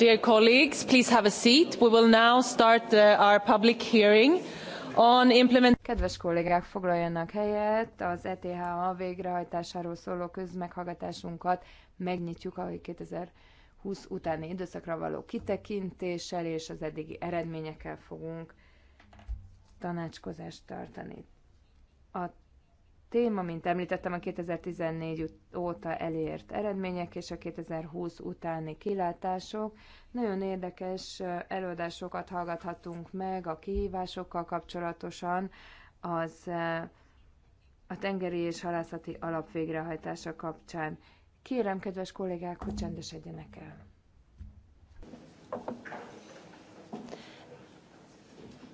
Dear colleagues, please have a seat. We will now start uh, our public hearing on implement... Kedves kollégák, foglaljanak helyet. Az ETHA végrehajtásáról szóló közmeghallgatásunkat megnyitjuk a 2020 utáni időszakra való kitekintéssel, és az eddigi eredményekkel fogunk tanácskozást tartani. A téma, mint említettem, a 2014 óta elért eredmények és a 2020 utáni kilátások. Nagyon érdekes előadásokat hallgathatunk meg a kihívásokkal kapcsolatosan, az a tengeri és halászati alap végrehajtása kapcsán. Kérem, kedves kollégák, hogy csendesedjenek el.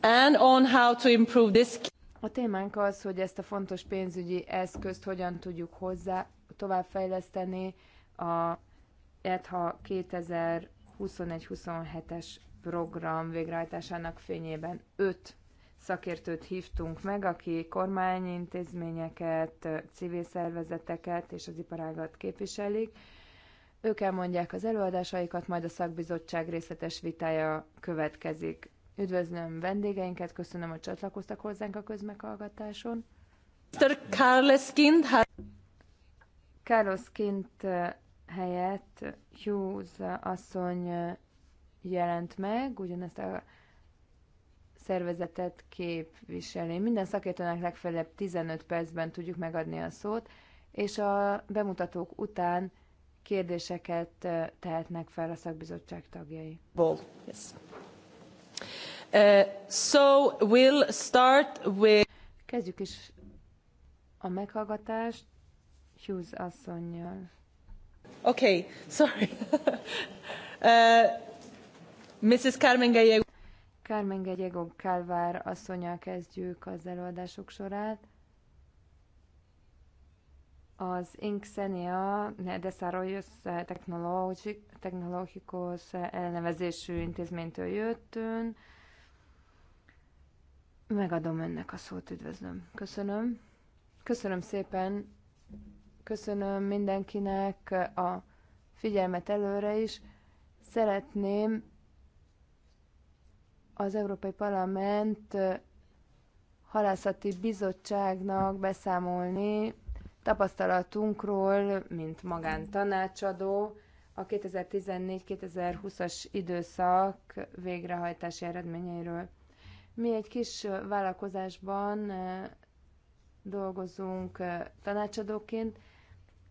And on how to improve this a témánk az, hogy ezt a fontos pénzügyi eszközt hogyan tudjuk hozzá továbbfejleszteni a e ETHA 2021-27-es program végrehajtásának fényében. Öt szakértőt hívtunk meg, aki kormányintézményeket, civil szervezeteket és az iparágat képviselik. Ők elmondják az előadásaikat, majd a szakbizottság részletes vitája következik. Üdvözlöm vendégeinket, köszönöm, hogy csatlakoztak hozzánk a közmeghallgatáson. Mr. Carlos Kint, Carlos eh, Kint helyett Hughes asszony eh, jelent meg, ugyanezt a szervezetet képviselni. Minden szakértőnek legfeljebb 15 percben tudjuk megadni a szót, és a bemutatók után kérdéseket eh, tehetnek fel a szakbizottság tagjai. Ball. Yes. Uh, so we'll start with... Kezdjük is a meghallgatást Hughes asszonynal. Okay, sorry. uh, Mrs. Carmen Gallego. Carmen Gallego Calvár asszonyal kezdjük az előadások sorát. Az Inksenia Desarrollos eh, technológikos eh, elnevezésű intézménytől jöttünk Megadom önnek a szót, üdvözlöm. Köszönöm. Köszönöm szépen. Köszönöm mindenkinek a figyelmet előre is. Szeretném az Európai Parlament halászati bizottságnak beszámolni tapasztalatunkról, mint magántanácsadó, a 2014-2020-as időszak végrehajtási eredményeiről. Mi egy kis vállalkozásban dolgozunk tanácsadóként,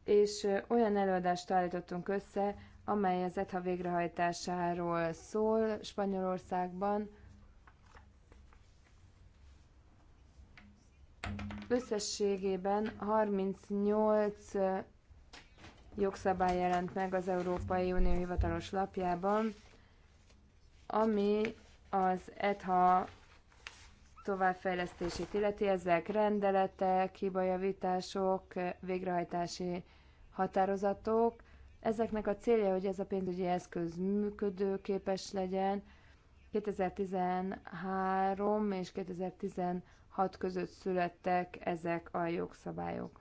és olyan előadást állítottunk össze, amely az ETHA végrehajtásáról szól Spanyolországban. Összességében 38 jogszabály jelent meg az Európai Unió hivatalos lapjában, ami az ETHA továbbfejlesztését illeti, ezek rendeletek, hibajavítások, végrehajtási határozatok. Ezeknek a célja, hogy ez a pénzügyi eszköz működőképes legyen. 2013 és 2016 között születtek ezek a jogszabályok.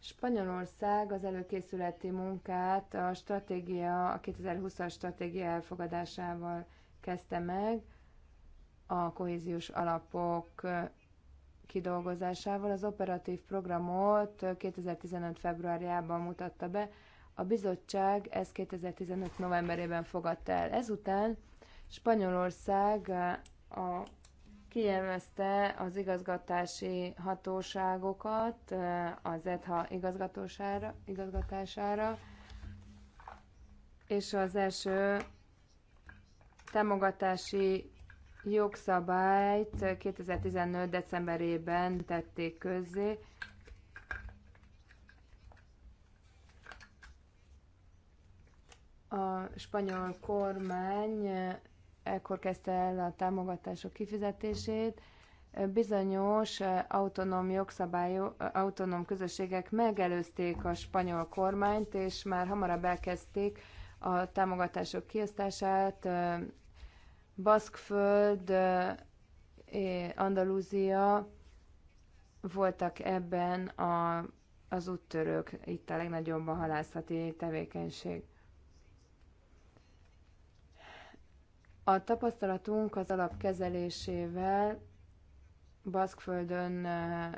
Spanyolország az előkészületi munkát a stratégia, a 2020-as stratégia elfogadásával kezdte meg, a kohéziós alapok kidolgozásával. Az operatív programot 2015. februárjában mutatta be, a bizottság ezt 2015. novemberében fogadta el. Ezután Spanyolország a, kijelmezte az igazgatási hatóságokat az ETHA igazgatósára, igazgatására, és az első támogatási jogszabályt 2015. decemberében tették közzé. A spanyol kormány ekkor kezdte el a támogatások kifizetését, bizonyos autonóm jogszabályok, autonóm közösségek megelőzték a spanyol kormányt, és már hamarabb elkezdték a támogatások kiosztását, Baszkföld, eh, eh, Andalúzia voltak ebben a, az úttörők, itt a legnagyobb a halászati tevékenység. A tapasztalatunk az alapkezelésével Baszkföldön, eh,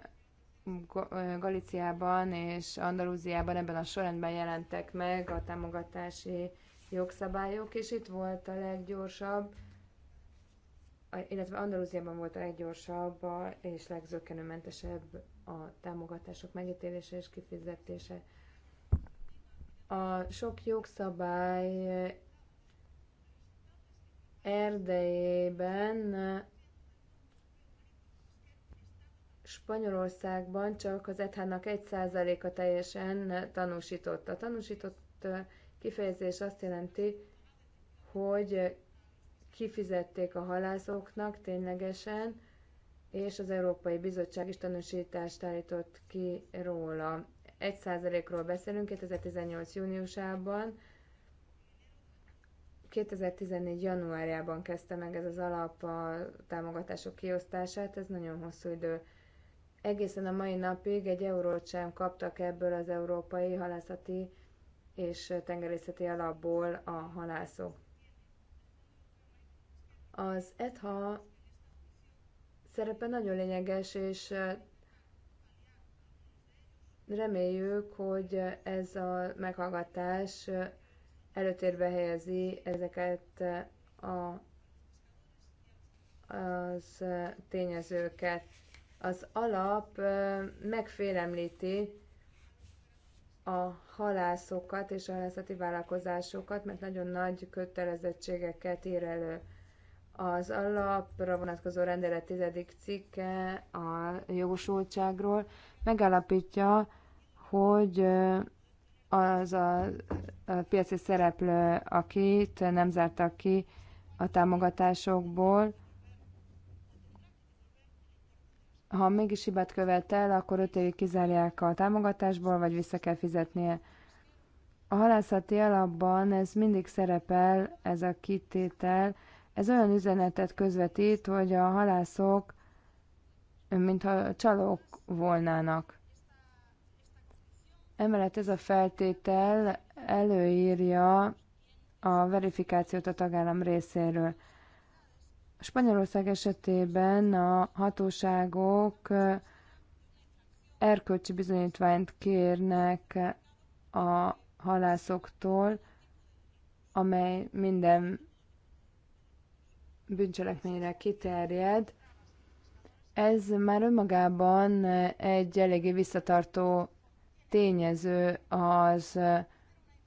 Galiciában és Andalúziában ebben a sorrendben jelentek meg a támogatási jogszabályok, és itt volt a leggyorsabb illetve Andalúziában volt a leggyorsabb és legzökkenőmentesebb a támogatások megítélése és kifizetése. A sok jogszabály erdejében Spanyolországban csak az ethának 1%-a teljesen tanúsított. A tanúsított kifejezés azt jelenti, hogy kifizették a halászoknak ténylegesen, és az Európai Bizottság is tanúsítást állított ki róla. 1%-ról beszélünk 2018. júniusában, 2014. januárjában kezdte meg ez az alap a támogatások kiosztását, ez nagyon hosszú idő. Egészen a mai napig egy eurót sem kaptak ebből az európai halászati és tengerészeti alapból a halászok. Az ETHA szerepe nagyon lényeges, és reméljük, hogy ez a meghallgatás előtérbe helyezi ezeket a, az tényezőket. Az alap megfélemlíti a halászokat és a halászati vállalkozásokat, mert nagyon nagy kötelezettségeket ír elő az alapra vonatkozó rendelet tizedik cikke a jogosultságról megállapítja, hogy az a, a piaci szereplő, akit nem zártak ki a támogatásokból, ha mégis hibát követ el, akkor öt évig kizárják a támogatásból, vagy vissza kell fizetnie. A halászati alapban ez mindig szerepel, ez a kitétel, ez olyan üzenetet közvetít, hogy a halászok mintha csalók volnának. Emellett ez a feltétel előírja a verifikációt a tagállam részéről. Spanyolország esetében a hatóságok erkölcsi bizonyítványt kérnek a halászoktól, amely minden bűncselekményre kiterjed, ez már önmagában egy eléggé visszatartó tényező az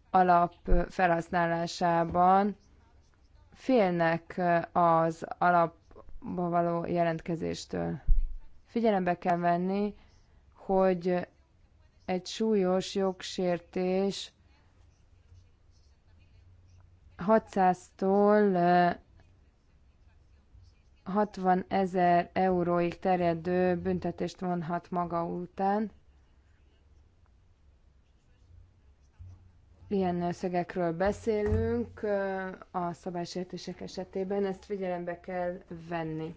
alap felhasználásában. Félnek az alapba való jelentkezéstől. Figyelembe kell venni, hogy egy súlyos jogsértés 600-tól 60 ezer euróig terjedő büntetést vonhat maga után. Ilyen összegekről beszélünk a szabálysértések esetében, ezt figyelembe kell venni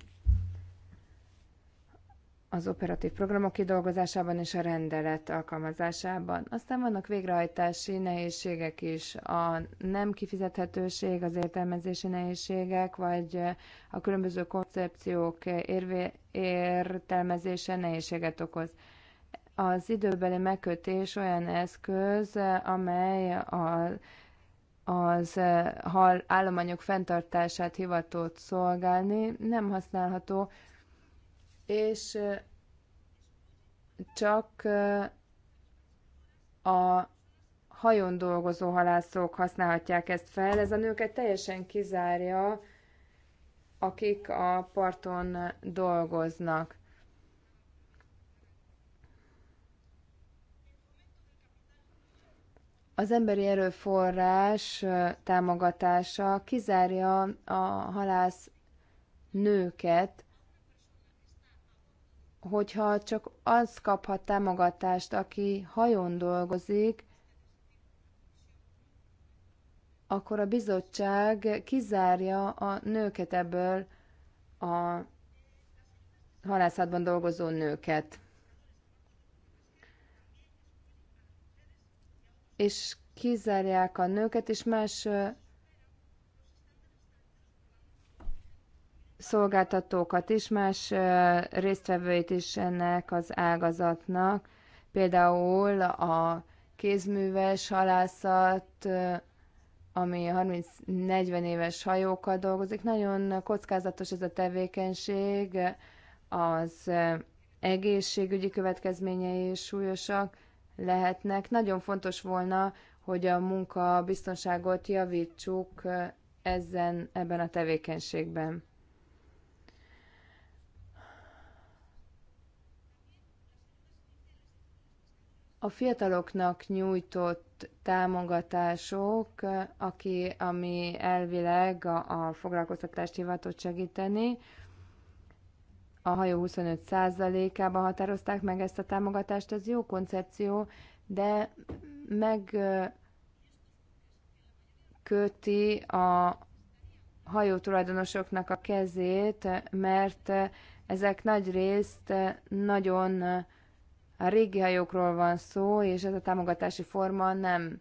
az operatív programok kidolgozásában és a rendelet alkalmazásában. Aztán vannak végrehajtási nehézségek is, a nem kifizethetőség, az értelmezési nehézségek, vagy a különböző koncepciók érvé, értelmezése nehézséget okoz. Az időbeli megkötés olyan eszköz, amely a az eh, hal állományok fenntartását hivatott szolgálni, nem használható és csak a hajón dolgozó halászok használhatják ezt fel. Ez a nőket teljesen kizárja, akik a parton dolgoznak. Az emberi erőforrás támogatása kizárja a halász nőket hogyha csak az kaphat támogatást, aki hajón dolgozik, akkor a bizottság kizárja a nőket ebből a halászatban dolgozó nőket. És kizárják a nőket, és más szolgáltatókat is, más résztvevőit is ennek az ágazatnak, például a kézműves halászat, ami 30-40 éves hajókkal dolgozik. Nagyon kockázatos ez a tevékenység, az egészségügyi következményei is súlyosak lehetnek. Nagyon fontos volna, hogy a munka biztonságot javítsuk ezen, ebben a tevékenységben. A fiataloknak nyújtott támogatások, aki, ami elvileg a, a foglalkoztatást hivatott segíteni, a hajó 25%-ában határozták meg ezt a támogatást, ez jó koncepció, de megköti a hajó tulajdonosoknak a kezét, mert ezek nagy részt nagyon a régi hajókról van szó, és ez a támogatási forma nem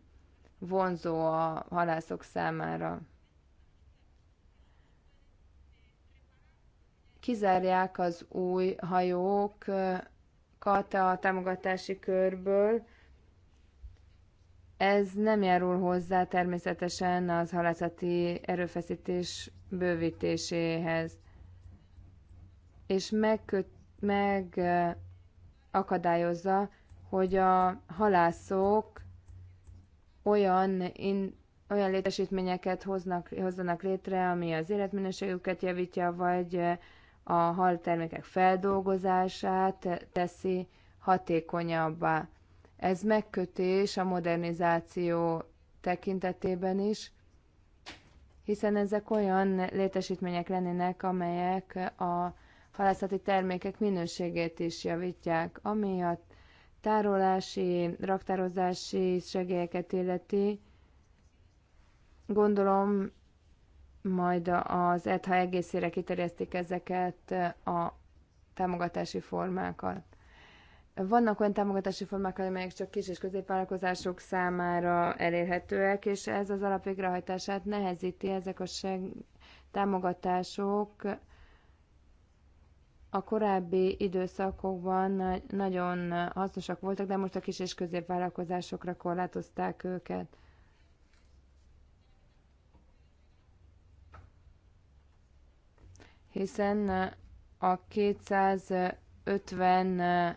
vonzó a halászok számára. Kizárják az új hajókat a támogatási körből, ez nem járul hozzá természetesen az halászati erőfeszítés bővítéséhez. És megköt, meg akadályozza, hogy a halászok olyan, in, olyan létesítményeket hoznak, hozzanak létre, ami az életminőségüket javítja, vagy a hal termékek feldolgozását teszi hatékonyabbá. Ez megkötés a modernizáció tekintetében is, hiszen ezek olyan létesítmények lennének, amelyek a halászati termékek minőségét is javítják, ami a tárolási, raktározási segélyeket illeti. Gondolom, majd az ETHA egészére kiterjesztik ezeket a támogatási formákat. Vannak olyan támogatási formák, amelyek csak kis és középvállalkozások számára elérhetőek, és ez az alapvégrehajtását nehezíti ezek a seg- támogatások a korábbi időszakokban nagyon hasznosak voltak, de most a kis és középvállalkozásokra korlátozták őket. Hiszen a 250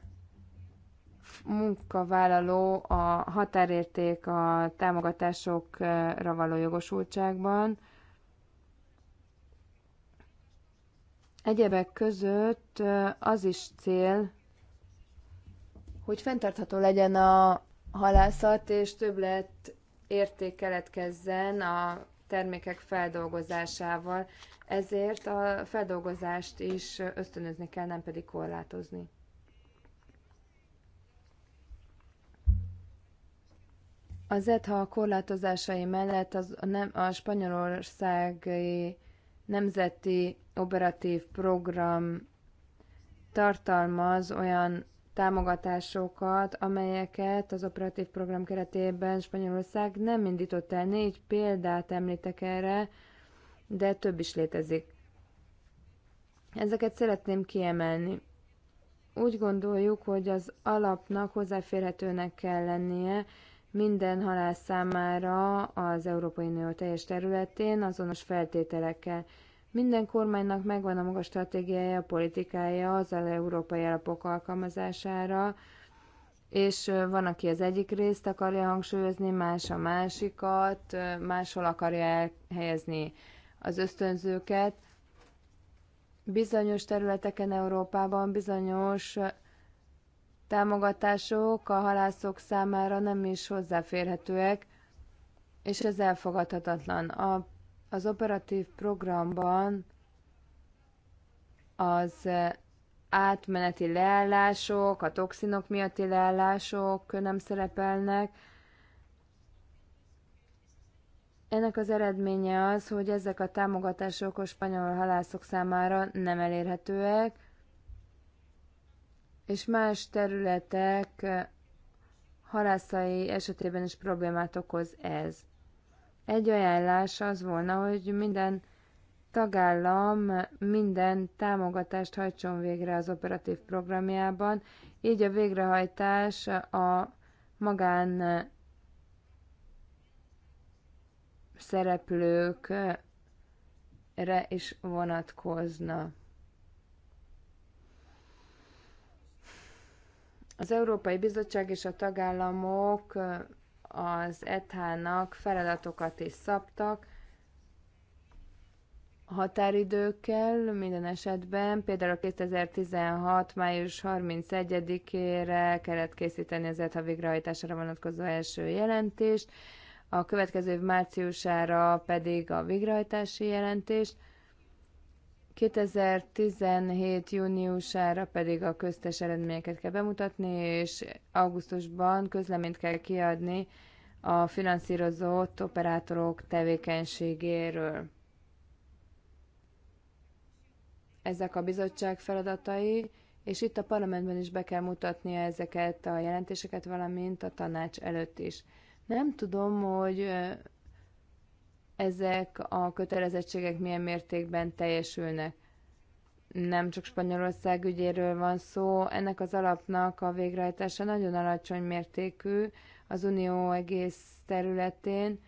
munkavállaló a határérték a támogatásokra való jogosultságban, Egyebek között az is cél, hogy fenntartható legyen a halászat, és többlet érték keletkezzen a termékek feldolgozásával. Ezért a feldolgozást is ösztönözni kell, nem pedig korlátozni. Az ETHA korlátozásai mellett az, a, nem, a spanyolországi nemzeti operatív program tartalmaz olyan támogatásokat, amelyeket az operatív program keretében Spanyolország nem indított el. Négy példát említek erre, de több is létezik. Ezeket szeretném kiemelni. Úgy gondoljuk, hogy az alapnak hozzáférhetőnek kell lennie minden halász számára az Európai Unió teljes területén azonos feltételekkel. Minden kormánynak megvan a maga stratégiája, a politikája az európai alapok alkalmazására, és van, aki az egyik részt akarja hangsúlyozni, más a másikat, máshol akarja elhelyezni az ösztönzőket. Bizonyos területeken Európában bizonyos támogatások a halászok számára nem is hozzáférhetőek, és ez elfogadhatatlan. A az operatív programban az eh, átmeneti leállások, a toxinok miatti leállások nem szerepelnek. Ennek az eredménye az, hogy ezek a támogatások a spanyol halászok számára nem elérhetőek, és más területek halászai esetében is problémát okoz ez. Egy ajánlás az volna, hogy minden tagállam minden támogatást hajtson végre az operatív programjában, így a végrehajtás a magán szereplőkre is vonatkozna. Az Európai Bizottság és a tagállamok az eth feladatokat is szabtak, határidőkkel minden esetben, például 2016. május 31-ére kellett készíteni az ETH végrehajtására vonatkozó első jelentést, a következő év márciusára pedig a végrehajtási jelentést, 2017 júniusára pedig a köztes eredményeket kell bemutatni, és augusztusban közleményt kell kiadni a finanszírozott operátorok tevékenységéről. Ezek a bizottság feladatai, és itt a parlamentben is be kell mutatnia ezeket a jelentéseket, valamint a tanács előtt is. Nem tudom, hogy ezek a kötelezettségek milyen mértékben teljesülnek. Nem csak Spanyolország ügyéről van szó, ennek az alapnak a végrehajtása nagyon alacsony mértékű az Unió egész területén.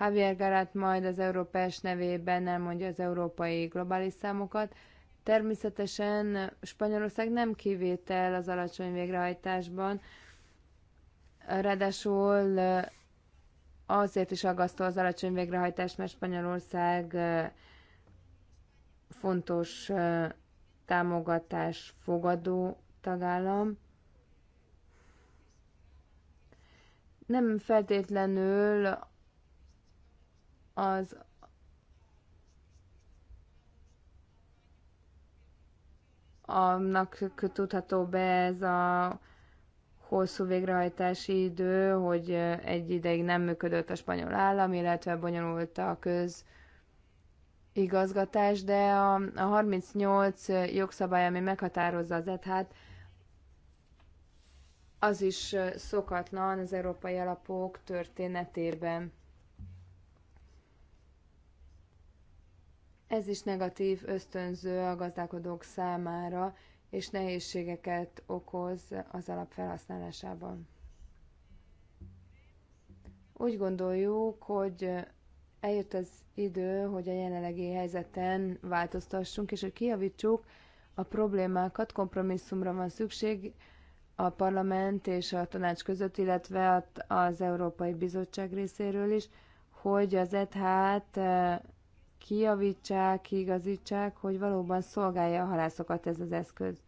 Javier Garat majd az Európás nevében mondja az európai globális számokat. Természetesen Spanyolország nem kivétel az alacsony végrehajtásban, ráadásul azért is aggasztó az alacsony végrehajtás, mert Spanyolország fontos támogatás fogadó tagállam. Nem feltétlenül az annak tudható be ez a hosszú végrehajtási idő, hogy egy ideig nem működött a spanyol állam, illetve bonyolult a köz igazgatás, de a, a 38 jogszabály, ami meghatározza az ETH-t, az is szokatlan az európai alapok történetében. Ez is negatív ösztönző a gazdálkodók számára, és nehézségeket okoz az alap felhasználásában. Úgy gondoljuk, hogy eljött az idő, hogy a jelenlegi helyzeten változtassunk, és hogy kiavítsuk a problémákat, kompromisszumra van szükség a parlament és a tanács között, illetve az Európai Bizottság részéről is, hogy az ETH-t kijavítsák, kiigazítsák, hogy valóban szolgálja a halászokat ez az eszköz.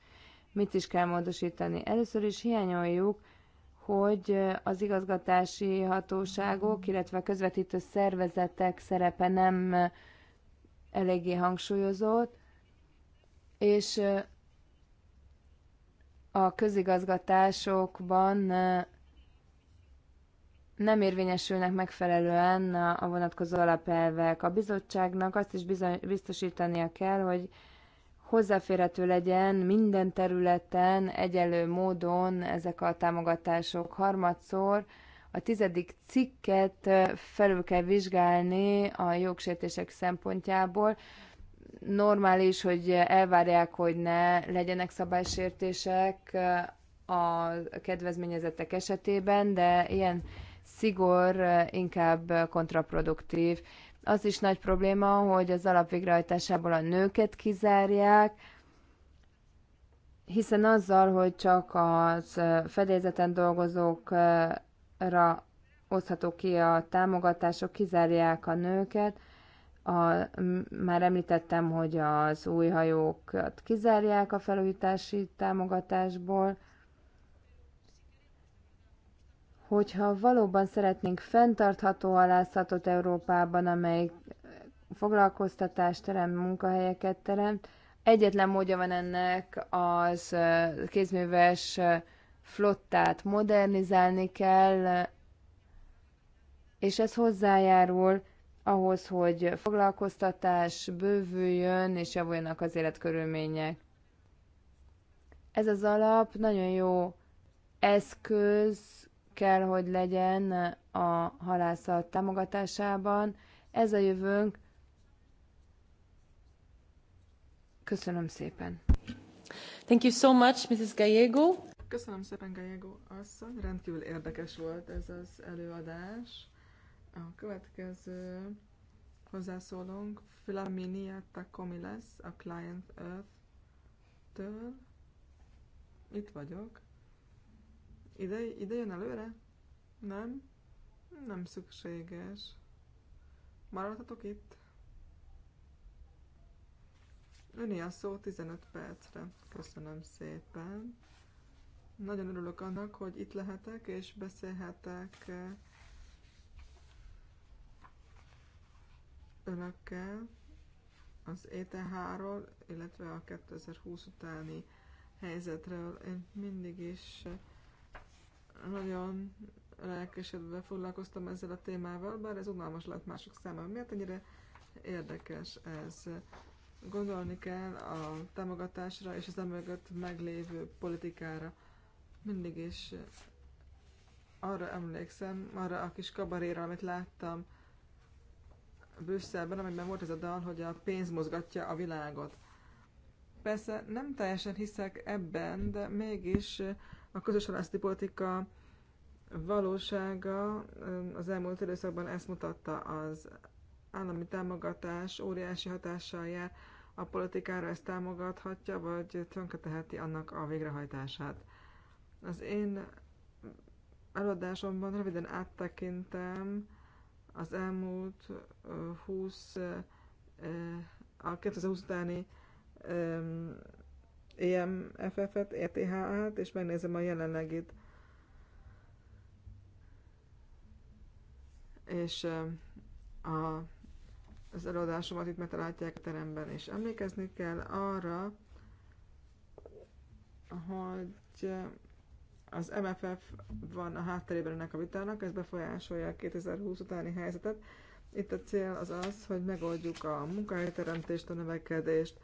Mit is kell módosítani? Először is hiányoljuk, hogy az igazgatási hatóságok, illetve közvetítő szervezetek szerepe nem eléggé hangsúlyozott, és a közigazgatásokban nem érvényesülnek megfelelően a vonatkozó alapelvek. A bizottságnak azt is biztosítania kell, hogy hozzáférhető legyen minden területen egyelő módon ezek a támogatások. Harmadszor a tizedik cikket felül kell vizsgálni a jogsértések szempontjából. Normális, hogy elvárják, hogy ne legyenek szabálysértések a kedvezményezettek esetében, de ilyen szigor eh, inkább eh, kontraproduktív. Az is nagy probléma, hogy az alapvégrehajtásából a nőket kizárják, hiszen azzal, hogy csak az eh, fedélzeten dolgozókra osztható ki a támogatások, kizárják a nőket. A, már említettem, hogy az új hajókat kizárják a felújítási támogatásból, hogyha valóban szeretnénk fenntartható alászatot Európában, amely foglalkoztatást teremt, munkahelyeket teremt, egyetlen módja van ennek az kézműves flottát modernizálni kell, és ez hozzájárul ahhoz, hogy foglalkoztatás bővüljön és javuljanak az életkörülmények. Ez az alap nagyon jó eszköz kell, hogy legyen a halászat támogatásában. Ez a jövőnk. Köszönöm szépen. Thank you so much, Mrs. Gallego. Köszönöm szépen, Gallego asszony. Rendkívül érdekes volt ez az előadás. A következő hozzászólónk Flaminia Takomi lesz a Client Earth-től. Itt vagyok. Ide, ide jön előre? Nem? Nem szükséges. Maradhatok itt? Öné a szó 15 percre. Köszönöm szépen. Nagyon örülök annak, hogy itt lehetek és beszélhetek önökkel az ETH-ról, illetve a 2020 utáni helyzetről. Én mindig is nagyon lelkesedve foglalkoztam ezzel a témával, bár ez unalmas lett mások számára. Miért ennyire érdekes ez? Gondolni kell a támogatásra és az emögött meglévő politikára. Mindig is arra emlékszem, arra a kis kabaréra, amit láttam Brüsszelben, amiben volt ez a dal, hogy a pénz mozgatja a világot. Persze nem teljesen hiszek ebben, de mégis a közös halászati politika valósága az elmúlt időszakban ezt mutatta, az állami támogatás óriási hatással jár a politikára, ezt támogathatja, vagy tönkreteheti annak a végrehajtását. Az én előadásomban röviden áttekintem az elmúlt 20 a 2020 utáni EMFF-et, ETH-t, és megnézem a jelenlegit. És a, az előadásomat itt megtalálják a teremben, és emlékezni kell arra, hogy az MFF van a hátterében ennek a vitának, ez befolyásolja a 2020 utáni helyzetet. Itt a cél az az, hogy megoldjuk a munkahelyteremtést, a növekedést,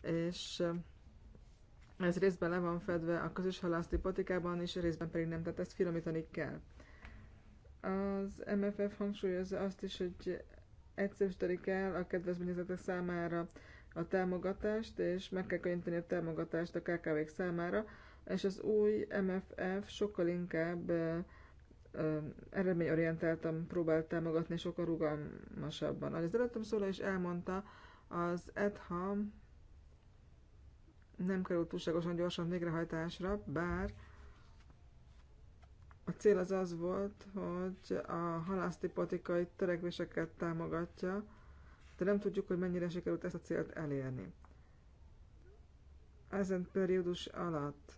és ez részben le van fedve a közös halászati politikában, és részben pedig nem, tehát ezt finomítani kell. Az MFF hangsúlyozza azt is, hogy egyszerűsíteni kell a kedvezményezetek számára a támogatást, és meg kell könnyíteni a támogatást a KKV-k számára, és az új MFF sokkal inkább ö, ö, eredményorientáltan próbál támogatni, sokkal rugalmasabban. az előttem szóla is elmondta, az EDHA nem került túlságosan gyorsan végrehajtásra, bár a cél az az volt, hogy a halászti politikai törekvéseket támogatja, de nem tudjuk, hogy mennyire sikerült ezt a célt elérni. Ezen periódus alatt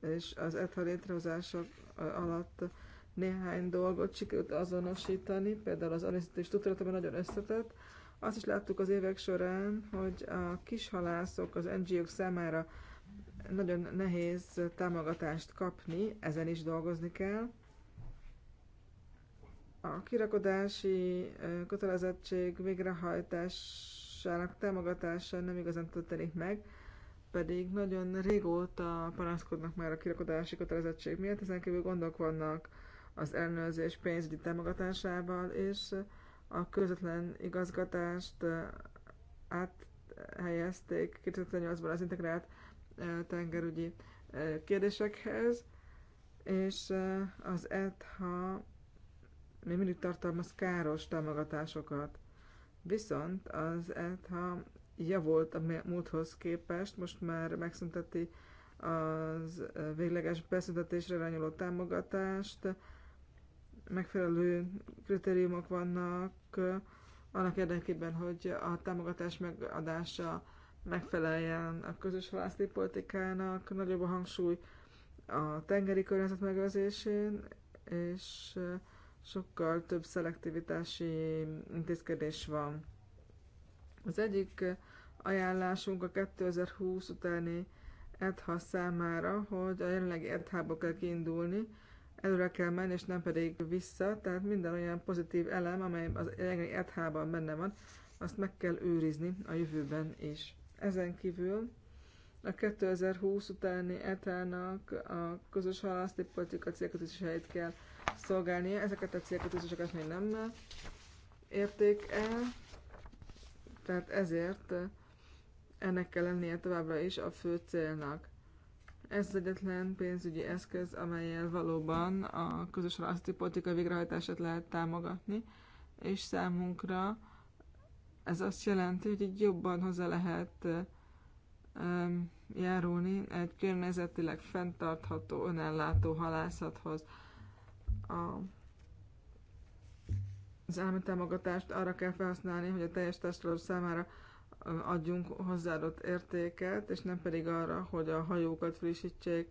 és az ETHA létrehozása alatt néhány dolgot sikerült azonosítani, például az és tudatában nagyon összetett, azt is láttuk az évek során, hogy a kishalászok az NGO-k számára nagyon nehéz támogatást kapni, ezen is dolgozni kell. A kirakodási kötelezettség végrehajtásának támogatása nem igazán történik meg, pedig nagyon régóta panaszkodnak már a kirakodási kötelezettség miatt, ezen kívül gondok vannak az ellenőrzés pénzügyi támogatásával, és a közvetlen igazgatást áthelyezték 2008-ban az integrált tengerügyi kérdésekhez, és az ETHA még mindig tartalmaz káros támogatásokat. Viszont az ETHA javult a múlthoz képest, most már megszünteti az végleges beszüntetésre irányuló támogatást, megfelelő kritériumok vannak, annak érdekében, hogy a támogatás megadása megfeleljen a közös halászti politikának, nagyobb a hangsúly a tengeri környezet megőrzésén, és sokkal több szelektivitási intézkedés van. Az egyik ajánlásunk a 2020 utáni ETHA számára, hogy a jelenlegi etha ba kell kiindulni, előre kell menni, és nem pedig vissza, tehát minden olyan pozitív elem, amely az jelenlegi ethában benne van, azt meg kell őrizni a jövőben is. Ezen kívül a 2020 utáni ETA-nak a közös halászti politika célkötőzéseit kell szolgálnia. Ezeket a célkötőzéseket még nem érték el, tehát ezért ennek kell lennie továbbra is a fő célnak. Ez az egyetlen pénzügyi eszköz, amelyel valóban a közös választói politika végrehajtását lehet támogatni, és számunkra ez azt jelenti, hogy így jobban hozzá lehet járulni egy környezetileg fenntartható, önellátó halászathoz. A, az állami támogatást arra kell felhasználni, hogy a teljes társadalom számára adjunk hozzáadott értéket, és nem pedig arra, hogy a hajókat frissítsék,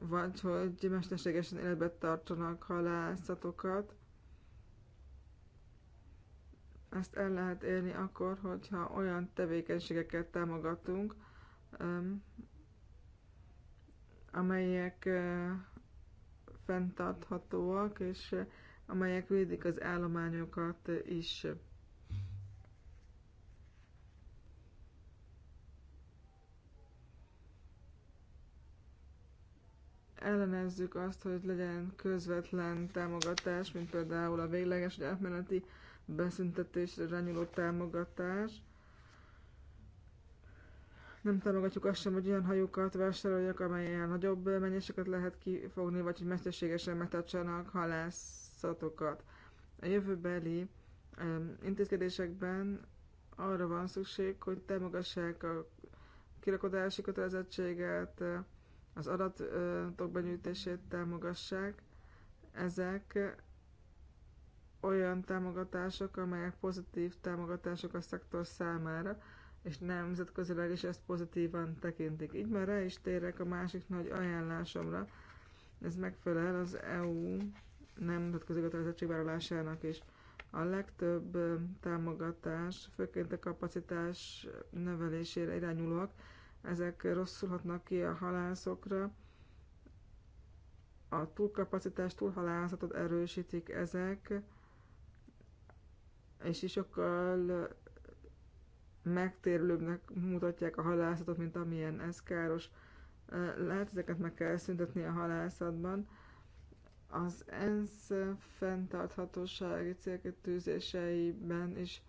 vagy hogy mesterségesen életben tartanak halászatokat. Ezt el lehet érni akkor, hogyha olyan tevékenységeket támogatunk, amelyek fenntarthatóak, és amelyek védik az állományokat is. ellenezzük azt, hogy legyen közvetlen támogatás, mint például a végleges vagy átmeneti beszüntetésre irányuló támogatás. Nem támogatjuk azt sem, hogy olyan hajókat vásároljak, amelyen nagyobb mennyiséget lehet kifogni, vagy hogy mesterségesen megtartsanak halászatokat. A jövőbeli intézkedésekben arra van szükség, hogy támogassák a kirakodási kötelezettséget, az adatok benyújtását támogassák. Ezek olyan támogatások, amelyek pozitív támogatások a szektor számára, és nemzetközileg is ezt pozitívan tekintik. Így már rá is térek a másik nagy ajánlásomra. Ez megfelel az EU nemzetközi kötelezettségvállalásának is. A legtöbb támogatás, főként a kapacitás növelésére irányulóak, ezek rosszul hatnak ki a halászokra. A túlkapacitás, túlhalászatot erősítik ezek, és is sokkal megtérülőbbnek mutatják a halászatot, mint amilyen ez káros. Lehet ezeket meg kell szüntetni a halászatban. Az ENSZ fenntarthatósági célkötőzéseiben is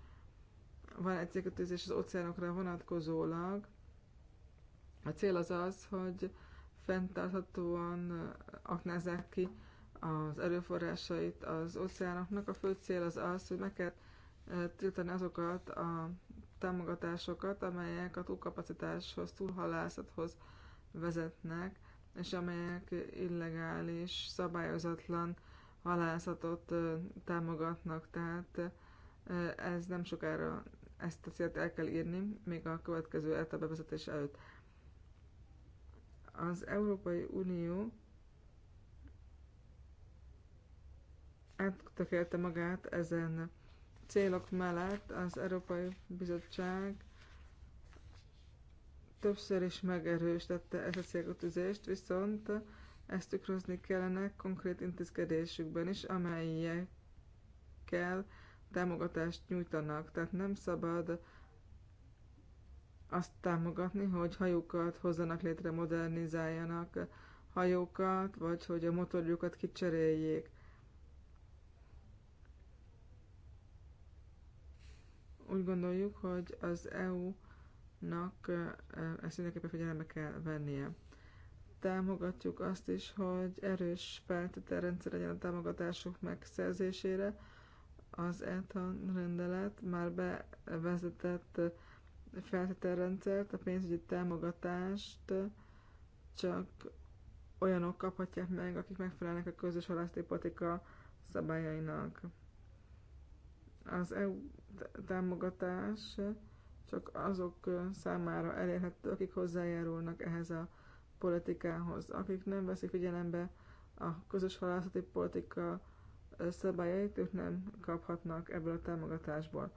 van egy célkötőzés az óceánokra vonatkozólag, a cél az az, hogy fenntarthatóan aknázzák ki az erőforrásait az óceánoknak. A fő cél az az, hogy meg kell tiltani azokat a támogatásokat, amelyek a túlkapacitáshoz, túlhalászathoz vezetnek, és amelyek illegális, szabályozatlan halászatot támogatnak, tehát ez nem sokára ezt a célt el kell írni, még a következő ETA bevezetés előtt. Az Európai Unió áttökélte magát ezen célok mellett az Európai Bizottság többször is megerősítette ezt a célkötözést, viszont ezt tükrözni kellene konkrét intézkedésükben is, amelyekkel támogatást nyújtanak. Tehát nem szabad azt támogatni, hogy hajókat hozzanak létre, modernizáljanak hajókat, vagy hogy a motorjukat kicseréljék. Úgy gondoljuk, hogy az EU-nak ezt mindenképpen figyelembe kell vennie. Támogatjuk azt is, hogy erős feltételrendszer legyen a támogatások megszerzésére. Az ETA rendelet már bevezetett feltételrendszert, a pénzügyi támogatást csak olyanok kaphatják meg, akik megfelelnek a közös halásztépolitika szabályainak. Az EU támogatás csak azok számára elérhető, akik hozzájárulnak ehhez a politikához. Akik nem veszik figyelembe a közös halászati politika szabályait, ők nem kaphatnak ebből a támogatásból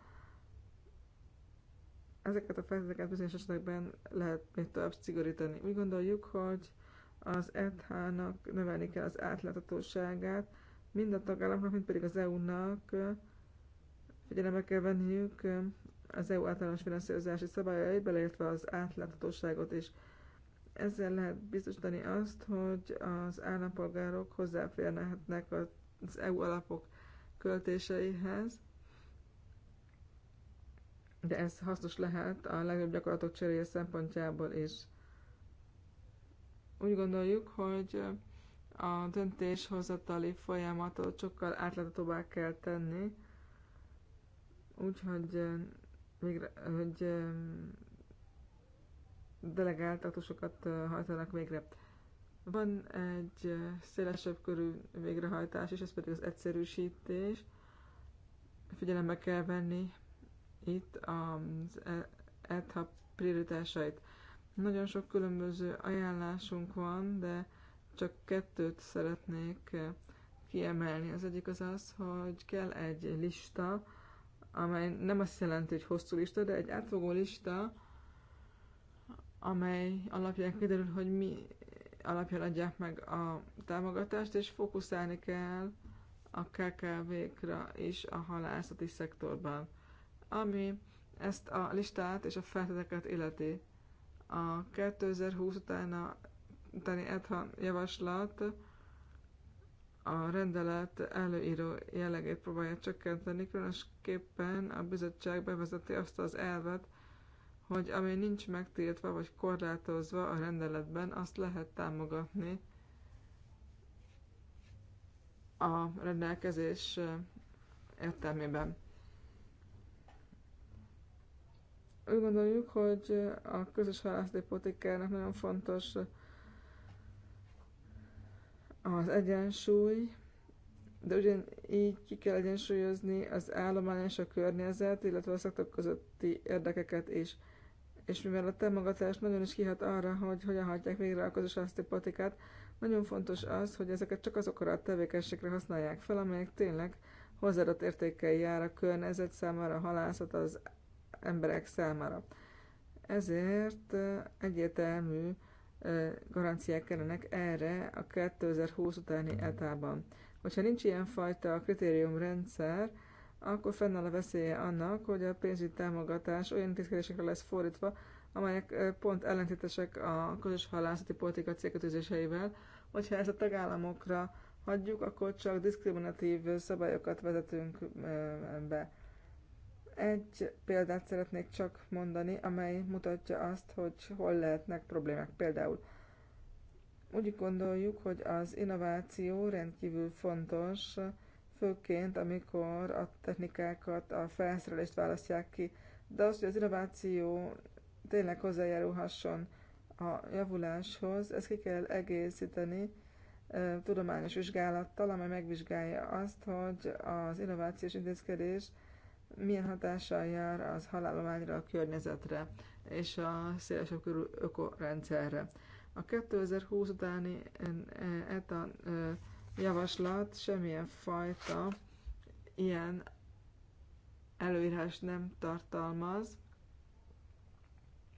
ezeket a feltételeket bizonyos esetekben lehet még tovább szigorítani. Úgy gondoljuk, hogy az ETH-nak növelni kell az átláthatóságát, mind a tagállamoknak, mind pedig az EU-nak figyelembe kell venniük eh, az EU általános finanszírozási szabályait, beleértve az átláthatóságot is. Ezzel lehet biztosítani azt, hogy az állampolgárok hozzáférnehetnek az EU alapok költéseihez, de ez hasznos lehet a legjobb gyakorlatok cseréje szempontjából is. Úgy gondoljuk, hogy a döntéshozatali folyamatot sokkal átláthatóbbá kell tenni, úgyhogy végre, hogy delegált aktusokat hajtanak végre. Van egy szélesebb körű végrehajtás, és ez pedig az egyszerűsítés. Figyelembe kell venni itt az ETHA prioritásait. Nagyon sok különböző ajánlásunk van, de csak kettőt szeretnék kiemelni. Az egyik az az, hogy kell egy lista, amely nem azt jelenti, hogy hosszú lista, de egy átfogó lista, amely alapján kiderül, hogy mi alapján adják meg a támogatást, és fókuszálni kell a KKV-kra és a halászati szektorban ami ezt a listát és a feltételeket illeti. A 2020 a utáni ETHA javaslat a rendelet előíró jellegét próbálja csökkenteni, különösképpen a bizottság bevezeti azt az elvet, hogy ami nincs megtiltva vagy korlátozva a rendeletben, azt lehet támogatni a rendelkezés értelmében. Úgy gondoljuk, hogy a közös halászatpolitikának nagyon fontos az egyensúly, de ugyanígy ki kell egyensúlyozni az állomány és a környezet, illetve a szektorok közötti érdekeket is. És mivel a támogatás nagyon is kihat arra, hogy hogyan hagyják végre a közös politikát, nagyon fontos az, hogy ezeket csak azokra a tevékenységre használják fel, amelyek tényleg hozzáadott értékkel jár a környezet számára, a halászat, az emberek számára. Ezért egyértelmű garanciák kellenek erre a 2020 utáni etában. Hogyha nincs ilyenfajta kritériumrendszer, akkor fennáll a veszélye annak, hogy a pénzügyi támogatás olyan intézkedésekre lesz fordítva, amelyek pont ellentétesek a közös halászati politika célkötőzéseivel, hogyha ezt a tagállamokra hagyjuk, akkor csak diszkriminatív szabályokat vezetünk be. Egy példát szeretnék csak mondani, amely mutatja azt, hogy hol lehetnek problémák. Például úgy gondoljuk, hogy az innováció rendkívül fontos, főként amikor a technikákat, a felszerelést választják ki. De az, hogy az innováció tényleg hozzájárulhasson a javuláshoz, ezt ki kell egészíteni tudományos vizsgálattal, amely megvizsgálja azt, hogy az innovációs intézkedés milyen hatással jár az halálományra, a környezetre és a szélesebb körül ökorendszerre. A 2020 utáni e, ETA javaslat semmilyen fajta ilyen előírás nem tartalmaz,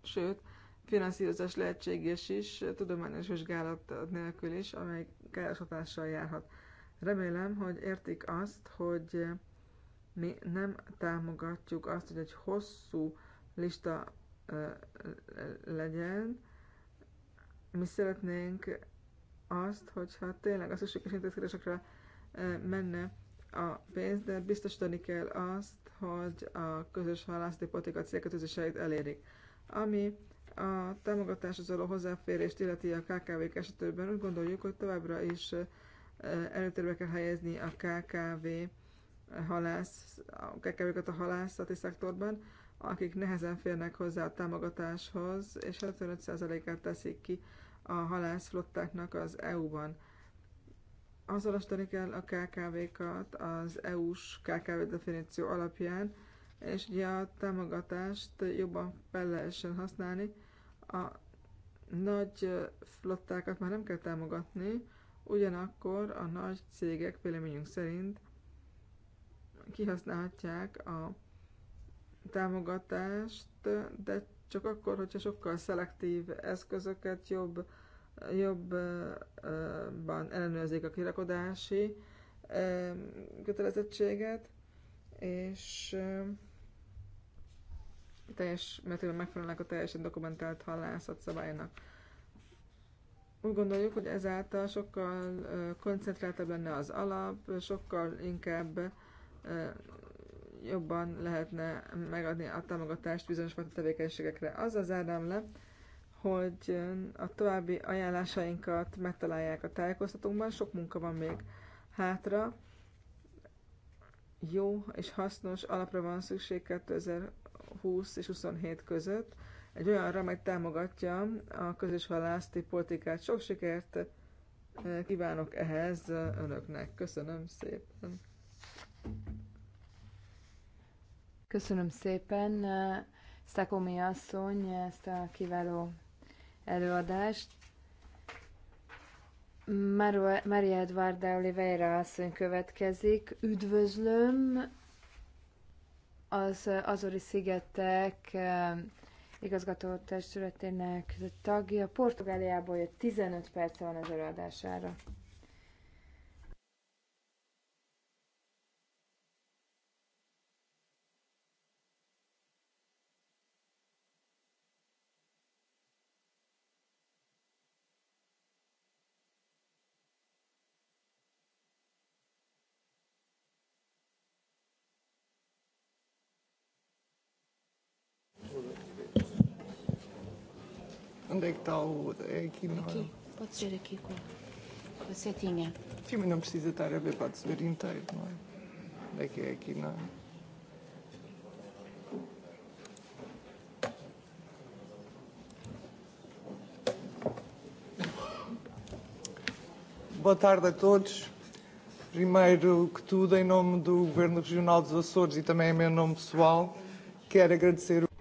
sőt, finanszírozás lehetséges is, tudományos vizsgálat nélkül is, amely káros hatással járhat. Remélem, hogy értik azt, hogy mi nem támogatjuk azt, hogy egy hosszú lista legyen. Mi szeretnénk azt, hogyha tényleg a szükséges intézkedésekre menne a pénz, de biztosítani kell azt, hogy a közös halászati politika célkötőzéseit elérik. Ami a támogatáshoz való hozzáférést illeti a KKV-k esetében úgy gondoljuk, hogy továbbra is előtérbe kell helyezni a KKV halász, a kkv a halászati szektorban, akik nehezen férnek hozzá a támogatáshoz, és 75%-át teszik ki a halászflottáknak az EU-ban. Azonosítani kell a KKV-kat az EU-s KKV definíció alapján, és ugye a támogatást jobban fel lehessen használni. A nagy flottákat már nem kell támogatni, ugyanakkor a nagy cégek véleményünk szerint kihasználhatják a támogatást, de csak akkor, hogyha sokkal szelektív eszközöket jobb, jobban ellenőrzik a kirakodási kötelezettséget, és teljes mértékben megfelelnek a teljesen dokumentált halászat szabálynak. Úgy gondoljuk, hogy ezáltal sokkal koncentráltabb lenne az alap, sokkal inkább jobban lehetne megadni a támogatást bizonyos fajta tevékenységekre. Azzal zárnám le, hogy a további ajánlásainkat megtalálják a tájékoztatónkban, sok munka van még hátra. Jó és hasznos alapra van szükség 2020 és 27 között, egy olyanra, amely támogatja a közös halászti politikát. Sok sikert kívánok ehhez önöknek. Köszönöm szépen! Köszönöm szépen, eh, Szakomi asszony, ezt a kiváló előadást. Maria Eduarda Oliveira asszony következik. Üdvözlöm az Azori szigetek eh, igazgató testületének tagja. Portugáliából jött 15 perc van az előadására. Onde é que está o... É aqui, não aqui. é? Pode ser aqui com a, com a setinha. Sim, mas não precisa estar a ver, pode se ver inteiro, não é? Onde é que é aqui, não é? Boa tarde a todos. Primeiro que tudo, em nome do Governo Regional dos Açores e também em meu nome pessoal, quero agradecer. o.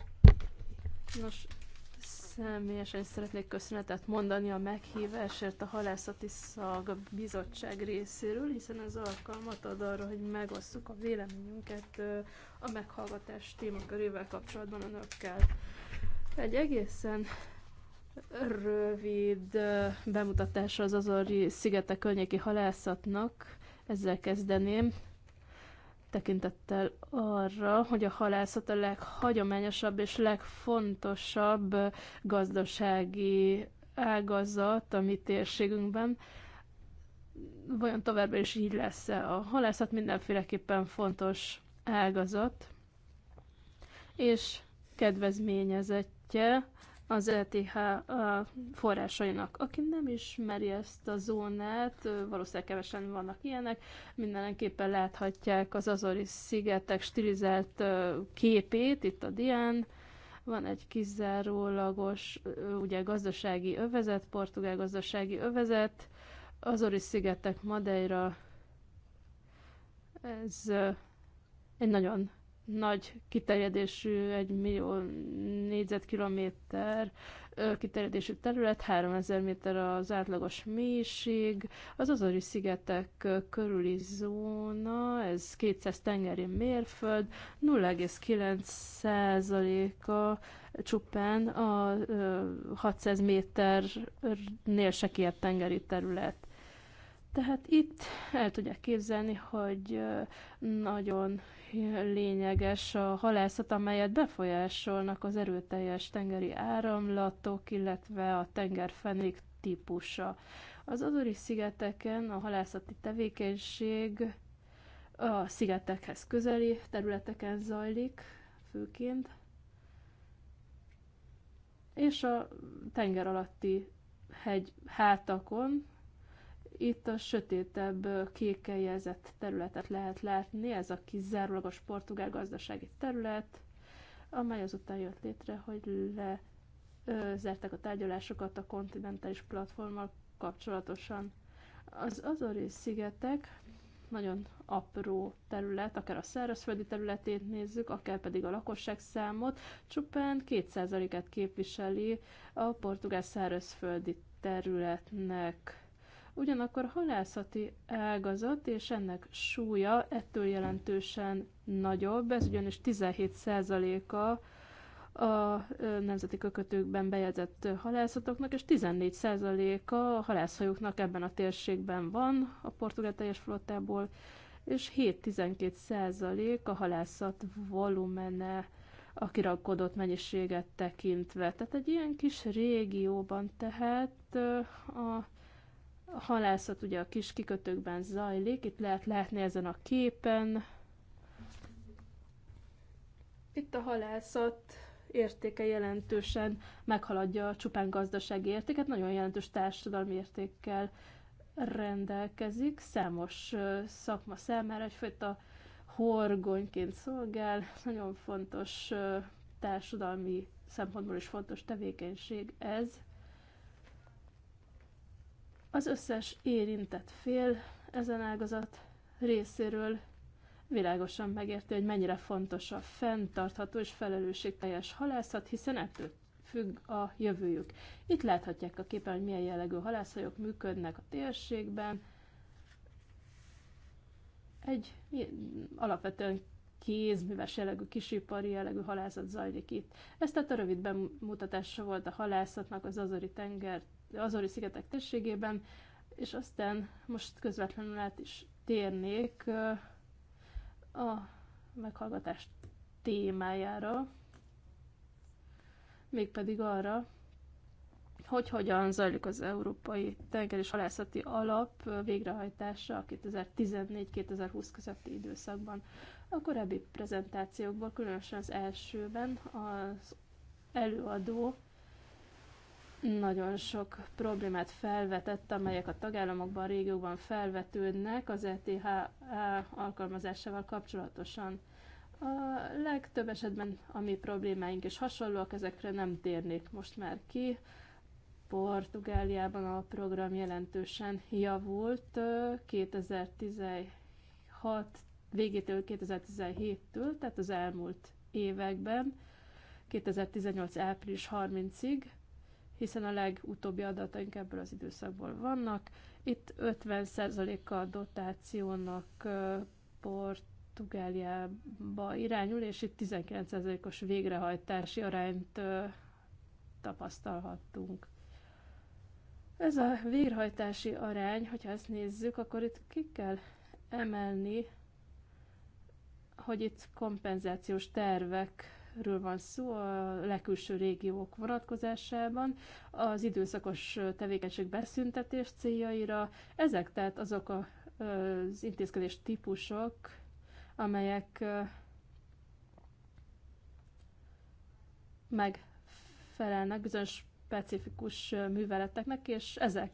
Személyesen is szeretnék köszönetet mondani a meghívásért a Halászati Szag Bizottság részéről, hiszen az alkalmat ad arra, hogy megosszuk a véleményünket a meghallgatás témakörével kapcsolatban önökkel. Egy egészen rövid bemutatása az Azori szigetek környéki halászatnak. Ezzel kezdeném tekintettel arra, hogy a halászat a leghagyományosabb és legfontosabb gazdasági ágazat a mi térségünkben. Vajon továbbra is így lesz-e? A halászat mindenféleképpen fontos ágazat, és kedvezményezettje az ETH forrásainak. Aki nem ismeri ezt a zónát, valószínűleg kevesen vannak ilyenek, mindenképpen láthatják az Azori szigetek stilizált képét itt a dián, van egy kizárólagos ugye gazdasági övezet, portugál gazdasági övezet, Azori szigetek Madeira, ez egy nagyon nagy kiterjedésű, egy millió négyzetkilométer kiterjedésű terület, 3000 méter az átlagos mélység, az azori szigetek körüli zóna, ez 200 tengeri mérföld, 0,9%-a csupán a 600 méternél se tengeri terület. Tehát itt el tudják képzelni, hogy nagyon lényeges a halászat, amelyet befolyásolnak az erőteljes tengeri áramlatok, illetve a tengerfenék típusa. Az Azori szigeteken a halászati tevékenység a szigetekhez közeli területeken zajlik, főként, és a tenger alatti hegy hátakon, itt a sötétebb, kékkel jelzett területet lehet látni, ez a kizárólagos portugál gazdasági terület, amely azután jött létre, hogy lezertek a tárgyalásokat a kontinentális platformmal kapcsolatosan. Az Azori szigetek nagyon apró terület, akár a szárazföldi területét nézzük, akár pedig a lakosság számot, csupán 2%-et képviseli a portugál szárazföldi területnek. Ugyanakkor halászati ágazat és ennek súlya ettől jelentősen nagyobb, ez ugyanis 17%-a a nemzeti kökötőkben bejegyzett halászatoknak, és 14%-a a halászhajóknak ebben a térségben van a portugál teljes flottából, és 7-12% a halászat volumene a kirakodott mennyiséget tekintve. Tehát egy ilyen kis régióban tehát a halászat ugye a kis kikötőkben zajlik, itt lehet látni ezen a képen. Itt a halászat értéke jelentősen meghaladja a csupán gazdasági értéket, nagyon jelentős társadalmi értékkel rendelkezik, számos szakma számára egyfajta horgonyként szolgál, nagyon fontos társadalmi szempontból is fontos tevékenység ez. Az összes érintett fél ezen ágazat részéről világosan megérti, hogy mennyire fontos a fenntartható és felelősségteljes halászat, hiszen ettől függ a jövőjük. Itt láthatják a képen, hogy milyen jellegű halászajok működnek a térségben. Egy alapvetően kézműves jellegű, kisipari jellegű halászat zajlik itt. Ez tehát a rövid bemutatása volt a halászatnak az Azori tenger Azori szigetek térségében, és aztán most közvetlenül át is térnék a meghallgatás témájára, mégpedig arra, hogy hogyan zajlik az Európai Tenger és Halászati Alap végrehajtása a 2014-2020 közötti időszakban. A korábbi prezentációkból, különösen az elsőben az előadó nagyon sok problémát felvetett, amelyek a tagállamokban, a régiókban felvetődnek az ETH alkalmazásával kapcsolatosan. A legtöbb esetben a mi problémáink is hasonlóak, ezekre nem térnék most már ki. Portugáliában a program jelentősen javult 2016 végétől 2017-től, tehát az elmúlt években, 2018 április 30-ig hiszen a legutóbbi adataink ebből az időszakból vannak. Itt 50%-a a dotációnak Portugáliába irányul, és itt 19%-os végrehajtási arányt tapasztalhattunk. Ez a végrehajtási arány, hogyha ezt nézzük, akkor itt ki kell emelni, hogy itt kompenzációs tervek ről van szó a legkülső régiók vonatkozásában, az időszakos tevékenység beszüntetés céljaira. Ezek tehát azok a, az intézkedés típusok, amelyek megfelelnek bizonyos specifikus műveleteknek, és ezek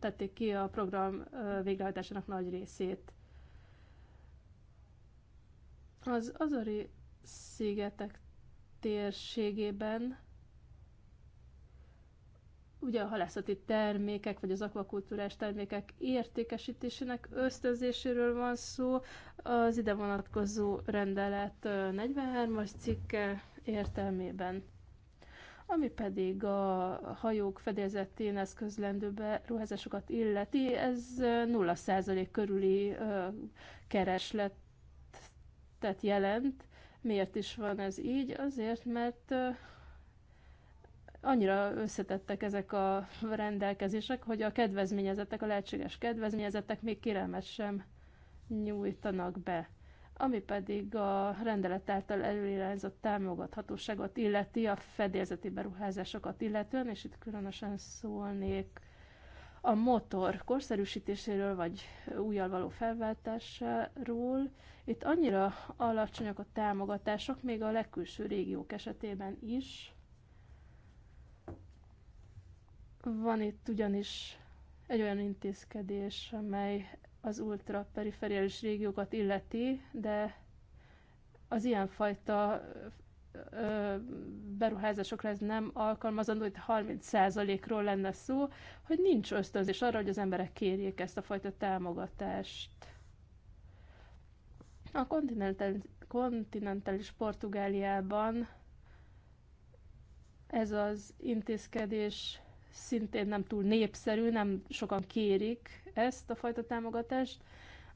tették ki a program végrehajtásának nagy részét. Az azori szigetek térségében ugye a halászati termékek, vagy az akvakultúrás termékek értékesítésének ösztönzéséről van szó. Az ide vonatkozó rendelet 43-as cikke értelmében ami pedig a hajók fedélzetén eszközlendő beruházásokat illeti, ez 0% körüli tehát jelent, Miért is van ez így? Azért, mert annyira összetettek ezek a rendelkezések, hogy a kedvezményezettek, a lehetséges kedvezményezettek még kérelmet sem nyújtanak be. Ami pedig a rendelet által előirányzott támogathatóságot illeti, a fedélzeti beruházásokat illetően, és itt különösen szólnék a motor korszerűsítéséről, vagy újjal való felváltásáról. Itt annyira alacsonyak a támogatások, még a legkülső régiók esetében is. Van itt ugyanis egy olyan intézkedés, amely az ultraperiferiális régiókat illeti, de az ilyenfajta beruházásokra ez nem alkalmazandó, itt 30%-ról lenne szó, hogy nincs ösztönzés arra, hogy az emberek kérjék ezt a fajta támogatást. A kontinentális, kontinentális Portugáliában ez az intézkedés szintén nem túl népszerű, nem sokan kérik ezt a fajta támogatást,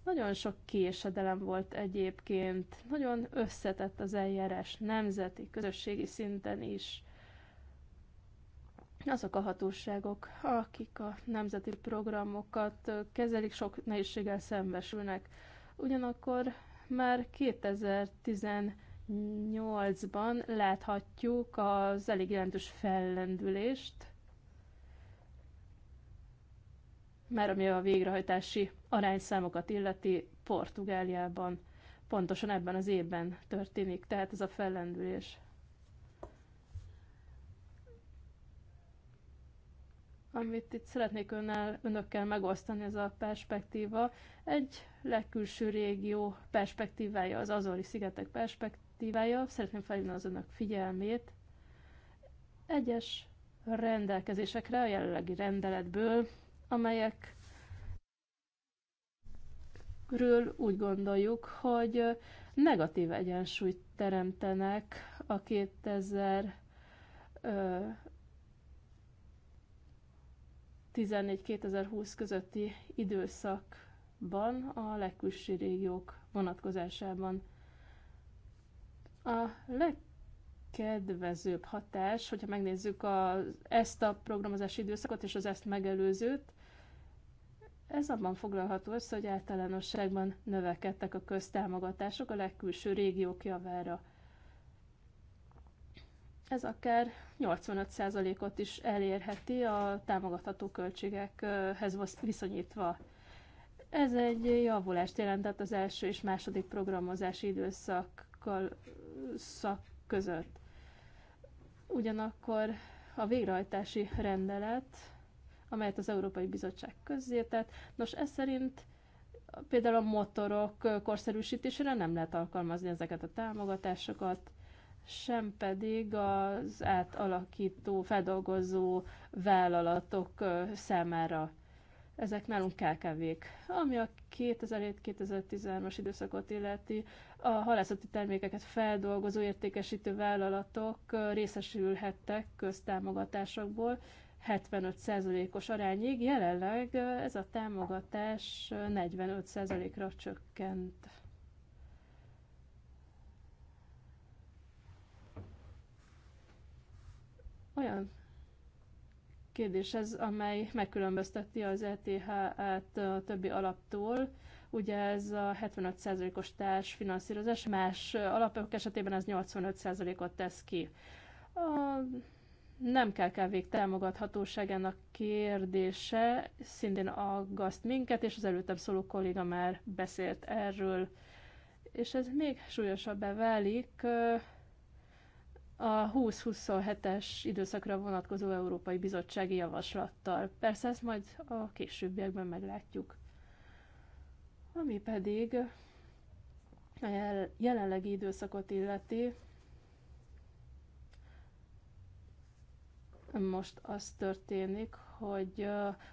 nagyon sok késedelem volt egyébként, nagyon összetett az eljárás nemzeti, közösségi szinten is. Azok a hatóságok, akik a nemzeti programokat kezelik, sok nehézséggel szembesülnek. Ugyanakkor már 2018-ban láthatjuk az elég jelentős fellendülést, Már ami a végrehajtási arányszámokat illeti, Portugáliában pontosan ebben az évben történik, tehát ez a fellendülés. Amit itt szeretnék önnel, önökkel megosztani, ez a perspektíva. Egy legkülső régió perspektívája, az Azori szigetek perspektívája. Szeretném felhívni az önök figyelmét. Egyes rendelkezésekre a jelenlegi rendeletből, amelyek ről úgy gondoljuk, hogy negatív egyensúlyt teremtenek a 2000 2014-2020 közötti időszakban a legkülső régiók vonatkozásában. A legkedvezőbb hatás, hogyha megnézzük a, ezt a programozási időszakot és az ezt megelőzőt, ez abban foglalható össze, hogy általánosságban növekedtek a köztámogatások a legkülső régiók javára. Ez akár 85%-ot is elérheti a támogatható költségekhez viszonyítva. Ez egy javulást jelentett az első és második programozási időszakkal szak között. Ugyanakkor a végrehajtási rendelet amelyet az Európai Bizottság közzétett. Nos, ez szerint például a motorok korszerűsítésére nem lehet alkalmazni ezeket a támogatásokat, sem pedig az átalakító, feldolgozó vállalatok számára. Ezek nálunk KKV-k. Ami a 2007-2013-as időszakot illeti, a halászati termékeket feldolgozó értékesítő vállalatok részesülhettek köztámogatásokból, 75%-os arányig, jelenleg ez a támogatás 45%-ra csökkent. Olyan kérdés ez, amely megkülönbözteti az ETH-t a többi alaptól. Ugye ez a 75%-os társfinanszírozás, más alapok esetében ez 85%-ot tesz ki. A nem kell k támogathatóságának kérdése szintén aggaszt minket, és az előttem szóló kolléga már beszélt erről. És ez még súlyosabbá válik a 20-27-es időszakra vonatkozó Európai Bizottsági Javaslattal. Persze ezt majd a későbbiekben meglátjuk. Ami pedig a jelenlegi időszakot illeti, Most az történik, hogy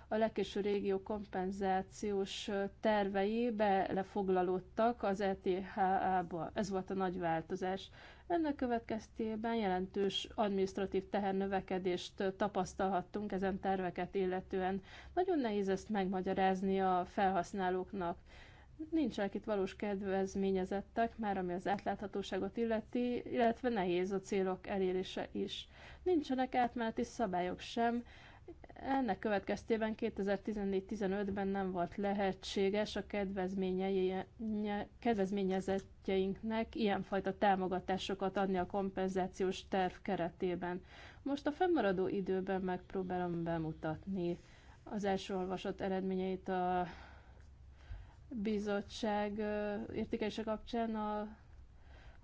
a legkéső régió kompenzációs tervei belefoglalódtak az eth ba Ez volt a nagy változás. Ennek következtében jelentős administratív tehernövekedést tapasztalhattunk ezen terveket illetően. Nagyon nehéz ezt megmagyarázni a felhasználóknak. Nincsenek itt valós kedvezményezettek, már ami az átláthatóságot illeti, illetve nehéz a célok elérése is. Nincsenek átmeneti szabályok sem, ennek következtében 2014-15-ben nem volt lehetséges a kedvezményezettjeinknek ilyenfajta támogatásokat adni a kompenzációs terv keretében. Most a fennmaradó időben megpróbálom bemutatni az első olvasott eredményeit a bizottság értékelése kapcsán a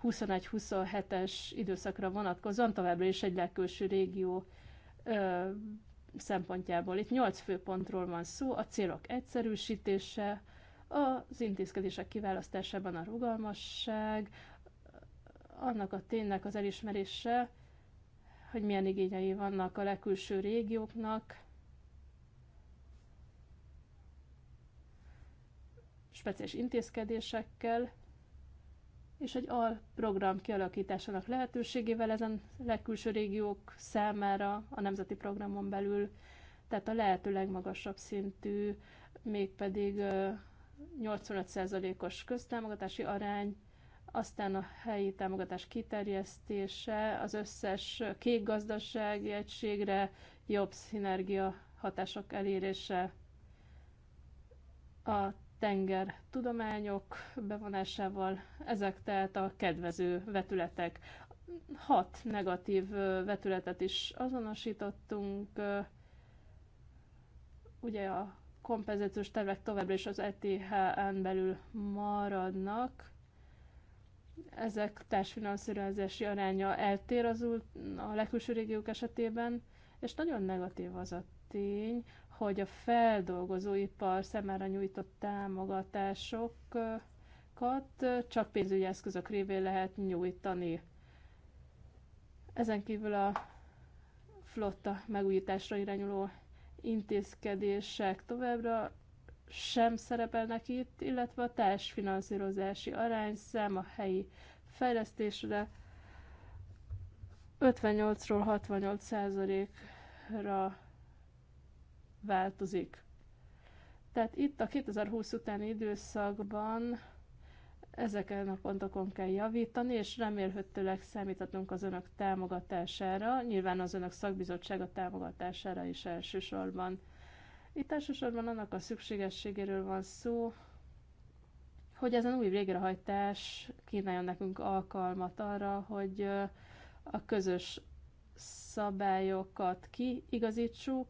21-27-es időszakra vonatkozóan továbbra is egy legkülső régió ö, szempontjából. Itt 8 főpontról van szó, a célok egyszerűsítése, az intézkedések kiválasztásában a rugalmasság, annak a ténynek az elismerése, hogy milyen igényei vannak a legkülső régióknak, speciális intézkedésekkel és egy alprogram kialakításának lehetőségével ezen legkülső régiók számára a nemzeti programon belül, tehát a lehető legmagasabb szintű, mégpedig 85%-os köztámogatási arány, aztán a helyi támogatás kiterjesztése, az összes kék gazdasági egységre jobb szinergia hatások elérése, a tenger tudományok bevonásával, ezek tehát a kedvező vetületek. Hat negatív vetületet is azonosítottunk, ugye a kompenzációs tervek továbbra is az ETH-en belül maradnak, ezek társfinanszírozási aránya eltér az a legkülső régiók esetében, és nagyon negatív az a tény, hogy a feldolgozóipar szemára nyújtott támogatásokat csak pénzügyi eszközök révén lehet nyújtani. Ezen kívül a flotta megújításra irányuló intézkedések továbbra sem szerepelnek itt, illetve a társfinanszírozási arányszám a helyi fejlesztésre 58-ról 68%-ra változik. Tehát itt a 2020 utáni időszakban ezeken a pontokon kell javítani, és remélhetőleg számíthatunk az önök támogatására, nyilván az önök szakbizottsága támogatására is elsősorban. Itt elsősorban annak a szükségességéről van szó, hogy ezen új végrehajtás kínáljon nekünk alkalmat arra, hogy a közös szabályokat kiigazítsuk,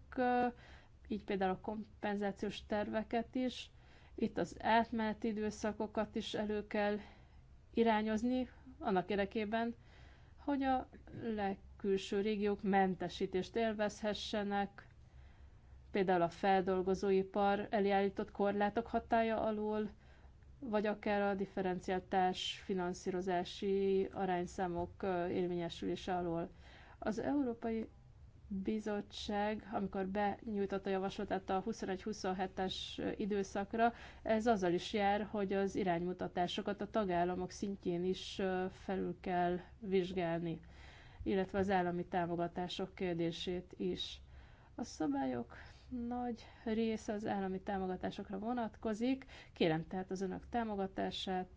így például a kompenzációs terveket is, itt az átmeneti időszakokat is elő kell irányozni, annak érdekében, hogy a legkülső régiók mentesítést élvezhessenek, például a feldolgozóipar eljállított korlátok hatája alól, vagy akár a differenciáltás finanszírozási arányszámok érvényesülése alól. Az Európai bizottság, amikor benyújtotta a javaslatát a 21-27-es időszakra, ez azzal is jár, hogy az iránymutatásokat a tagállamok szintjén is felül kell vizsgálni, illetve az állami támogatások kérdését is. A szabályok nagy része az állami támogatásokra vonatkozik. Kérem tehát az önök támogatását,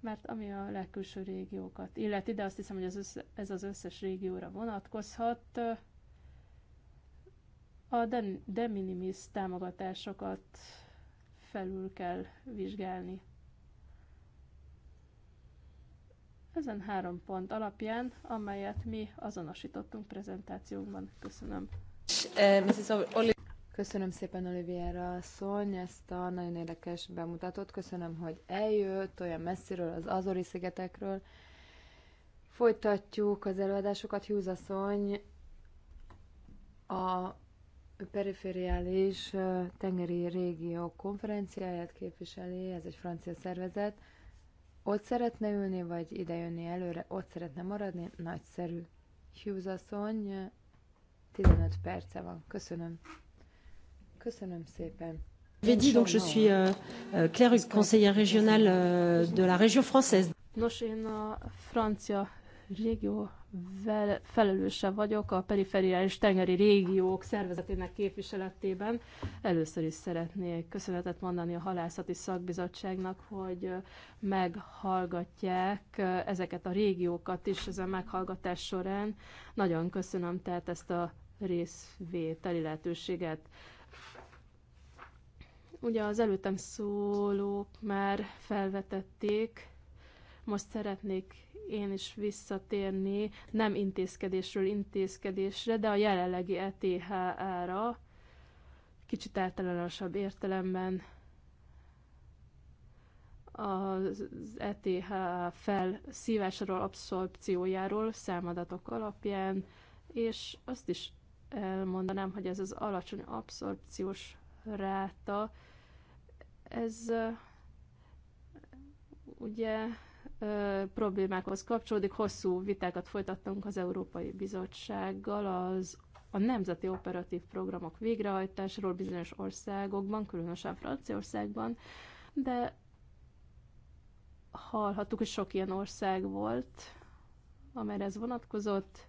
mert ami a legkülső régiókat illeti, de azt hiszem, hogy az ez az összes régióra vonatkozhat, a de minimis támogatásokat felül kell vizsgálni. Ezen három pont alapján, amelyet mi azonosítottunk prezentációnkban. Köszönöm. Eh, Mrs. Köszönöm szépen Oliviera asszony ezt a nagyon érdekes bemutatót. Köszönöm, hogy eljött olyan messziről, az Azori szigetekről. Folytatjuk az előadásokat. Hughes a perifériális tengeri régió konferenciáját képviseli, ez egy francia szervezet. Ott szeretne ülni, vagy ide jönni előre, ott szeretne maradni, nagyszerű. Hughes asszony, 15 perce van. Köszönöm. Köszönöm szépen. Védi, donc je suis euh, euh Claire, conseillère régionale euh, de la région française. Nos, én a francia régió felelőse vagyok a perifériális tengeri régiók szervezetének képviseletében. Először is szeretnék köszönetet mondani a halászati szakbizottságnak, hogy meghallgatják ezeket a régiókat is ezen meghallgatás során. Nagyon köszönöm tehát ezt a részvételi lehetőséget. Ugye az előttem szólók már felvetették, most szeretnék én is visszatérni nem intézkedésről intézkedésre, de a jelenlegi ETH-ra kicsit általánosabb értelemben az ETH szívásról, abszorpciójáról számadatok alapján, és azt is elmondanám, hogy ez az alacsony abszorpciós ráta ez ugye problémákhoz kapcsolódik. Hosszú vitákat folytattunk az Európai Bizottsággal az a nemzeti operatív programok végrehajtásáról bizonyos országokban, különösen Franciaországban, de hallhattuk, hogy sok ilyen ország volt, amelyre ez vonatkozott.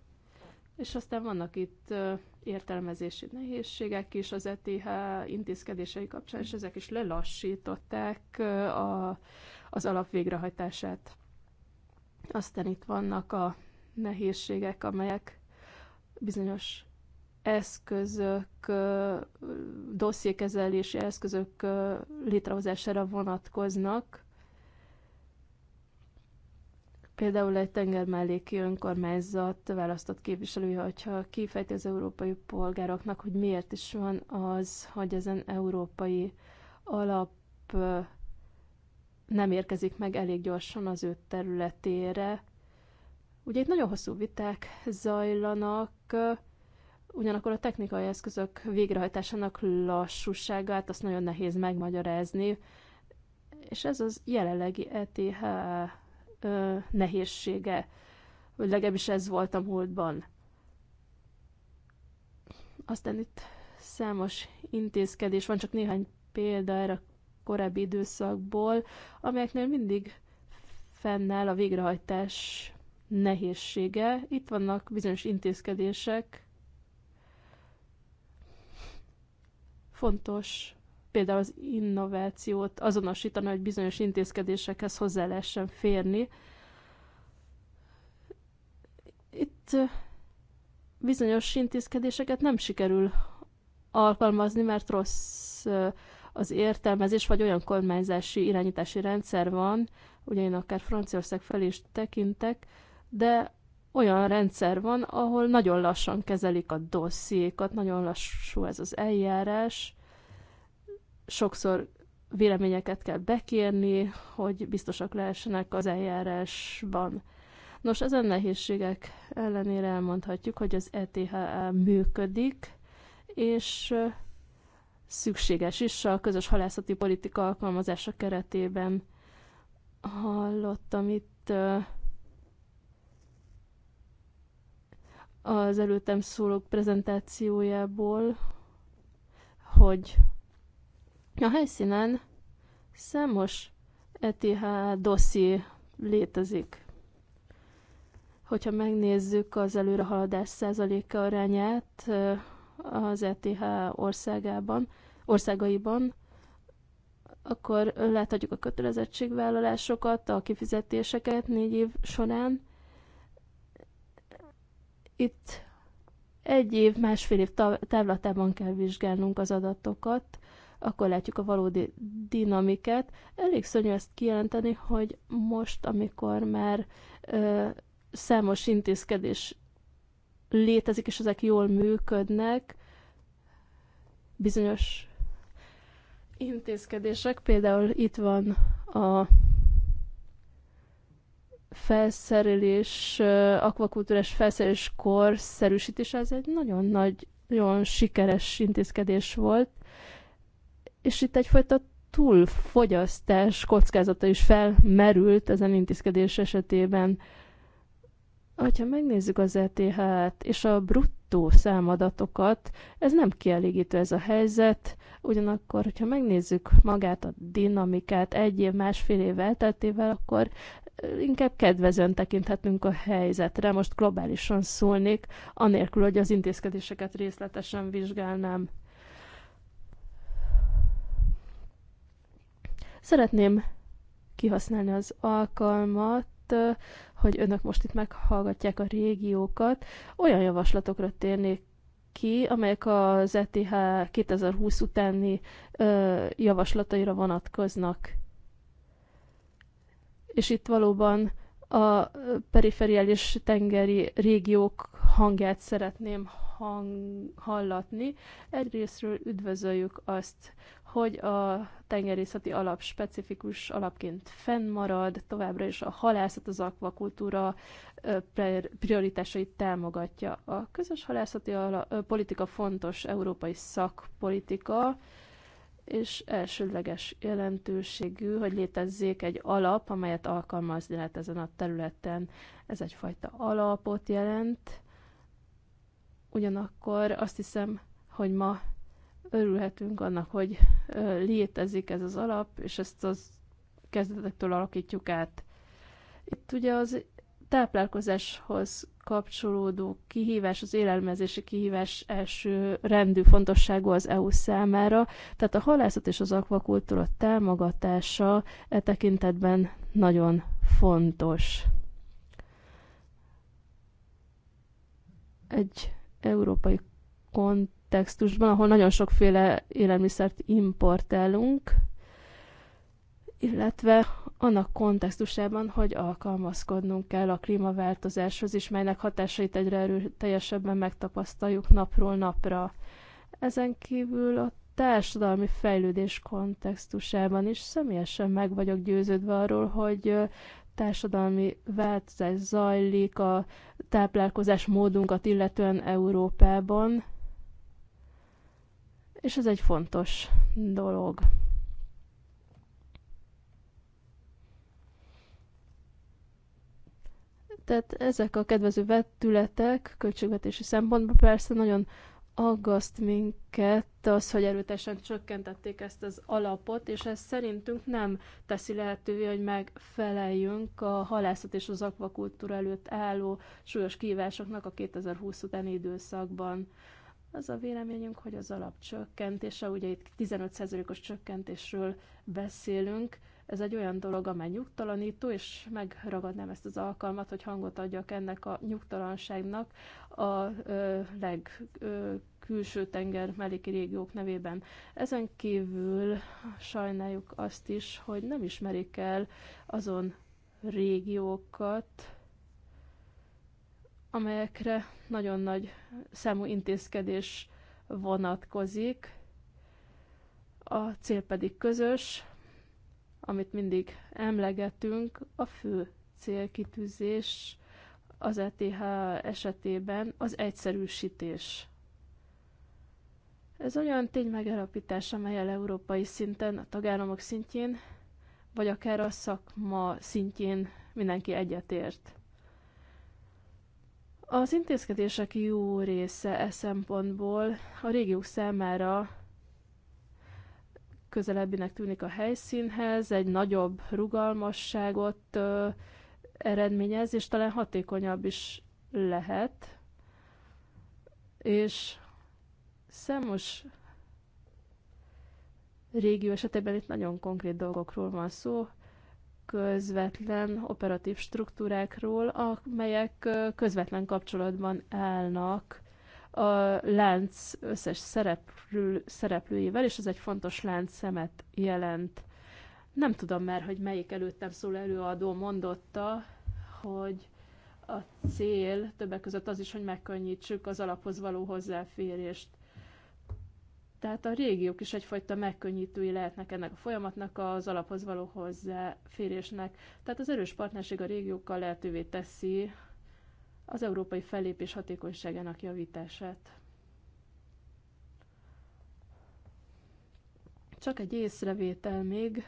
És aztán vannak itt értelmezési nehézségek is az ETH intézkedései kapcsán, és ezek is lelassították a, az alapvégrehajtását. Aztán itt vannak a nehézségek, amelyek bizonyos eszközök, dossziékezelési eszközök létrehozására vonatkoznak, Például egy tenger melléki önkormányzat választott képviselője, hogyha kifejti az európai polgároknak, hogy miért is van az, hogy ezen európai alap nem érkezik meg elég gyorsan az ő területére. Ugye itt nagyon hosszú viták zajlanak, ugyanakkor a technikai eszközök végrehajtásának lassúságát azt nagyon nehéz megmagyarázni, és ez az jelenlegi ETH ö, nehézsége, vagy legalábbis ez volt a múltban. Aztán itt számos intézkedés van, csak néhány példa erre a korábbi időszakból, amelyeknél mindig fennáll a végrehajtás nehézsége. Itt vannak bizonyos intézkedések. Fontos például az innovációt azonosítani, hogy bizonyos intézkedésekhez hozzá lehessen férni. Itt bizonyos intézkedéseket nem sikerül alkalmazni, mert rossz az értelmezés, vagy olyan kormányzási irányítási rendszer van, ugye én akár Franciaország felé is tekintek, de olyan rendszer van, ahol nagyon lassan kezelik a dossziékat, nagyon lassú ez az eljárás, sokszor véleményeket kell bekérni, hogy biztosak lehessenek az eljárásban. Nos, ezen nehézségek ellenére elmondhatjuk, hogy az ETH működik, és szükséges is a közös halászati politika alkalmazása keretében. Hallottam itt az előttem szólók prezentációjából, hogy a helyszínen számos ETH dosszi létezik. Hogyha megnézzük az előrehaladás százaléka arányát az ETH országában, országaiban, akkor láthatjuk a kötelezettségvállalásokat, a kifizetéseket négy év során. Itt egy év, másfél év távlatában kell vizsgálnunk az adatokat, akkor látjuk a valódi dinamikát. Elég szörnyű ezt kijelenteni, hogy most, amikor már ö, számos intézkedés létezik, és ezek jól működnek, bizonyos intézkedések, például itt van a felszerelés, akvakultúrás felszerelés korszerűsítése, ez egy nagyon nagy, nagyon sikeres intézkedés volt és itt egyfajta túlfogyasztás kockázata is felmerült ezen intézkedés esetében. Ha megnézzük az ETH-t és a bruttó számadatokat, ez nem kielégítő ez a helyzet, ugyanakkor, hogyha megnézzük magát a dinamikát egy év, másfél év elteltével, akkor inkább kedvezően tekinthetünk a helyzetre. Most globálisan szólnék, anélkül, hogy az intézkedéseket részletesen vizsgálnám. Szeretném kihasználni az alkalmat, hogy önök most itt meghallgatják a régiókat. Olyan javaslatokra térnék ki, amelyek az ETH 2020 utáni javaslataira vonatkoznak. És itt valóban a periferiális tengeri régiók hangját szeretném hang, hallatni. Egyrésztről üdvözöljük azt, hogy a tengerészeti alap specifikus alapként fennmarad, továbbra is a halászat, az akvakultúra prioritásait támogatja. A közös halászati politika fontos európai szakpolitika, és elsődleges jelentőségű, hogy létezzék egy alap, amelyet alkalmazni lehet ezen a területen. Ez egyfajta alapot jelent. Ugyanakkor azt hiszem, hogy ma örülhetünk annak, hogy létezik ez az alap, és ezt az kezdetektől alakítjuk át. Itt ugye az táplálkozáshoz kapcsolódó kihívás, az élelmezési kihívás első rendű fontosságú az EU számára, tehát a halászat és az akvakultúra támogatása e tekintetben nagyon fontos. Egy európai kont kontextusban, ahol nagyon sokféle élelmiszert importálunk, illetve annak kontextusában, hogy alkalmazkodnunk kell a klímaváltozáshoz is, melynek hatásait egyre erőteljesebben megtapasztaljuk napról napra. Ezen kívül a társadalmi fejlődés kontextusában is személyesen meg vagyok győződve arról, hogy társadalmi változás zajlik a táplálkozás módunkat illetően Európában, és ez egy fontos dolog. Tehát ezek a kedvező vetületek költségvetési szempontból persze nagyon aggaszt minket az, hogy erőteljesen csökkentették ezt az alapot, és ez szerintünk nem teszi lehetővé, hogy megfeleljünk a halászat és az akvakultúra előtt álló súlyos kihívásoknak a 2020 utáni időszakban. Az a véleményünk, hogy az alapcsökkentése, ugye itt 15%-os csökkentésről beszélünk, ez egy olyan dolog, amely nyugtalanító, és megragadnám ezt az alkalmat, hogy hangot adjak ennek a nyugtalanságnak a legkülső tenger melléki régiók nevében. Ezen kívül sajnáljuk azt is, hogy nem ismerik el azon régiókat, amelyekre nagyon nagy számú intézkedés vonatkozik, a cél pedig közös, amit mindig emlegetünk, a fő célkitűzés az ETH esetében az egyszerűsítés. Ez olyan tény megállapítás, amelyel európai szinten, a tagállamok szintjén, vagy akár a szakma szintjén mindenki egyetért. Az intézkedések jó része e szempontból a régiók számára közelebbinek tűnik a helyszínhez, egy nagyobb rugalmasságot ö, eredményez, és talán hatékonyabb is lehet. És számos régió esetében itt nagyon konkrét dolgokról van szó, közvetlen operatív struktúrákról, amelyek közvetlen kapcsolatban állnak a lánc összes szereplő, szereplőjével, és ez egy fontos lánc szemet jelent. Nem tudom már, hogy melyik előttem szól előadó mondotta, hogy a cél többek között az is, hogy megkönnyítsük az alaphoz való hozzáférést. Tehát a régiók is egyfajta megkönnyítői lehetnek ennek a folyamatnak, az alaphoz való hozzáférésnek. Tehát az erős partnerség a régiókkal lehetővé teszi az európai fellépés hatékonyságának javítását. Csak egy észrevétel még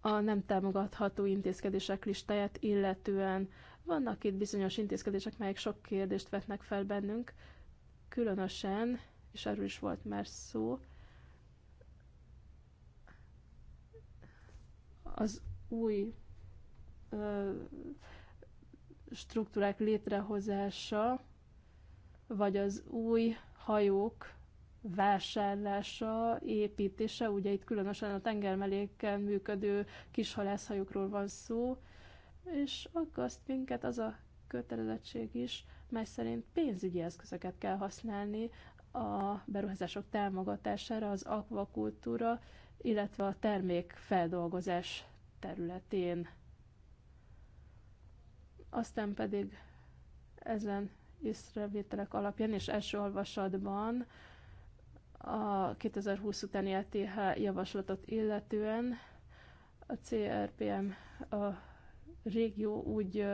a nem támogatható intézkedések listáját illetően. Vannak itt bizonyos intézkedések, melyek sok kérdést vetnek fel bennünk, Különösen, és erről is volt már szó, az új ö, struktúrák létrehozása, vagy az új hajók vásárlása, építése, ugye itt különösen a tengermeléken működő kis halászhajókról van szó, és aggaszt minket az a kötelezettség is, mely szerint pénzügyi eszközöket kell használni a beruházások támogatására az akvakultúra, illetve a termékfeldolgozás területén. Aztán pedig ezen észrevételek alapján és első olvasatban a 2020 utáni ETH javaslatot illetően a CRPM a régió úgy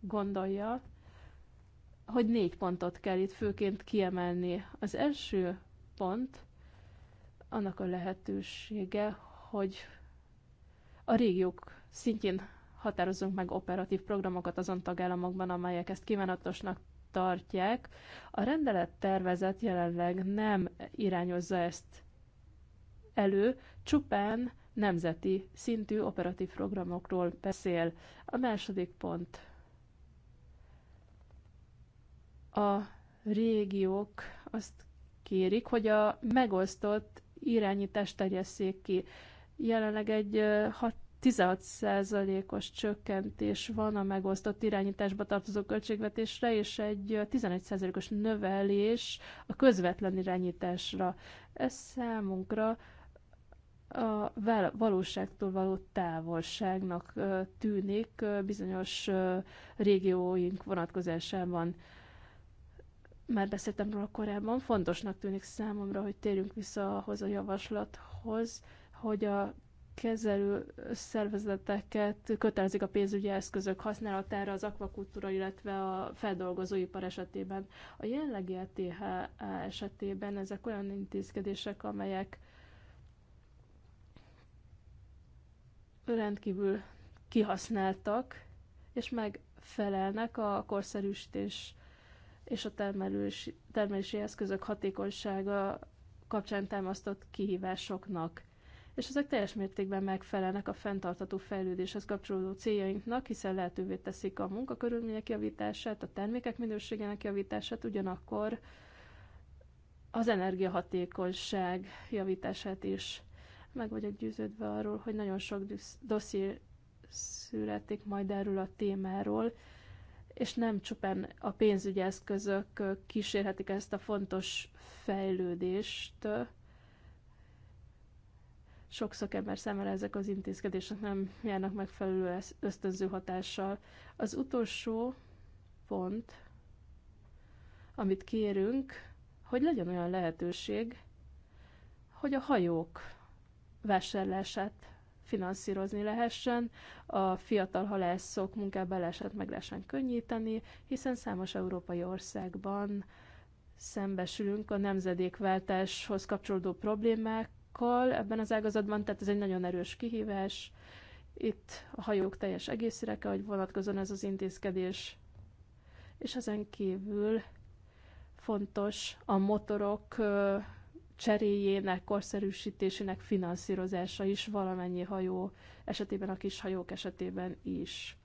gondolja, hogy négy pontot kell itt főként kiemelni. Az első pont annak a lehetősége, hogy a régiók szintjén határozzunk meg operatív programokat azon tagállamokban, amelyek ezt kívánatosnak tartják. A rendelet tervezet jelenleg nem irányozza ezt elő, csupán nemzeti szintű operatív programokról beszél. A második pont a régiók azt kérik, hogy a megosztott irányítást terjesszék ki. Jelenleg egy 16%-os csökkentés van a megosztott irányításba tartozó költségvetésre, és egy 11%-os növelés a közvetlen irányításra. Ez számunkra a valóságtól való távolságnak tűnik bizonyos régióink vonatkozásában már beszéltem róla korábban, fontosnak tűnik számomra, hogy térjünk vissza ahhoz a javaslathoz, hogy a kezelő szervezeteket kötelezik a pénzügyi eszközök használatára az akvakultúra, illetve a feldolgozóipar esetében. A jelenlegi ETH esetében ezek olyan intézkedések, amelyek rendkívül kihasználtak, és megfelelnek a korszerűsítés és a termelési, termelési eszközök hatékonysága kapcsán támasztott kihívásoknak. És ezek teljes mértékben megfelelnek a fenntartató fejlődéshez kapcsolódó céljainknak, hiszen lehetővé teszik a munkakörülmények javítását, a termékek minőségének javítását, ugyanakkor az energiahatékonyság javítását is. Meg vagyok győződve arról, hogy nagyon sok dosszié születik majd erről a témáról, és nem csupán a pénzügyi eszközök kísérhetik ezt a fontos fejlődést. Sok szakember számára ezek az intézkedések nem járnak megfelelő ösztönző hatással. Az utolsó pont, amit kérünk, hogy legyen olyan lehetőség, hogy a hajók vásárlását finanszírozni lehessen, a fiatal halászok munkábálását meg lehessen könnyíteni, hiszen számos európai országban szembesülünk a nemzedékváltáshoz kapcsolódó problémákkal ebben az ágazatban, tehát ez egy nagyon erős kihívás. Itt a hajók teljes egészére kell, hogy vonatkozon ez az intézkedés, és ezen kívül fontos a motorok cseréjének, korszerűsítésének finanszírozása is valamennyi hajó esetében, a kis hajók esetében is.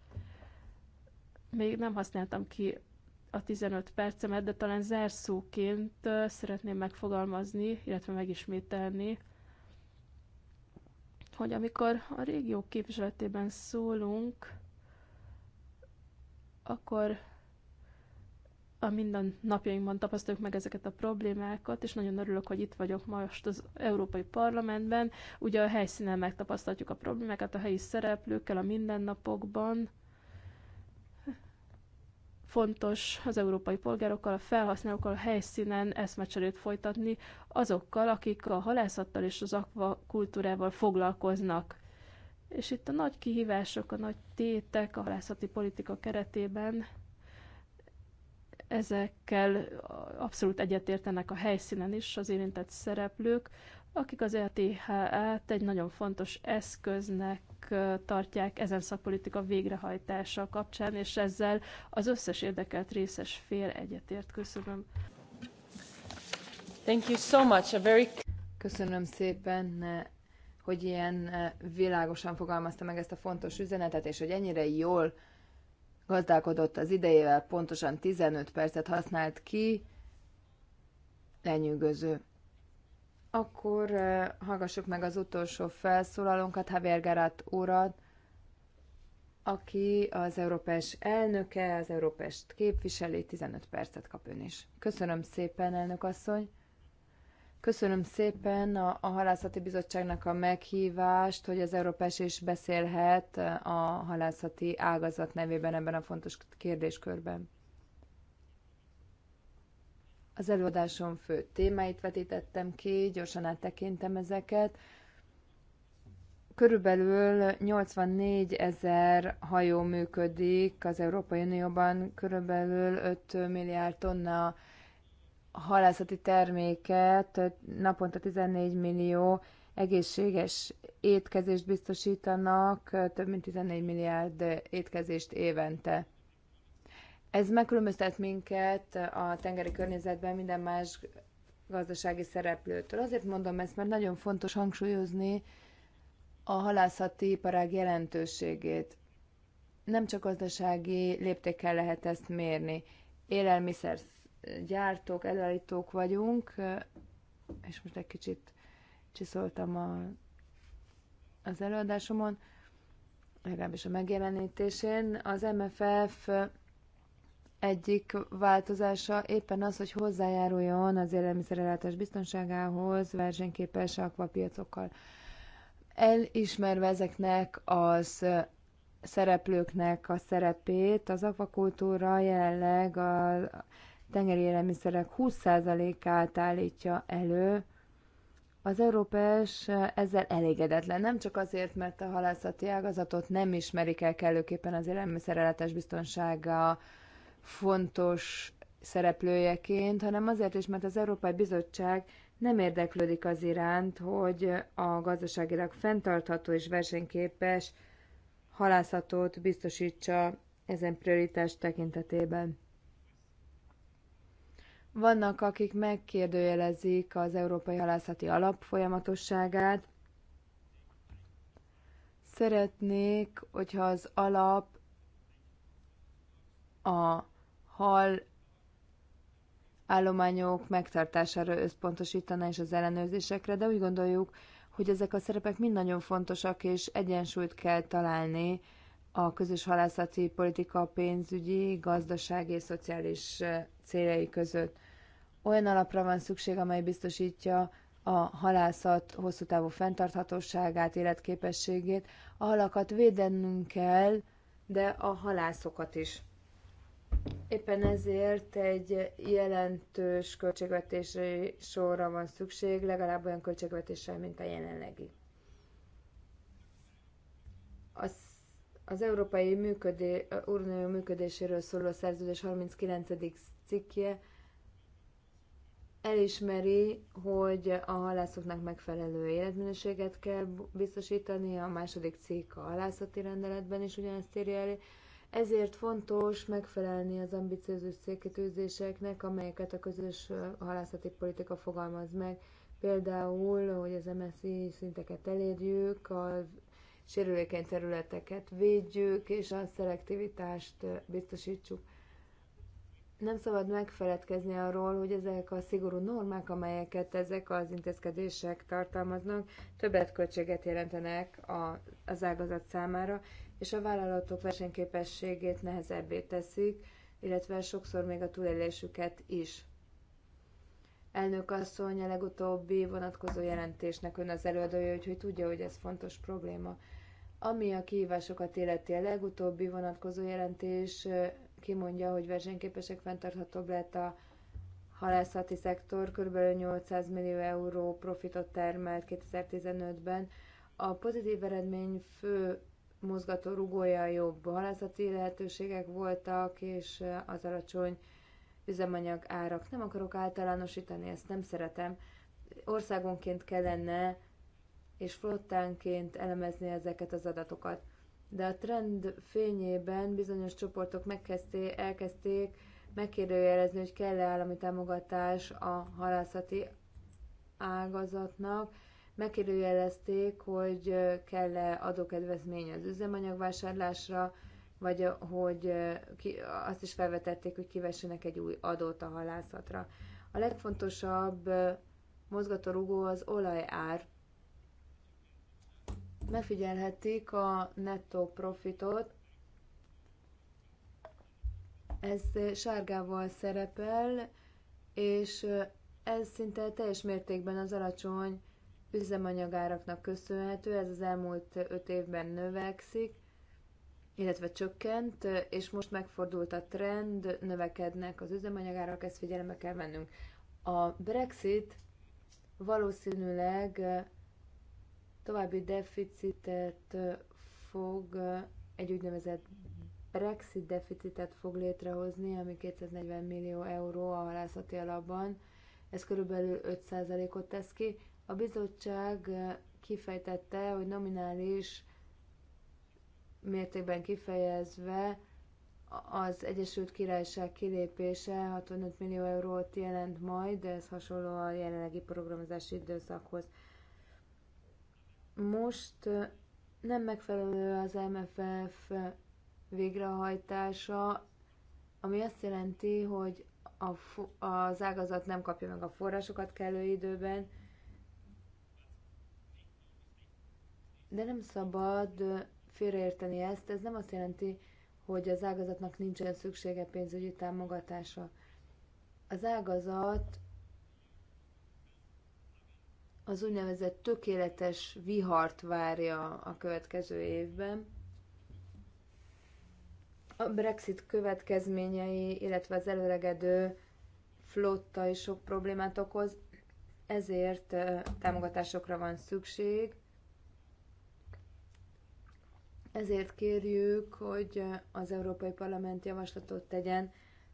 Még nem használtam ki a 15 percemet, de talán zárszóként szeretném megfogalmazni, illetve megismételni, hogy amikor a régiók képviseletében szólunk, akkor a minden napjainkban tapasztaljuk meg ezeket a problémákat, és nagyon örülök, hogy itt vagyok most az Európai Parlamentben. Ugye a helyszínen megtapasztaljuk a problémákat a helyi szereplőkkel a mindennapokban. Fontos az európai polgárokkal, a felhasználókkal a helyszínen eszmecserét folytatni, azokkal, akik a halászattal és az akvakultúrával foglalkoznak. És itt a nagy kihívások, a nagy tétek a halászati politika keretében Ezekkel abszolút egyetértenek a helyszínen is az érintett szereplők, akik az RTH-t e egy nagyon fontos eszköznek tartják ezen szakpolitika végrehajtása kapcsán, és ezzel az összes érdekelt részes fél egyetért. Köszönöm. Thank you so much. A very... Köszönöm szépen, hogy ilyen világosan fogalmazta meg ezt a fontos üzenetet, és hogy ennyire jól gazdálkodott az idejével, pontosan 15 percet használt ki, lenyűgöző. Akkor hallgassuk meg az utolsó felszólalónkat, Javier Garat urat, aki az Európes elnöke, az Európest képviseli, 15 percet kap ön is. Köszönöm szépen, elnök asszony! Köszönöm szépen a, a Halászati Bizottságnak a meghívást, hogy az Európás is beszélhet a halászati ágazat nevében ebben a fontos kérdéskörben. Az előadásom fő témáit vetítettem ki, gyorsan áttekintem ezeket. Körülbelül 84 ezer hajó működik az Európai Unióban, körülbelül 5 milliárd tonna halászati terméket naponta 14 millió egészséges étkezést biztosítanak, több mint 14 milliárd étkezést évente. Ez megkülönböztet minket a tengeri környezetben minden más gazdasági szereplőtől. Azért mondom ezt, mert nagyon fontos hangsúlyozni a halászati iparág jelentőségét. Nem csak gazdasági léptékkel lehet ezt mérni. Élelmiszer gyártók, előállítók vagyunk, és most egy kicsit csiszoltam a, az előadásomon, legalábbis a megjelenítésén. Az MFF egyik változása éppen az, hogy hozzájáruljon az élelmiszerellátás biztonságához versenyképes akvapiacokkal. Elismerve ezeknek az szereplőknek a szerepét, az akvakultúra jelenleg a tengeri élelmiszerek 20%-át állítja elő, az európás eh, ezzel elégedetlen, nem csak azért, mert a halászati ágazatot nem ismerik el kellőképpen az élelmiszerellátás biztonsága fontos szereplőjeként, hanem azért is, mert az Európai Bizottság nem érdeklődik az iránt, hogy a gazdaságilag fenntartható és versenyképes halászatot biztosítsa ezen prioritás tekintetében. Vannak, akik megkérdőjelezik az Európai Halászati Alap folyamatosságát. Szeretnék, hogyha az alap a hal állományok megtartására összpontosítana és az ellenőrzésekre, de úgy gondoljuk, hogy ezek a szerepek mind nagyon fontosak, és egyensúlyt kell találni a közös halászati politika pénzügyi, gazdasági és szociális céljai között. Olyan alapra van szükség, amely biztosítja a halászat hosszú távú fenntarthatóságát, életképességét. A halakat védenünk kell, de a halászokat is. Éppen ezért egy jelentős költségvetésre sorra van szükség, legalább olyan költségvetésre, mint a jelenlegi. Az, az Európai Működé, Unió működéséről szóló szerződés 39. cikkje elismeri, hogy a halászoknak megfelelő életminőséget kell biztosítani, a második cikk a halászati rendeletben is ugyanezt írja elő. Ezért fontos megfelelni az ambiciózus célkitűzéseknek, amelyeket a közös halászati politika fogalmaz meg. Például, hogy az MSZI szinteket elérjük, a sérülékeny területeket védjük, és a szelektivitást biztosítsuk nem szabad megfeledkezni arról, hogy ezek a szigorú normák, amelyeket ezek az intézkedések tartalmaznak, többet költséget jelentenek a, az ágazat számára, és a vállalatok versenyképességét nehezebbé teszik, illetve sokszor még a túlélésüket is. Elnök asszony a legutóbbi vonatkozó jelentésnek ön az előadója, úgyhogy tudja, hogy ez fontos probléma. Ami a kihívásokat illeti a legutóbbi vonatkozó jelentés kimondja, hogy versenyképesek fenntarthatóbb lett a halászati szektor, kb. 800 millió euró profitot termelt 2015-ben. A pozitív eredmény fő mozgató rugója jobb halászati lehetőségek voltak, és az alacsony üzemanyag árak. Nem akarok általánosítani, ezt nem szeretem. Országonként kellene és flottánként elemezni ezeket az adatokat de a trend fényében bizonyos csoportok megkezdték, elkezdték megkérdőjelezni, hogy kell-e állami támogatás a halászati ágazatnak, megkérdőjelezték, hogy kell-e adókedvezmény az üzemanyagvásárlásra, vagy hogy ki, azt is felvetették, hogy kivessenek egy új adót a halászatra. A legfontosabb mozgatórugó az olajár megfigyelhetik a nettó profitot. Ez sárgával szerepel, és ez szinte teljes mértékben az alacsony üzemanyagáraknak köszönhető, ez az elmúlt öt évben növekszik, illetve csökkent, és most megfordult a trend, növekednek az üzemanyagárak, ezt figyelembe kell vennünk. A Brexit valószínűleg további deficitet fog, egy úgynevezett Brexit deficitet fog létrehozni, ami 240 millió euró a halászati alapban. Ez körülbelül 5%-ot tesz ki. A bizottság kifejtette, hogy nominális mértékben kifejezve az Egyesült Királyság kilépése 65 millió eurót jelent majd, de ez hasonló a jelenlegi programozási időszakhoz. Most nem megfelelő az MFF végrehajtása, ami azt jelenti, hogy a, az ágazat nem kapja meg a forrásokat kellő időben, de nem szabad félreérteni ezt. Ez nem azt jelenti, hogy az ágazatnak nincsen szüksége pénzügyi támogatásra. Az ágazat az úgynevezett tökéletes vihart várja a következő évben. A Brexit következményei, illetve az előregedő flotta is sok problémát okoz, ezért támogatásokra van szükség. Ezért kérjük, hogy az Európai Parlament javaslatot tegyen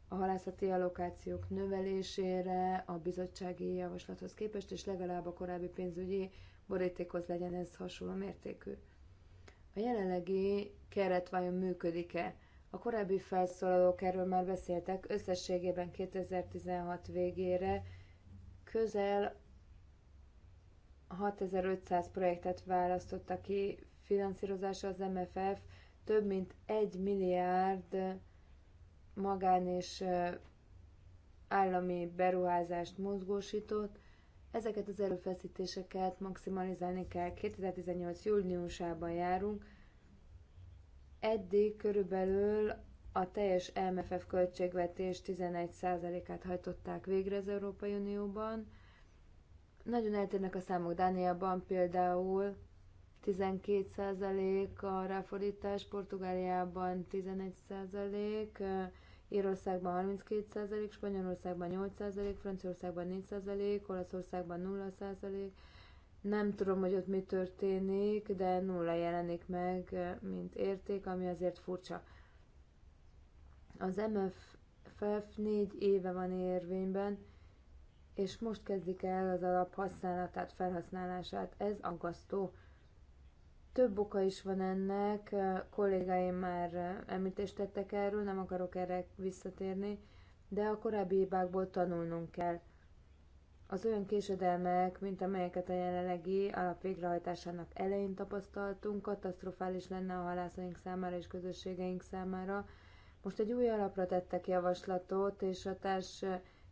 a halászati allokációk növelésére a bizottsági javaslathoz képest, és legalább a korábbi pénzügyi borítékhoz legyen ez hasonló mértékű. A jelenlegi keret vajon működik-e? A korábbi felszólalók erről már beszéltek, összességében 2016 végére közel 6500 projektet választotta ki finanszírozása az MFF, több mint 1 milliárd magán és állami beruházást mozgósított. Ezeket az előfeszítéseket maximalizálni kell. 2018. júniusában járunk. Eddig körülbelül a teljes MFF költségvetés 11%-át hajtották végre az Európai Unióban. Nagyon eltérnek a számok Dániában például 12% a ráfordítás, Portugáliában 11%, Írországban 32%, Spanyolországban 8%, Franciaországban 4%, Olaszországban 0%. Nem tudom, hogy ott mi történik, de nulla jelenik meg, mint érték, ami azért furcsa. Az MFF 4 éve van érvényben, és most kezdik el az alap használatát, felhasználását. Ez aggasztó. Több oka is van ennek, kollégáim már említést tettek erről, nem akarok erre visszatérni, de a korábbi hibákból tanulnunk kell. Az olyan késedelmek, mint amelyeket a jelenlegi alapvégrehajtásának elején tapasztaltunk, katasztrofális lenne a halászaink számára és közösségeink számára. Most egy új alapra tettek javaslatot, és a társ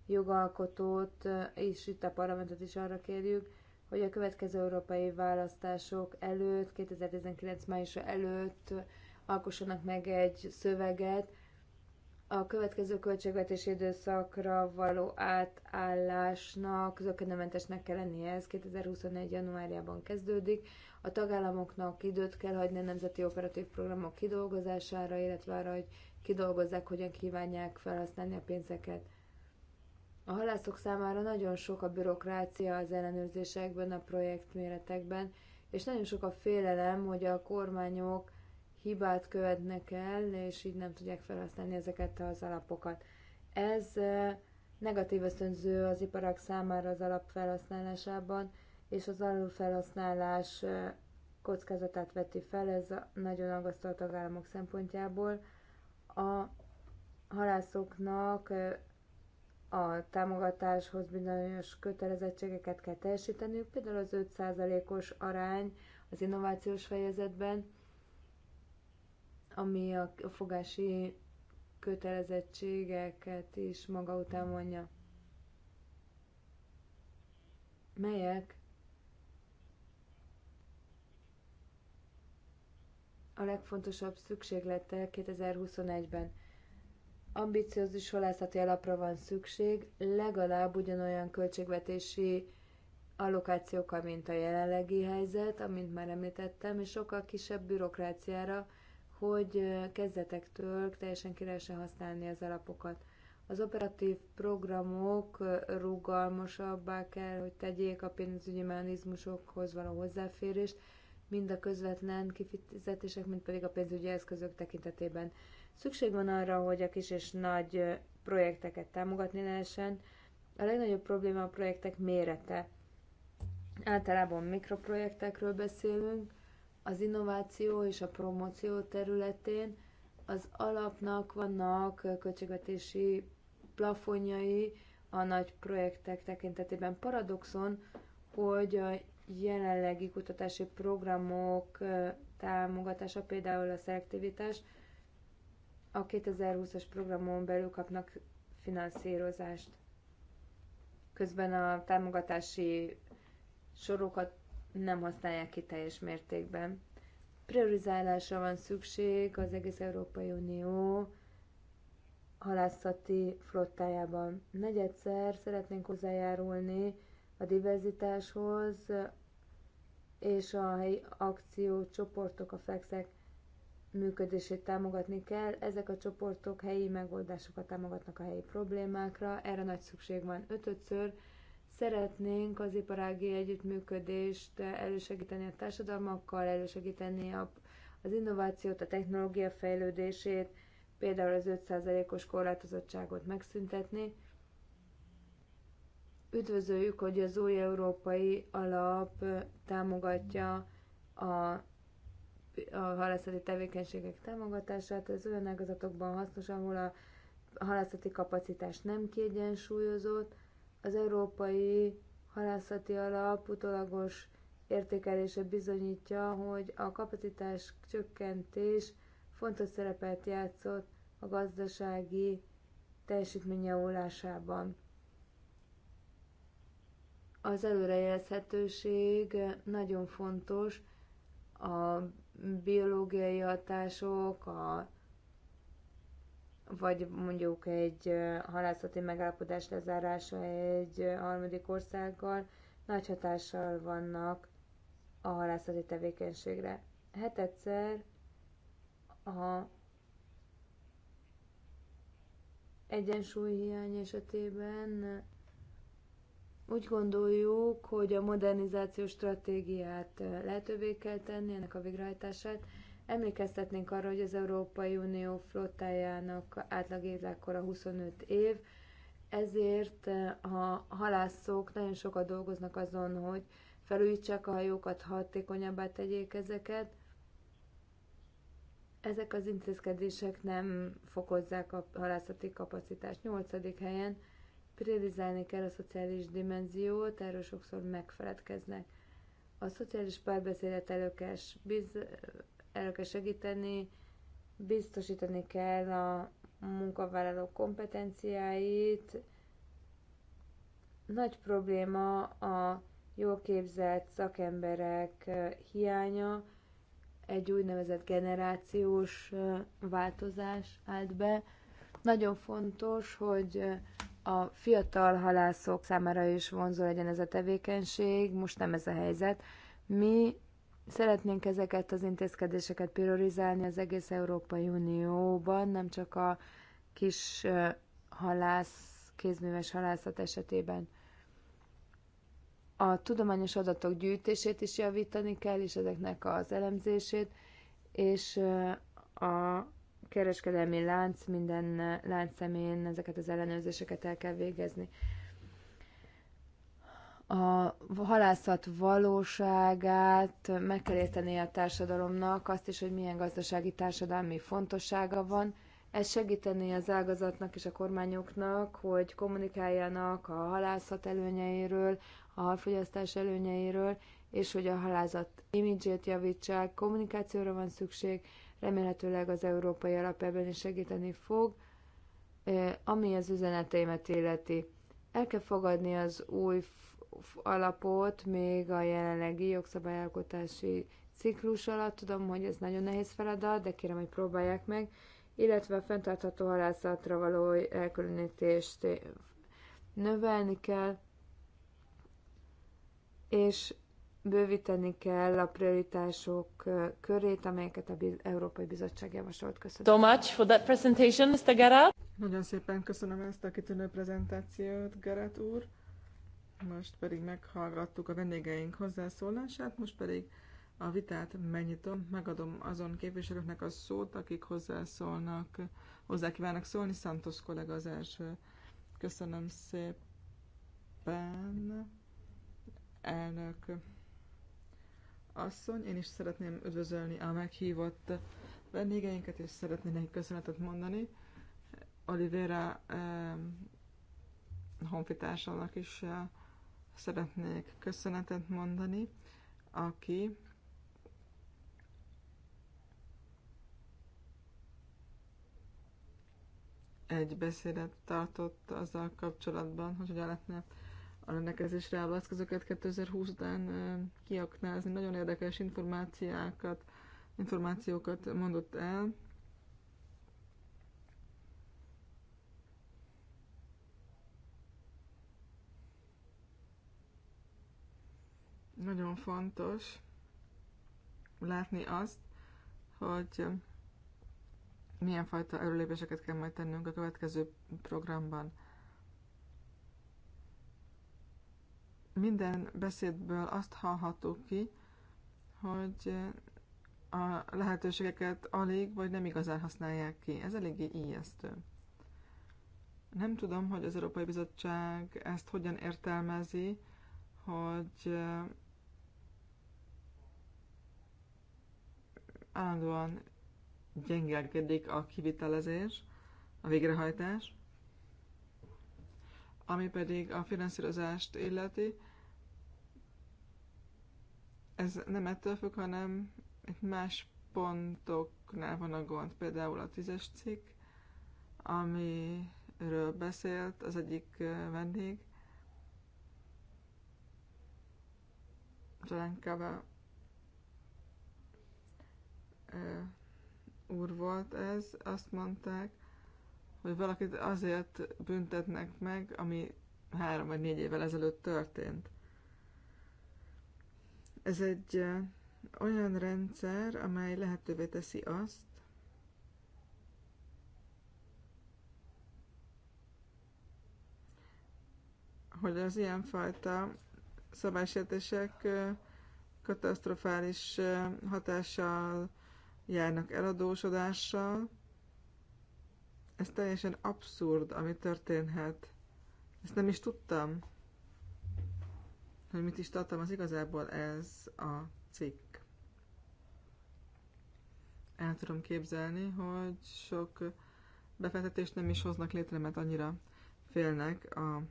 jogalkotót, és itt a parlamentet is arra kérjük, hogy a következő európai választások előtt, 2019 májusa előtt alkossanak meg egy szöveget, a következő költségvetési időszakra való átállásnak zökkenőmentesnek kell lennie, ez 2021. januárjában kezdődik. A tagállamoknak időt kell hagyni a nemzeti operatív programok kidolgozására, illetve arra, hogy kidolgozzák, hogyan kívánják felhasználni a pénzeket. A halászok számára nagyon sok a bürokrácia az ellenőrzésekben, a projektméretekben, és nagyon sok a félelem, hogy a kormányok hibát követnek el, és így nem tudják felhasználni ezeket az alapokat. Ez negatív ösztönző az iparak számára az felhasználásában, és az alulfelhasználás kockázatát veti fel, ez nagyon aggasztó a tagállamok szempontjából. A halászoknak a támogatáshoz bizonyos kötelezettségeket kell teljesíteniük, például az 5%-os arány az innovációs fejezetben, ami a fogási kötelezettségeket is maga után vonja. Melyek a legfontosabb szükségletek 2021-ben? ambiciózus halászati alapra van szükség, legalább ugyanolyan költségvetési allokációkkal, mint a jelenlegi helyzet, amint már említettem, és sokkal kisebb bürokráciára, hogy kezdetektől teljesen ki lehessen használni az alapokat. Az operatív programok rugalmasabbá kell, hogy tegyék a pénzügyi mechanizmusokhoz való hozzáférést, mind a közvetlen kifizetések, mind pedig a pénzügyi eszközök tekintetében. Szükség van arra, hogy a kis és nagy projekteket támogatni lehessen. A legnagyobb probléma a projektek mérete. Általában mikroprojektekről beszélünk, az innováció és a promóció területén az alapnak vannak költségvetési plafonjai a nagy projektek tekintetében. Paradoxon, hogy a jelenlegi kutatási programok támogatása, például a szelektivitás, a 2020-as programon belül kapnak finanszírozást. Közben a támogatási sorokat nem használják ki teljes mértékben. Priorizálásra van szükség az egész Európai Unió halászati flottájában. Negyedszer szeretnénk hozzájárulni a diverzitáshoz, és a helyi akciócsoportok, a flexek működését támogatni kell. Ezek a csoportok helyi megoldásokat támogatnak a helyi problémákra, erre nagy szükség van. Ötödször szeretnénk az iparági együttműködést elősegíteni a társadalmakkal, elősegíteni a, az innovációt, a technológia fejlődését, például az 5%-os korlátozottságot megszüntetni. Üdvözöljük, hogy az új európai alap támogatja a a halászati tevékenységek támogatását az olyan ágazatokban hasznos, ahol a halászati kapacitás nem kiegyensúlyozott, az Európai Halászati Alap utolagos értékelése bizonyítja, hogy a kapacitás csökkentés fontos szerepet játszott a gazdasági teljesítményjavulásában. Az előrejelzhetőség nagyon fontos a biológiai hatások, a, vagy mondjuk egy halászati megállapodás lezárása egy harmadik országgal nagy hatással vannak a halászati tevékenységre. Hát egyszer a egyensúlyhiány esetében úgy gondoljuk, hogy a modernizációs stratégiát lehetővé kell tenni, ennek a végrehajtását. Emlékeztetnénk arra, hogy az Európai Unió flottájának átlag életkora 25 év, ezért a halászok nagyon sokat dolgoznak azon, hogy felújítsák a hajókat, hatékonyabbá tegyék ezeket. Ezek az intézkedések nem fokozzák a halászati kapacitást. 8. helyen Priorizálni kell a szociális dimenziót, erről sokszor megfeledkeznek. A szociális párbeszédet előkes, biz, elő kell segíteni, biztosítani kell a munkavállalók kompetenciáit. Nagy probléma a jól képzett szakemberek hiánya, egy úgynevezett generációs változás állt be. Nagyon fontos, hogy a fiatal halászok számára is vonzó legyen ez a tevékenység, most nem ez a helyzet. Mi szeretnénk ezeket az intézkedéseket priorizálni az egész Európai Unióban, nem csak a kis halász, kézműves halászat esetében. A tudományos adatok gyűjtését is javítani kell, és ezeknek az elemzését, és a kereskedelmi lánc minden eh, lánc szemén ezeket az ellenőrzéseket el kell végezni. A halászat valóságát meg kell érteni a társadalomnak, azt is, hogy milyen gazdasági társadalmi fontossága van. Ez segíteni az ágazatnak és a kormányoknak, hogy kommunikáljanak a halászat előnyeiről, a halfogyasztás előnyeiről, és hogy a halázat imidzsét javítsák, kommunikációra van szükség, remélhetőleg az európai alap ebben is segíteni fog, ami az üzeneteimet illeti. El kell fogadni az új alapot még a jelenlegi jogszabályalkotási ciklus alatt. Tudom, hogy ez nagyon nehéz feladat, de kérem, hogy próbálják meg, illetve a fenntartható halászatra való elkülönítést növelni kell, és bővíteni kell a prioritások körét, amelyeket a Biz Európai Bizottság javasolt. Köszönöm. So much for that presentation, Mr. Gerard. Nagyon szépen köszönöm ezt a kitűnő prezentációt, Gerard úr. Most pedig meghallgattuk a vendégeink hozzászólását, most pedig a vitát megnyitom, megadom azon képviselőknek a szót, akik hozzászólnak, hozzá kívánnak szólni, Santos kollega az első. Köszönöm szépen, elnök asszony. Én is szeretném üdvözölni a meghívott vendégeinket, és szeretnék nekik köszönetet mondani. Olivera eh, honfitársának is eh, szeretnék köszönetet mondani, aki egy beszédet tartott azzal kapcsolatban, hogy hogyan lehetne a rendelkezésre álló eszközöket 2020 után kiaknázni. Nagyon érdekes információkat, információkat mondott el. Nagyon fontos látni azt, hogy milyen fajta előlépéseket kell majd tennünk a következő programban. minden beszédből azt hallható ki, hogy a lehetőségeket alig vagy nem igazán használják ki. Ez eléggé ijesztő. Nem tudom, hogy az Európai Bizottság ezt hogyan értelmezi, hogy eh, állandóan gyengelkedik a kivitelezés, a végrehajtás. Ami pedig a finanszírozást illeti, ez nem ettől függ, hanem itt más pontoknál van a gond. Például a tízes cikk, amiről beszélt az egyik vendég, talán Kava úr volt ez, azt mondták, hogy valakit azért büntetnek meg, ami három vagy négy évvel ezelőtt történt. Ez egy olyan rendszer, amely lehetővé teszi azt, hogy az ilyenfajta szabálysértések katasztrofális hatással járnak eladósodással, ez teljesen abszurd, ami történhet. Ezt nem is tudtam, hogy mit is az igazából ez a cikk. El tudom képzelni, hogy sok befektetést nem is hoznak létre, mert annyira félnek a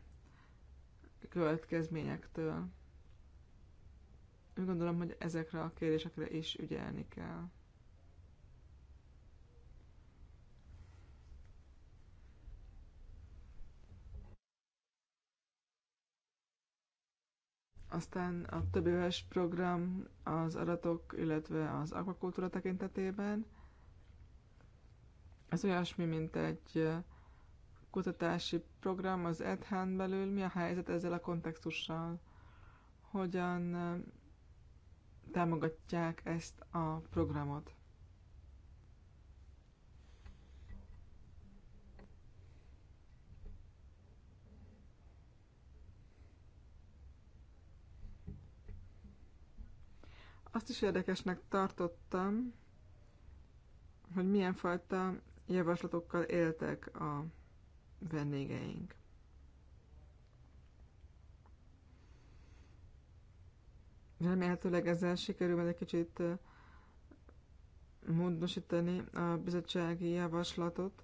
következményektől. Úgy gondolom, hogy ezekre a kérdésekre is ügyelni kell. Aztán a több éves program az adatok, illetve az akvakultúra tekintetében. Ez olyasmi, mint egy kutatási program az EdHán belül. Mi a helyzet ezzel a kontextussal? Hogyan támogatják ezt a programot? Azt is érdekesnek tartottam, hogy milyen fajta javaslatokkal éltek a vendégeink. Remélhetőleg ezzel sikerül egy kicsit módosítani a bizottsági javaslatot,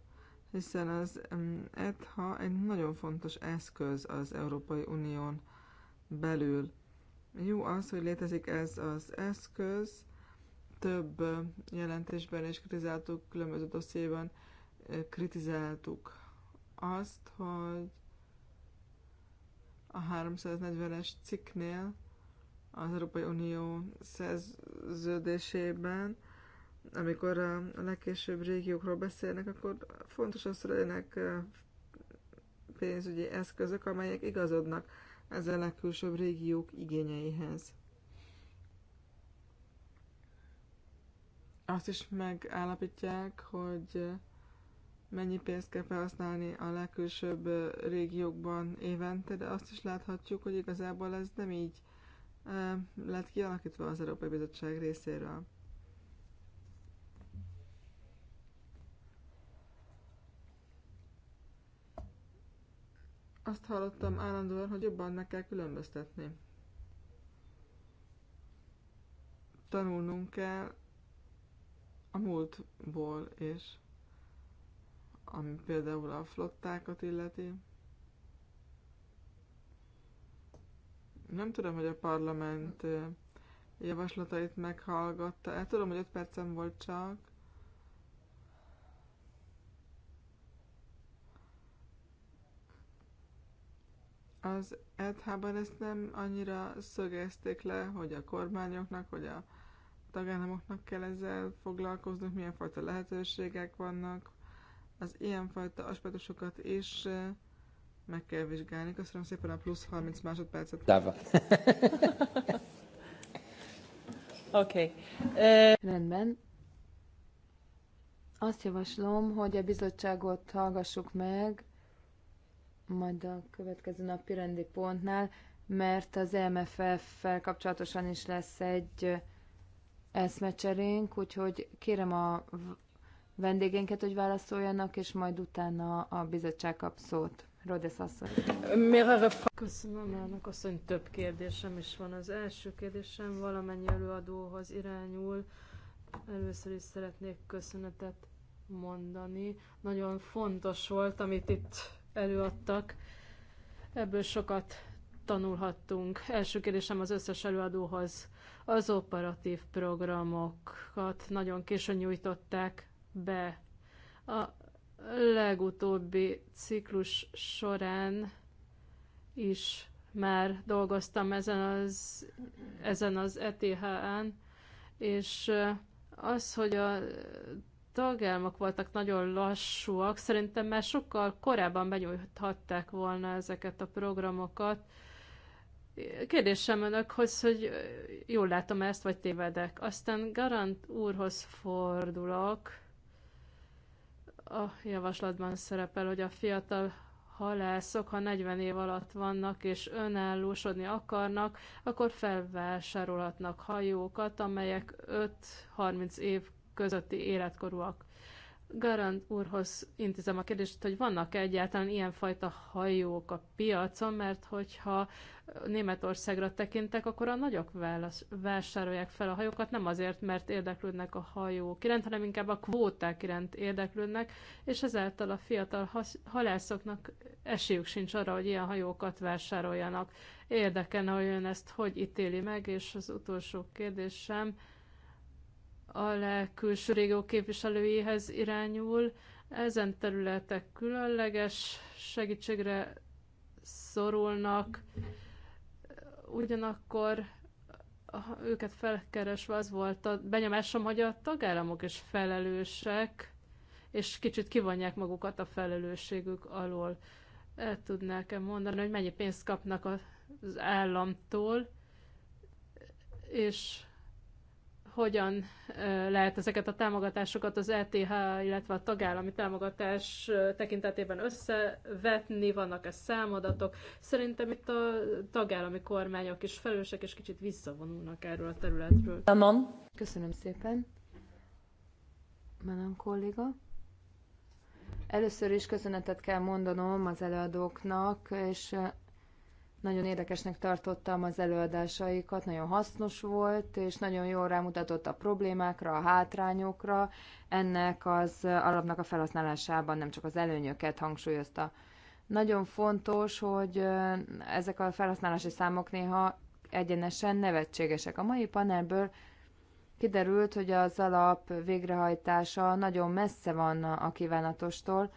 hiszen az mm, ETHA egy nagyon fontos eszköz az Európai Unión belül. Jó az, hogy létezik ez az eszköz. Több jelentésben és kritizáltuk, különböző dossziéban kritizáltuk azt, hogy a 340-es cikknél az Európai Unió szerződésében, amikor a legkésőbb régiókról beszélnek, akkor fontos az, hogy legyenek pénzügyi eszközök, amelyek igazodnak ezzel a legkülsőbb régiók igényeihez. Azt is megállapítják, hogy mennyi pénzt kell felhasználni a legkülsőbb régiókban évente, de azt is láthatjuk, hogy igazából ez nem így eh, lett kialakítva az Európai Bizottság részéről. Azt hallottam állandóan, hogy jobban meg kell különböztetni. Tanulnunk kell a múltból, és ami például a flottákat illeti. Nem tudom, hogy a parlament javaslatait meghallgatta. El tudom, hogy 5 percem volt csak. Az ETH-ban ezt nem annyira szögezték le, hogy a kormányoknak, hogy a tagállamoknak kell ezzel foglalkozni, milyen fajta lehetőségek vannak. Az ilyenfajta aspektusokat is meg kell vizsgálni. Köszönöm szépen a plusz 30 másodpercet. Dáva. Oké. Okay. Uh... Rendben. Azt javaslom, hogy a bizottságot hallgassuk meg, majd a következő napi rendi pontnál, mert az e MFF-fel kapcsolatosan is lesz egy eszmecserénk, úgyhogy kérem a vendégeinket, hogy válaszoljanak, és majd utána a bizottság kap szót. Rodesz asszony. Köszönöm, elnök asszony, több kérdésem is van. Az első kérdésem valamennyi előadóhoz irányul. Először is szeretnék köszönetet mondani. Nagyon fontos volt, amit itt előadtak. Ebből sokat tanulhattunk. Első kérdésem az összes előadóhoz. Az operatív programokat nagyon későn nyújtották be. A legutóbbi ciklus során is már dolgoztam ezen az, ezen az ETH-án, és az, hogy a tagállamok voltak nagyon lassúak, szerintem már sokkal korábban benyújthatták volna ezeket a programokat. Kérdésem önökhoz, hogy jól látom ezt, vagy tévedek. Aztán Garant úrhoz fordulok. A javaslatban szerepel, hogy a fiatal halászok, ha 40 év alatt vannak és önállósodni akarnak, akkor felvásárolhatnak hajókat, amelyek 5-30 év közötti életkorúak. Garant úrhoz intézem a kérdést, hogy vannak-e egyáltalán ilyenfajta hajók a piacon, mert hogyha Németországra tekintek, akkor a nagyok válasz, vásárolják fel a hajókat, nem azért, mert érdeklődnek a hajók iránt, hanem inkább a kvóták iránt érdeklődnek, és ezáltal a fiatal halászoknak esélyük sincs arra, hogy ilyen hajókat vásároljanak. Érdekelne, hogy ön ezt hogy ítéli meg, és az utolsó kérdésem, a külső régió képviselőihez irányul. Ezen területek különleges segítségre szorulnak, ugyanakkor őket felkeresve az volt a benyomásom, hogy a tagállamok is felelősek, és kicsit kivonják magukat a felelősségük alól. El tudnák-e mondani, hogy mennyi pénzt kapnak az államtól, és hogyan lehet ezeket a támogatásokat az ETH, illetve a tagállami támogatás tekintetében összevetni, vannak-e számadatok. Szerintem itt a tagállami kormányok is felelősek, és kicsit visszavonulnak erről a területről. Manon. Köszönöm szépen. Manon kolléga. Először is köszönetet kell mondanom az előadóknak, és nagyon érdekesnek tartottam az előadásaikat, nagyon hasznos volt, és nagyon jól rámutatott a problémákra, a hátrányokra. Ennek az alapnak a felhasználásában nem csak az előnyöket hangsúlyozta. Nagyon fontos, hogy ezek a felhasználási számok néha egyenesen nevetségesek. A mai panelből kiderült, hogy az alap végrehajtása nagyon messze van a kívánatostól,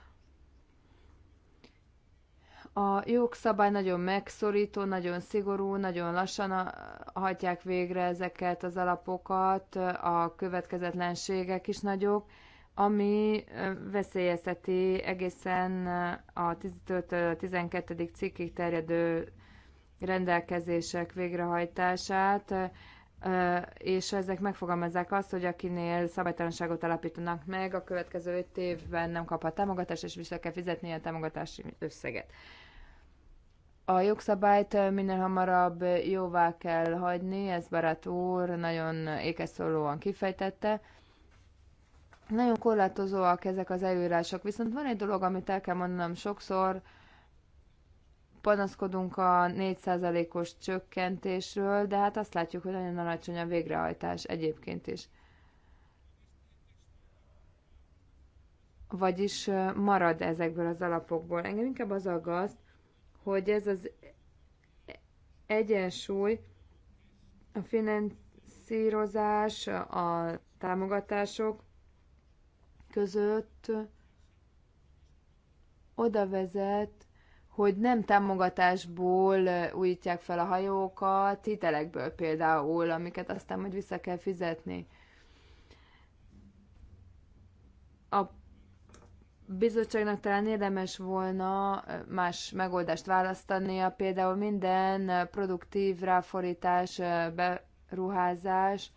a jogszabály nagyon megszorító, nagyon szigorú, nagyon lassan hajtják végre ezeket az alapokat, a következetlenségek is nagyok, ami veszélyezteti egészen a 12. cikkig terjedő rendelkezések végrehajtását, és ezek megfogalmazzák azt, hogy akinél szabálytalanságot alapítanak meg, a következő öt évben nem kaphat támogatást, és vissza kell fizetni a támogatási összeget. A jogszabályt minél hamarabb jóvá kell hagyni, ez Barát úr nagyon ékeszólóan kifejtette. Nagyon korlátozóak ezek az előírások, viszont van egy dolog, amit el kell mondanom sokszor, panaszkodunk a 4%-os csökkentésről, de hát azt látjuk, hogy nagyon alacsony a végrehajtás egyébként is. Vagyis marad ezekből az alapokból. Engem inkább az aggaszt, hogy ez az egyensúly a finanszírozás, a támogatások között oda vezet, hogy nem támogatásból újítják fel a hajókat, hitelekből például, amiket aztán majd vissza kell fizetni. bizottságnak talán érdemes volna más megoldást választania, például minden produktív ráforítás beruházás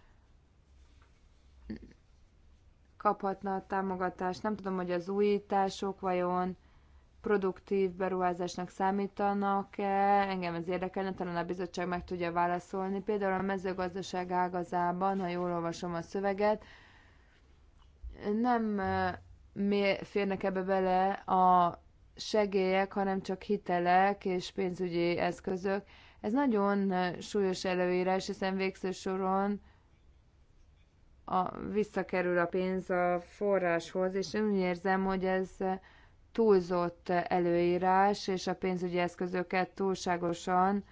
kaphatna a támogatást. Nem tudom, hogy az újítások vajon produktív beruházásnak számítanak-e, engem ez érdekelne, talán a bizottság meg tudja válaszolni. Például a mezőgazdaság ágazában, ha jól olvasom a szöveget, nem férnek ebbe bele a segélyek, hanem csak hitelek és pénzügyi eszközök. Ez nagyon súlyos előírás, hiszen végső soron a, visszakerül a pénz a forráshoz, és én úgy érzem, hogy ez túlzott előírás, és a pénzügyi eszközöket túlságosan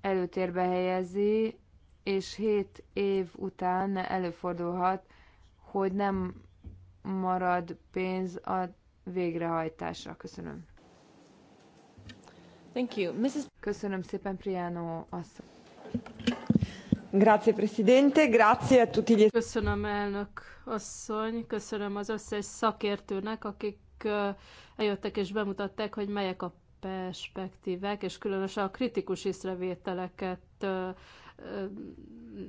előtérbe helyezi, és hét év után előfordulhat, hogy nem marad pénz a végrehajtásra. Köszönöm. Thank you. Mrs. Köszönöm szépen, Priano asszony. Grazie Presidente, grazie a tutti gli... Köszönöm elnök asszony, köszönöm az összes szakértőnek, akik eljöttek és bemutatták, hogy melyek a perspektívek, és különösen a kritikus észrevételeket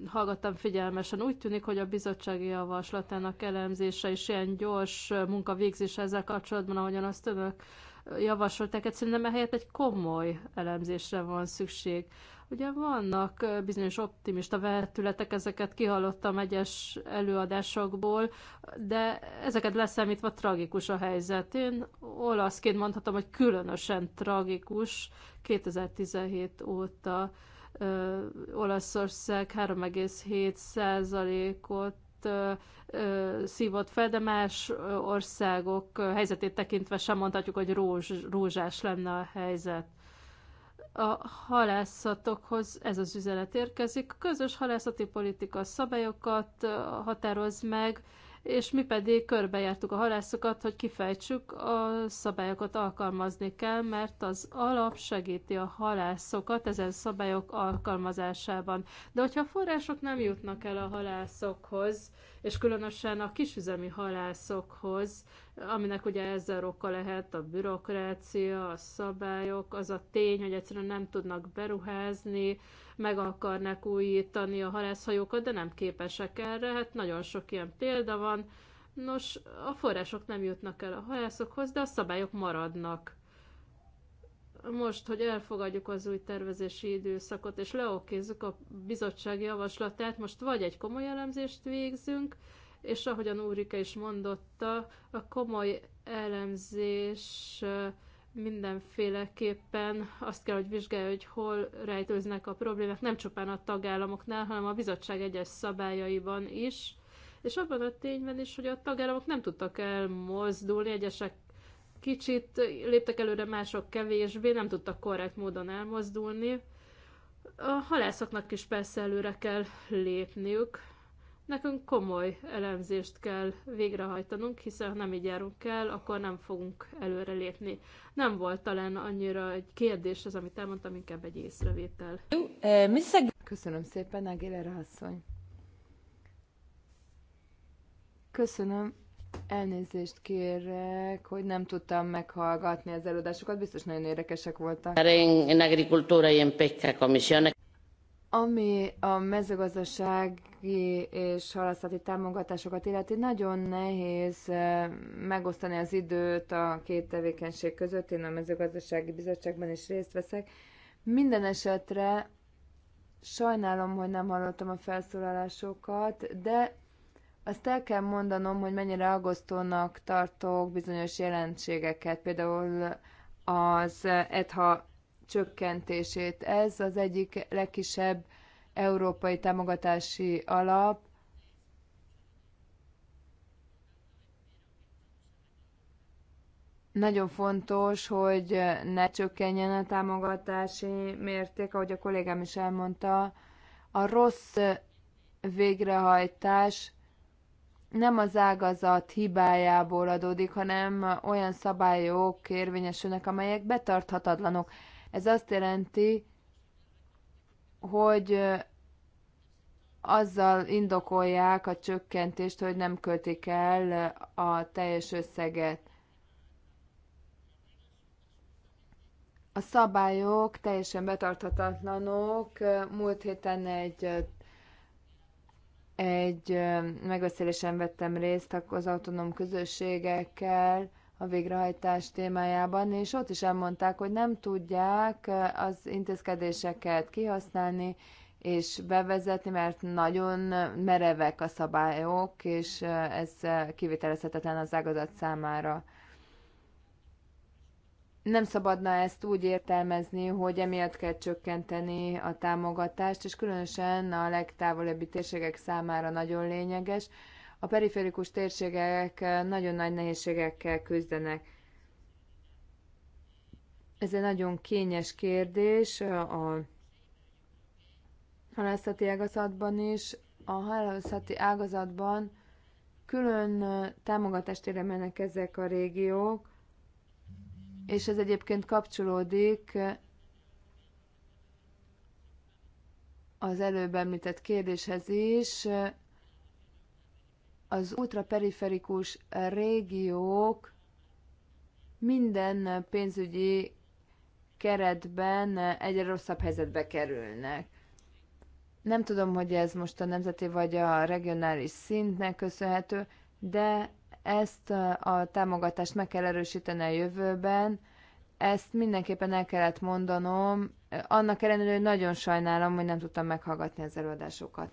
hallgattam figyelmesen. Úgy tűnik, hogy a bizottsági javaslatának elemzése is ilyen gyors munka végzése ezzel kapcsolatban, ahogyan azt önök javasolták, hát szerintem ehelyett egy komoly elemzésre van szükség. Ugye vannak bizonyos optimista vetületek, ezeket kihallottam egyes előadásokból, de ezeket leszámítva tragikus a helyzet. Én olaszként mondhatom, hogy különösen tragikus 2017 óta Olaszország 3,7%-ot szívott fel, de más országok helyzetét tekintve sem mondhatjuk, hogy rózs, rózsás lenne a helyzet. A halászatokhoz ez az üzenet érkezik. Közös halászati politika szabályokat határoz meg, és mi pedig körbejártuk a halászokat, hogy kifejtsük, a szabályokat alkalmazni kell, mert az alap segíti a halászokat ezen szabályok alkalmazásában. De hogyha a források nem jutnak el a halászokhoz, és különösen a kisüzemi halászokhoz, aminek ugye ezzel oka lehet a bürokrácia, a szabályok, az a tény, hogy egyszerűen nem tudnak beruházni, meg akarnak újítani a halászhajókat, de nem képesek erre. Hát nagyon sok ilyen példa van. Nos, a források nem jutnak el a halászokhoz, de a szabályok maradnak. Most, hogy elfogadjuk az új tervezési időszakot, és leokézzük a bizottság javaslatát, most vagy egy komoly elemzést végzünk, és ahogyan Úrika is mondotta, a komoly elemzés mindenféleképpen azt kell, hogy vizsgálja, hogy hol rejtőznek a problémák, nem csupán a tagállamoknál, hanem a bizottság egyes szabályaiban is, és abban a tényben is, hogy a tagállamok nem tudtak elmozdulni, egyesek kicsit léptek előre, mások kevésbé, nem tudtak korrekt módon elmozdulni. A halászoknak is persze előre kell lépniük, Nekünk komoly elemzést kell végrehajtanunk, hiszen ha nem így járunk el, akkor nem fogunk előrelépni. Nem volt talán annyira egy kérdés az, amit elmondtam, inkább egy észrevétel. Köszönöm szépen, Ágélera asszony. Köszönöm. Elnézést kérek, hogy nem tudtam meghallgatni az előadásokat, biztos nagyon érdekesek voltak. Én, agricultura y en pesca, ami a mezőgazdasági és halászati támogatásokat illeti, nagyon nehéz eh, megosztani az időt a két tevékenység között. Én a mezőgazdasági bizottságban is részt veszek. Minden esetre sajnálom, hogy nem hallottam a felszólalásokat, de azt el kell mondanom, hogy mennyire aggasztónak tartok bizonyos jelentségeket, például az ETHA csökkentését. Ez az egyik legkisebb európai támogatási alap, nagyon fontos, hogy ne csökkenjen a támogatási mérték, ahogy a kollégám is elmondta. A rossz végrehajtás nem az ágazat hibájából adódik, hanem olyan szabályok érvényesülnek, amelyek betarthatatlanok. Ez azt jelenti, hogy azzal indokolják a csökkentést, hogy nem költik el a teljes összeget. A szabályok teljesen betarthatatlanok. Múlt héten egy egy megbeszélésen vettem részt az autonóm közösségekkel, a végrehajtás témájában, és ott is elmondták, hogy nem tudják az intézkedéseket kihasználni és bevezetni, mert nagyon merevek a szabályok, és ez kivitelezhetetlen az ágazat számára. Nem szabadna ezt úgy értelmezni, hogy emiatt kell csökkenteni a támogatást, és különösen a legtávolabbi térségek számára nagyon lényeges, a periférikus térségek eh, nagyon nagy nehézségekkel küzdenek. Ez egy nagyon kényes kérdés eh, a halászati ágazatban is. A halászati ágazatban külön eh, támogatást éremelnek ezek a régiók, és ez egyébként kapcsolódik az előbb említett kérdéshez is, az ultraperiferikus régiók minden pénzügyi keretben egyre rosszabb helyzetbe kerülnek. Nem tudom, hogy ez most a nemzeti vagy a regionális szintnek köszönhető, de ezt a támogatást meg kell erősíteni a jövőben. Ezt mindenképpen el kellett mondanom, annak ellenére, hogy nagyon sajnálom, hogy nem tudtam meghallgatni az előadásokat.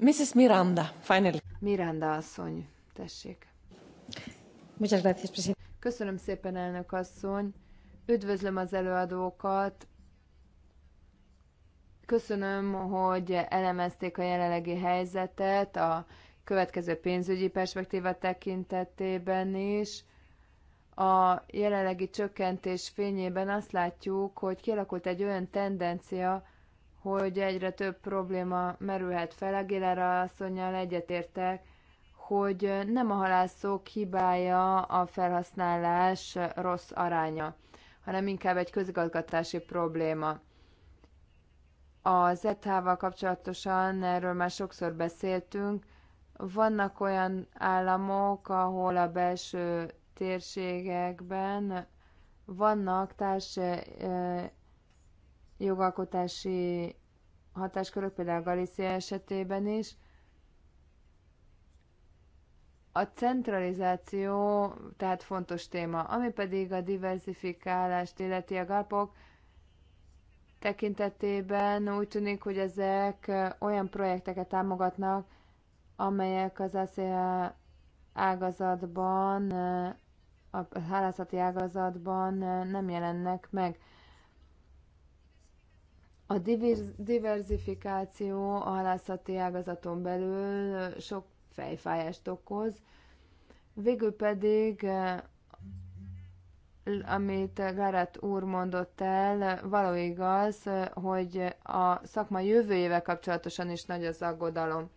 Mrs. Miranda, finally. Miranda asszony, tessék. Muchas gracias, presidente. Köszönöm szépen, elnök asszony. Üdvözlöm az előadókat. Köszönöm, hogy elemezték a jelenlegi helyzetet a következő pénzügyi perspektíva tekintetében is. A jelenlegi csökkentés fényében azt látjuk, hogy kialakult egy olyan tendencia, hogy egyre több probléma merülhet fel. Aguilera asszonynal egyetértek, hogy nem a halászok hibája a felhasználás rossz aránya, hanem inkább egy közigazgatási probléma. A ZH-val e kapcsolatosan erről már sokszor beszéltünk. Vannak olyan államok, ahol a belső térségekben vannak társ eh, jogalkotási hatáskörök, például Galícia esetében is. A centralizáció tehát fontos téma, ami pedig a diversifikálást illeti a GAPok tekintetében úgy tűnik, hogy ezek olyan projekteket támogatnak, amelyek az ASEA ágazatban, a hálászati ágazatban nem jelennek meg. A diverzifikáció a halászati ágazaton belül sok fejfájást okoz, végül pedig eh, amit Garat úr mondott el, való igaz, hogy a szakma jövőjével kapcsolatosan is nagy az aggodalom.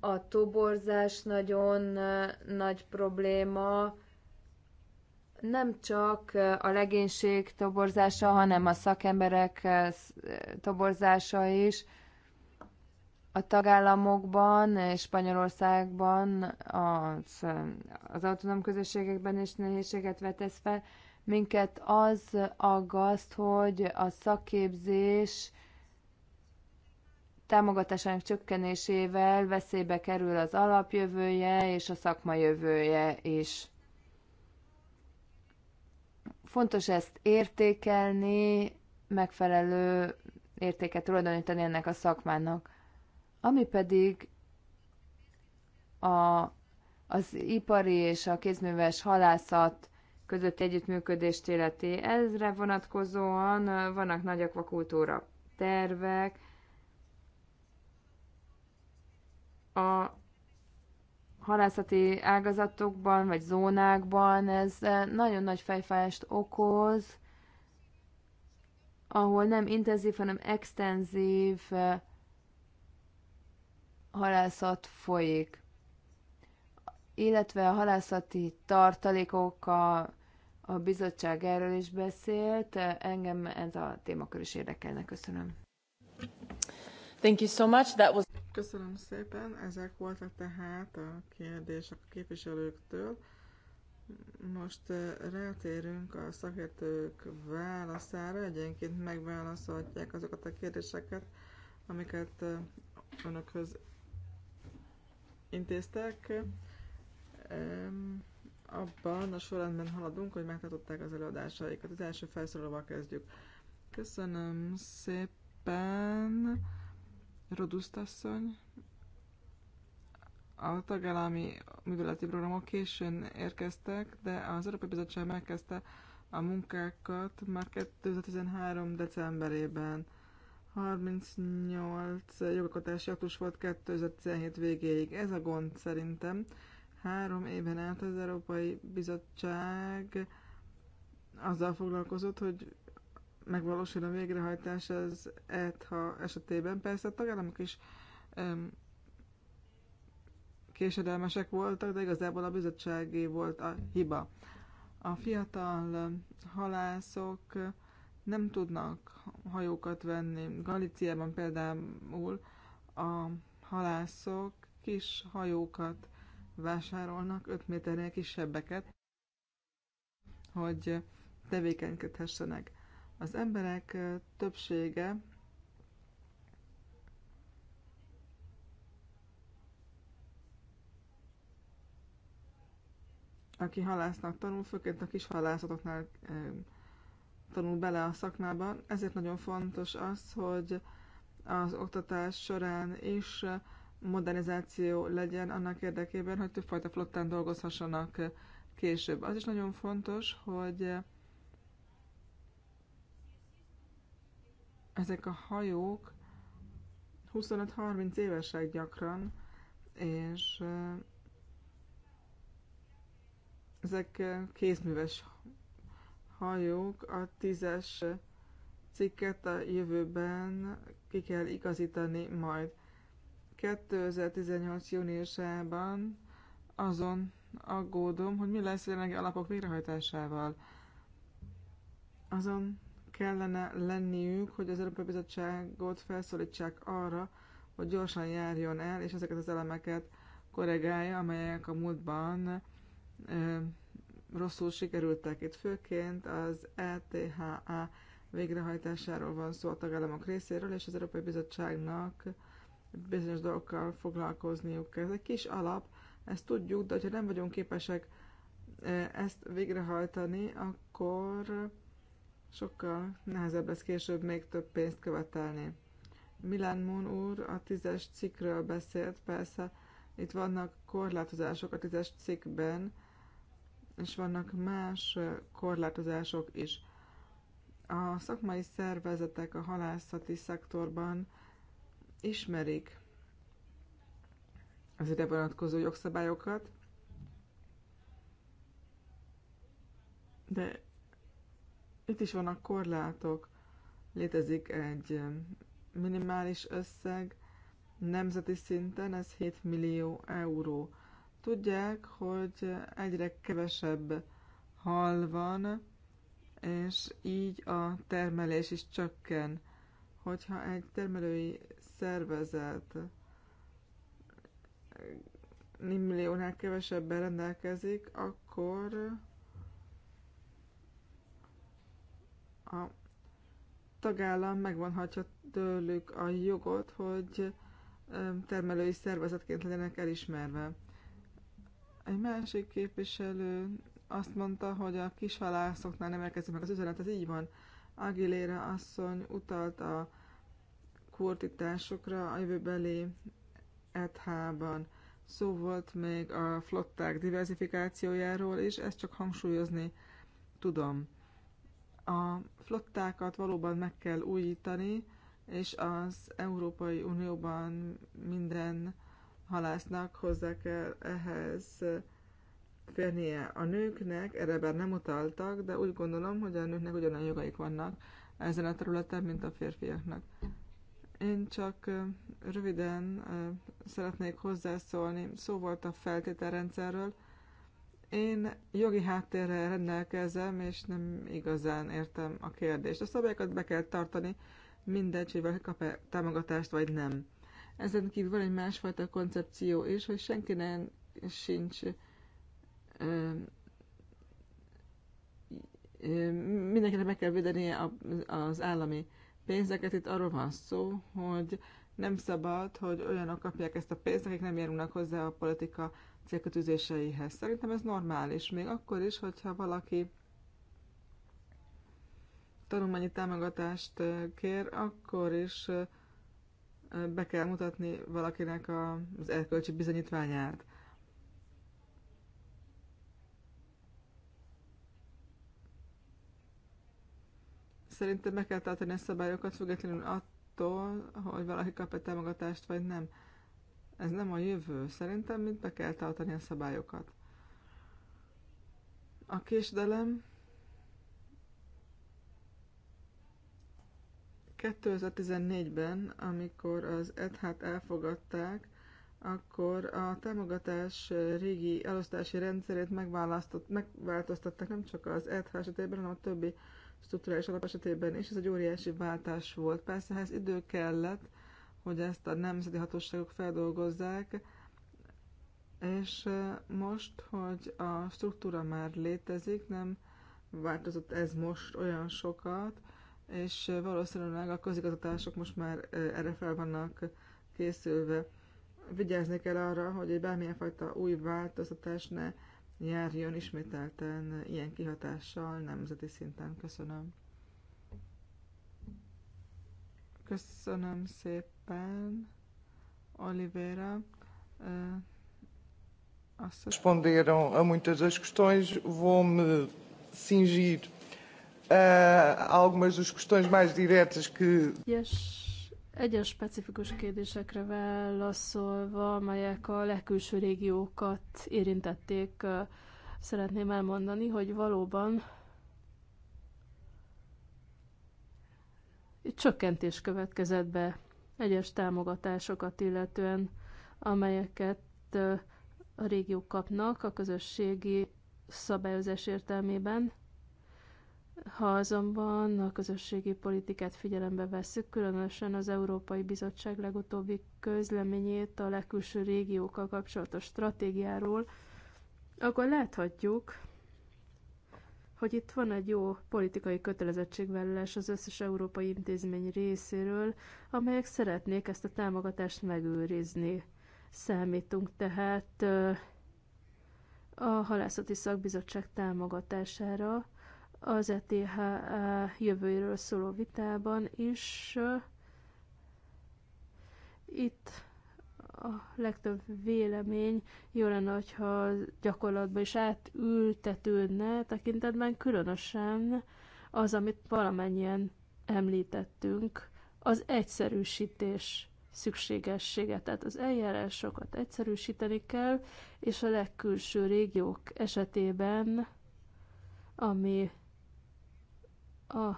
A toborzás nagyon eh, nagy probléma, nem csak a legénység toborzása, hanem a szakemberek toborzása is. A tagállamokban, Spanyolországban, az, az autonóm közösségekben is nehézséget vetesz fel. Minket az aggaszt, hogy a szakképzés támogatásának csökkenésével veszélybe kerül az alapjövője és a szakma jövője is Fontos ezt értékelni, megfelelő értéket tulajdonítani ennek a szakmának. Ami pedig a, az ipari és a kézműves halászat közötti együttműködést életi, Ezre vonatkozóan vannak nagy akvakultúra tervek, a halászati ágazatokban vagy zónákban ez eh, nagyon nagy fejfájást okoz, ahol nem intenzív, hanem extenzív eh, halászat folyik. Illetve a halászati tartalékok, a, a bizottság erről is beszélt, eh, engem ez a témakör is érdekelne. Köszönöm. Thank you so much. That was... Köszönöm szépen, ezek voltak tehát a kérdések a képviselőktől. Most rátérünk a szakértők válaszára, egyenként megválaszolhatják azokat a kérdéseket, amiket önökhöz intéztek. Abban a sorrendben haladunk, hogy megtartották az előadásaikat. Az első felszólalóval kezdjük. Köszönöm szépen! Roduszt asszony. A tagállami műveleti programok későn érkeztek, de az Európai Bizottság megkezdte a munkákat már 2013. decemberében. 38 jogalkotási aktus volt 2017 végéig. Ez a gond szerintem. Három éven át az Európai Bizottság azzal foglalkozott, hogy megvalósul a végrehajtás az ETHA esetében. Persze a tagállamok is um, késedelmesek voltak, de igazából a bizottságé volt a hiba. A fiatal halászok nem tudnak hajókat venni. Galiciában például a halászok kis hajókat vásárolnak, 5 méternél kisebbeket, hogy tevékenykedhessenek. Az emberek többsége aki halásznak tanul, főként a kis halászatoknál tanul bele a szakmába. Ezért nagyon fontos az, hogy az oktatás során is modernizáció legyen annak érdekében, hogy többfajta flottán dolgozhassanak később. Az is nagyon fontos, hogy ezek a hajók 25-30 évesek gyakran, és ezek kézműves hajók, a tízes cikket a jövőben ki kell igazítani majd. 2018. júniusában azon aggódom, hogy mi lesz a jelenlegi alapok végrehajtásával. Azon kellene lenniük, hogy az Európai Bizottságot felszólítsák arra, hogy gyorsan járjon el, és ezeket az elemeket korrigálja, amelyek a múltban ö, rosszul sikerültek. Itt főként az ETHA végrehajtásáról van szó a tagállamok részéről, és az Európai Bizottságnak bizonyos dolgokkal foglalkozniuk kell. Ez egy kis alap, ezt tudjuk, de ha nem vagyunk képesek ezt végrehajtani, akkor sokkal nehezebb lesz később még több pénzt követelni. Milán Moon úr a tízes cikkről beszélt, persze itt vannak korlátozások a tízes cikkben, és vannak más korlátozások is. A szakmai szervezetek a halászati szektorban ismerik az ide vonatkozó jogszabályokat, de itt is vannak korlátok. Létezik egy minimális összeg, nemzeti szinten ez 7 millió euró. Tudják, hogy egyre kevesebb hal van, és így a termelés is csökken. Hogyha egy termelői szervezet 4 milliónál kevesebben rendelkezik, akkor a tagállam megvonhatja tőlük a jogot, hogy termelői szervezetként legyenek elismerve. Egy másik képviselő azt mondta, hogy a kishalászoknál nem érkezik meg az üzenet, ez így van. Aguilera asszony utalt a kurtításokra a jövőbeli ETH-ban. Szó volt még a flották diversifikációjáról, és ezt csak hangsúlyozni tudom. A flottákat valóban meg kell újítani, és az Európai Unióban minden halásznak hozzá kell ehhez férnie a nőknek, erre bár nem utaltak, de úgy gondolom, hogy a nőknek ugyanolyan jogaik vannak ezen a területen, mint a férfiaknak. Én csak röviden szeretnék hozzászólni. Szó volt a feltételrendszerről, én jogi háttérrel rendelkezem, és nem igazán értem a kérdést. A szabályokat be kell tartani, mindegy, hogy valaki kap -e támogatást, vagy nem. Ezen kívül van egy másfajta koncepció is, hogy senkinek sincs ö, mindenkinek meg kell védenie az állami pénzeket. Itt arról van szó, hogy nem szabad, hogy olyanok kapják ezt a pénzt, akik nem járulnak hozzá a politika célkötőzéseihez. Szerintem ez normális, még akkor is, hogyha valaki tanulmányi támogatást kér, akkor is be kell mutatni valakinek az erkölcsi bizonyítványát. Szerintem be kell tartani a szabályokat, függetlenül attól, hogy valaki kap-e támogatást, vagy nem. Ez nem a jövő. Szerintem mit be kell tartani a szabályokat. A késdelem 2014-ben, amikor az ETH-t elfogadták, akkor a támogatás régi elosztási rendszerét megváltoztatták nem csak az ETH esetében, hanem a többi strukturális alap esetében is. Ez egy óriási váltás volt. Persze ehhez idő kellett, hogy ezt a nemzeti hatóságok feldolgozzák, és most, hogy a struktúra már létezik, nem változott ez most olyan sokat, és valószínűleg a közigazgatások most már erre fel vannak készülve. Vigyázni kell arra, hogy egy bármilyen fajta új változtatás ne járjon ismételten ilyen kihatással nemzeti szinten. Köszönöm. Köszönöm szépen, Oliveira. Responderam a muitas das questões. Vou-me cingir a eh, algumas das questões mais diretas que. Yes egyes specifikus kérdésekre válaszolva, amelyek a legkülső régiókat érintették, szeretném elmondani, hogy valóban csökkentés következett be egyes támogatásokat illetően, amelyeket a régiók kapnak a közösségi szabályozás értelmében. Ha azonban a közösségi politikát figyelembe vesszük, különösen az Európai Bizottság legutóbbi közleményét a legkülső régiókkal kapcsolatos stratégiáról, akkor láthatjuk, hogy itt van egy jó politikai kötelezettségvállalás az összes európai intézmény részéről, amelyek szeretnék ezt a támogatást megőrizni. Számítunk tehát a Halászati Szakbizottság támogatására az ETH jövőjéről szóló vitában is. Itt a legtöbb vélemény jó lenne, hogyha gyakorlatban is átültetődne tekintetben, különösen az, amit valamennyien említettünk, az egyszerűsítés szükségessége. Tehát az eljárásokat egyszerűsíteni kell, és a legkülső régiók esetében, ami a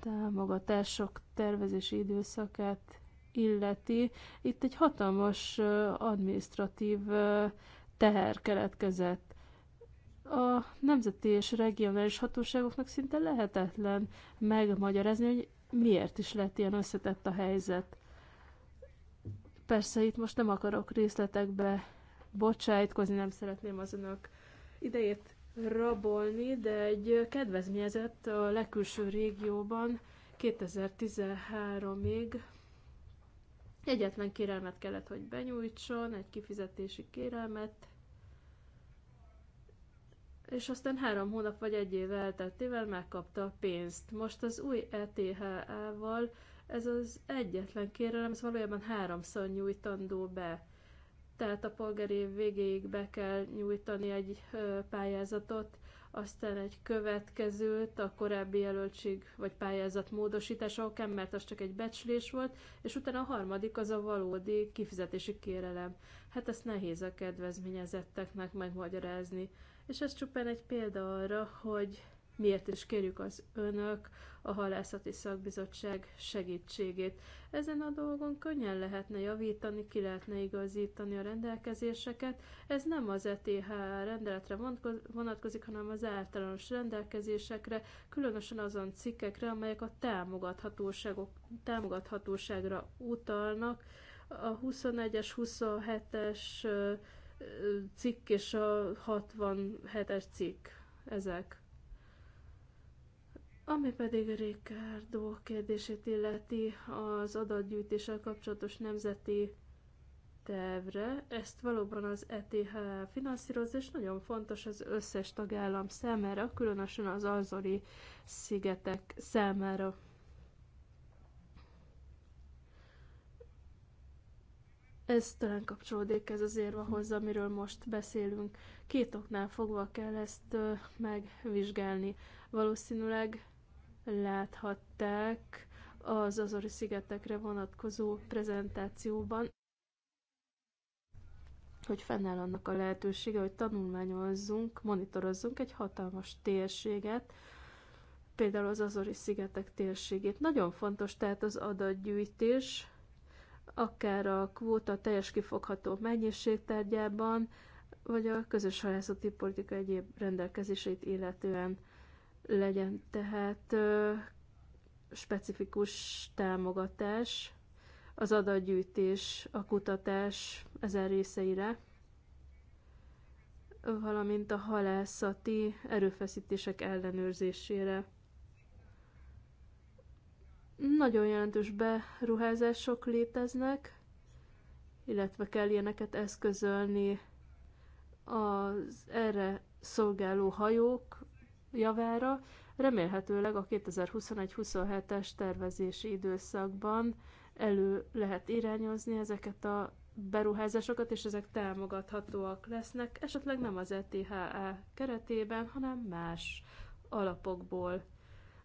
támogatások tervezési időszakát illeti, itt egy hatalmas administratív teher keletkezett a nemzeti és regionális hatóságoknak szinte lehetetlen megmagyarázni, hogy miért is lett ilyen összetett a helyzet. Persze itt most nem akarok részletekbe bocsájtkozni, nem szeretném az önök idejét rabolni, de egy kedvezményezett a legkülső régióban 2013-ig Egyetlen kérelmet kellett, hogy benyújtson, egy kifizetési kérelmet, és aztán három hónap vagy egy év elteltével megkapta a pénzt. Most az új ETHA-val ez az egyetlen kérelem, ez valójában háromszor nyújtandó be. Tehát a polgári év végéig be kell nyújtani egy pályázatot, aztán egy következőt a korábbi jelöltség vagy pályázat módosítása okán, mert az csak egy becslés volt, és utána a harmadik az a valódi kifizetési kérelem. Hát ezt nehéz a kedvezményezetteknek megmagyarázni. És ez csupán egy példa arra, hogy miért is kérjük az önök a halászati szakbizottság segítségét. Ezen a dolgon könnyen lehetne javítani, ki lehetne igazítani a rendelkezéseket. Ez nem az ETH rendeletre vonatkozik, hanem az általános rendelkezésekre, különösen azon cikkekre, amelyek a támogathatóságok, támogathatóságra utalnak. A 21-es, 27-es cikk és a 67-es cikk ezek. Ami pedig Ricardo kérdését illeti az adatgyűjtéssel kapcsolatos nemzeti tervre, ezt valóban az ETH finanszírozza, és nagyon fontos az összes tagállam számára, különösen az Azori szigetek számára. Ez talán kapcsolódik ez az érve hozzá, amiről most beszélünk. Két oknál fogva kell ezt megvizsgálni. Valószínűleg láthatták az Azori szigetekre vonatkozó prezentációban, hogy fennáll annak a lehetősége, hogy tanulmányozzunk, monitorozzunk egy hatalmas térséget, például az Azori szigetek térségét. Nagyon fontos tehát az adatgyűjtés, akár a kvóta teljes kifogható mennyiség tárgyában, vagy a közös halászati politika egyéb rendelkezéseit illetően. Legyen tehát specifikus támogatás az adatgyűjtés, a kutatás ezen részeire, valamint a halászati erőfeszítések ellenőrzésére. Nagyon jelentős beruházások léteznek, illetve kell ilyeneket eszközölni az erre szolgáló hajók, javára. Remélhetőleg a 2021-27-es tervezési időszakban elő lehet irányozni ezeket a beruházásokat, és ezek támogathatóak lesznek, esetleg nem az ETH keretében, hanem más alapokból.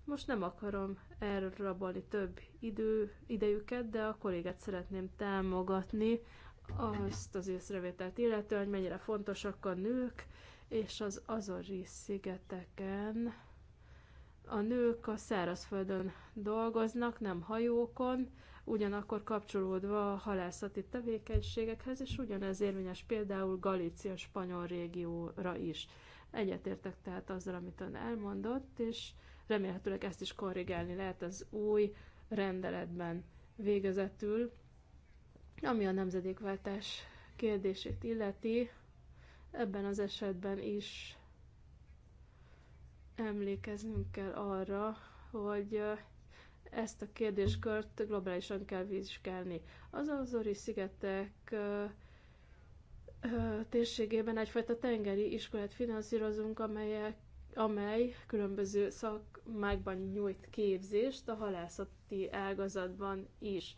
Most nem akarom elrabolni több idő, idejüket, de a kollégát szeretném támogatni azt az észrevételt illetően, hogy mennyire fontosak a nők, és az Azori szigeteken a nők a szárazföldön dolgoznak, nem hajókon, ugyanakkor kapcsolódva a halászati tevékenységekhez, és ugyanez érvényes például Galícia spanyol régióra is. Egyetértek tehát azzal, amit ön elmondott, és remélhetőleg ezt is korrigálni lehet az új rendeletben végezetül, ami a nemzedékváltás kérdését illeti, Ebben az esetben is emlékeznünk kell arra, hogy ezt a kérdéskört globálisan kell vizsgálni. Az Azori szigetek térségében egyfajta tengeri iskolát finanszírozunk, amelyek, amely különböző szakmákban nyújt képzést a halászati ágazatban is.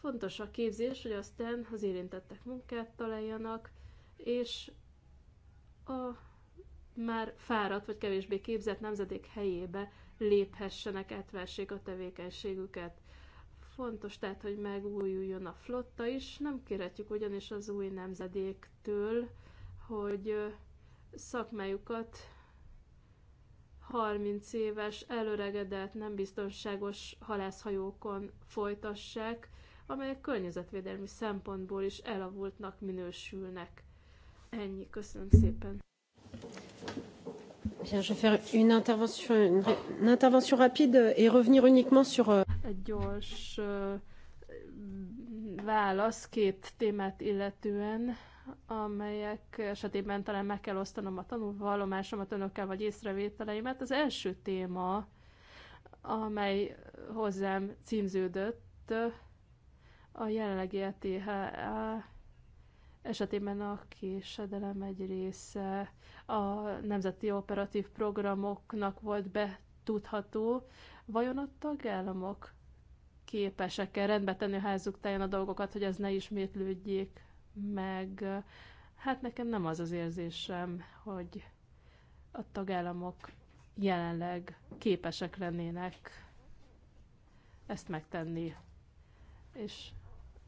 Fontos a képzés, hogy aztán az érintettek munkát találjanak, és a már fáradt vagy kevésbé képzett nemzedék helyébe léphessenek, átversék a tevékenységüket. Fontos tehát, hogy megújuljon a flotta is, nem kérhetjük ugyanis az új nemzedéktől, hogy szakmájukat 30 éves, előregedett, nem biztonságos halászhajókon folytassák, amelyek környezetvédelmi szempontból is elavultnak minősülnek. Ennyi, köszönöm szépen. Bien, je vais faire une intervention, une, une intervention rapide et revenir uniquement sur. Euh, gyors válasz két témát illetően, amelyek esetében talán meg kell osztanom a tanulvallomásomat önökkel, vagy észrevételeimet. Az első téma, amely hozzám címződött, a jelenlegi ETH esetében a késedelem egy része a nemzeti operatív programoknak volt betudható. Vajon a tagállamok képesek-e rendbe tenni a házuk táján a dolgokat, hogy ez ne ismétlődjék meg? Hát nekem nem az az érzésem, hogy a tagállamok jelenleg képesek lennének ezt megtenni. És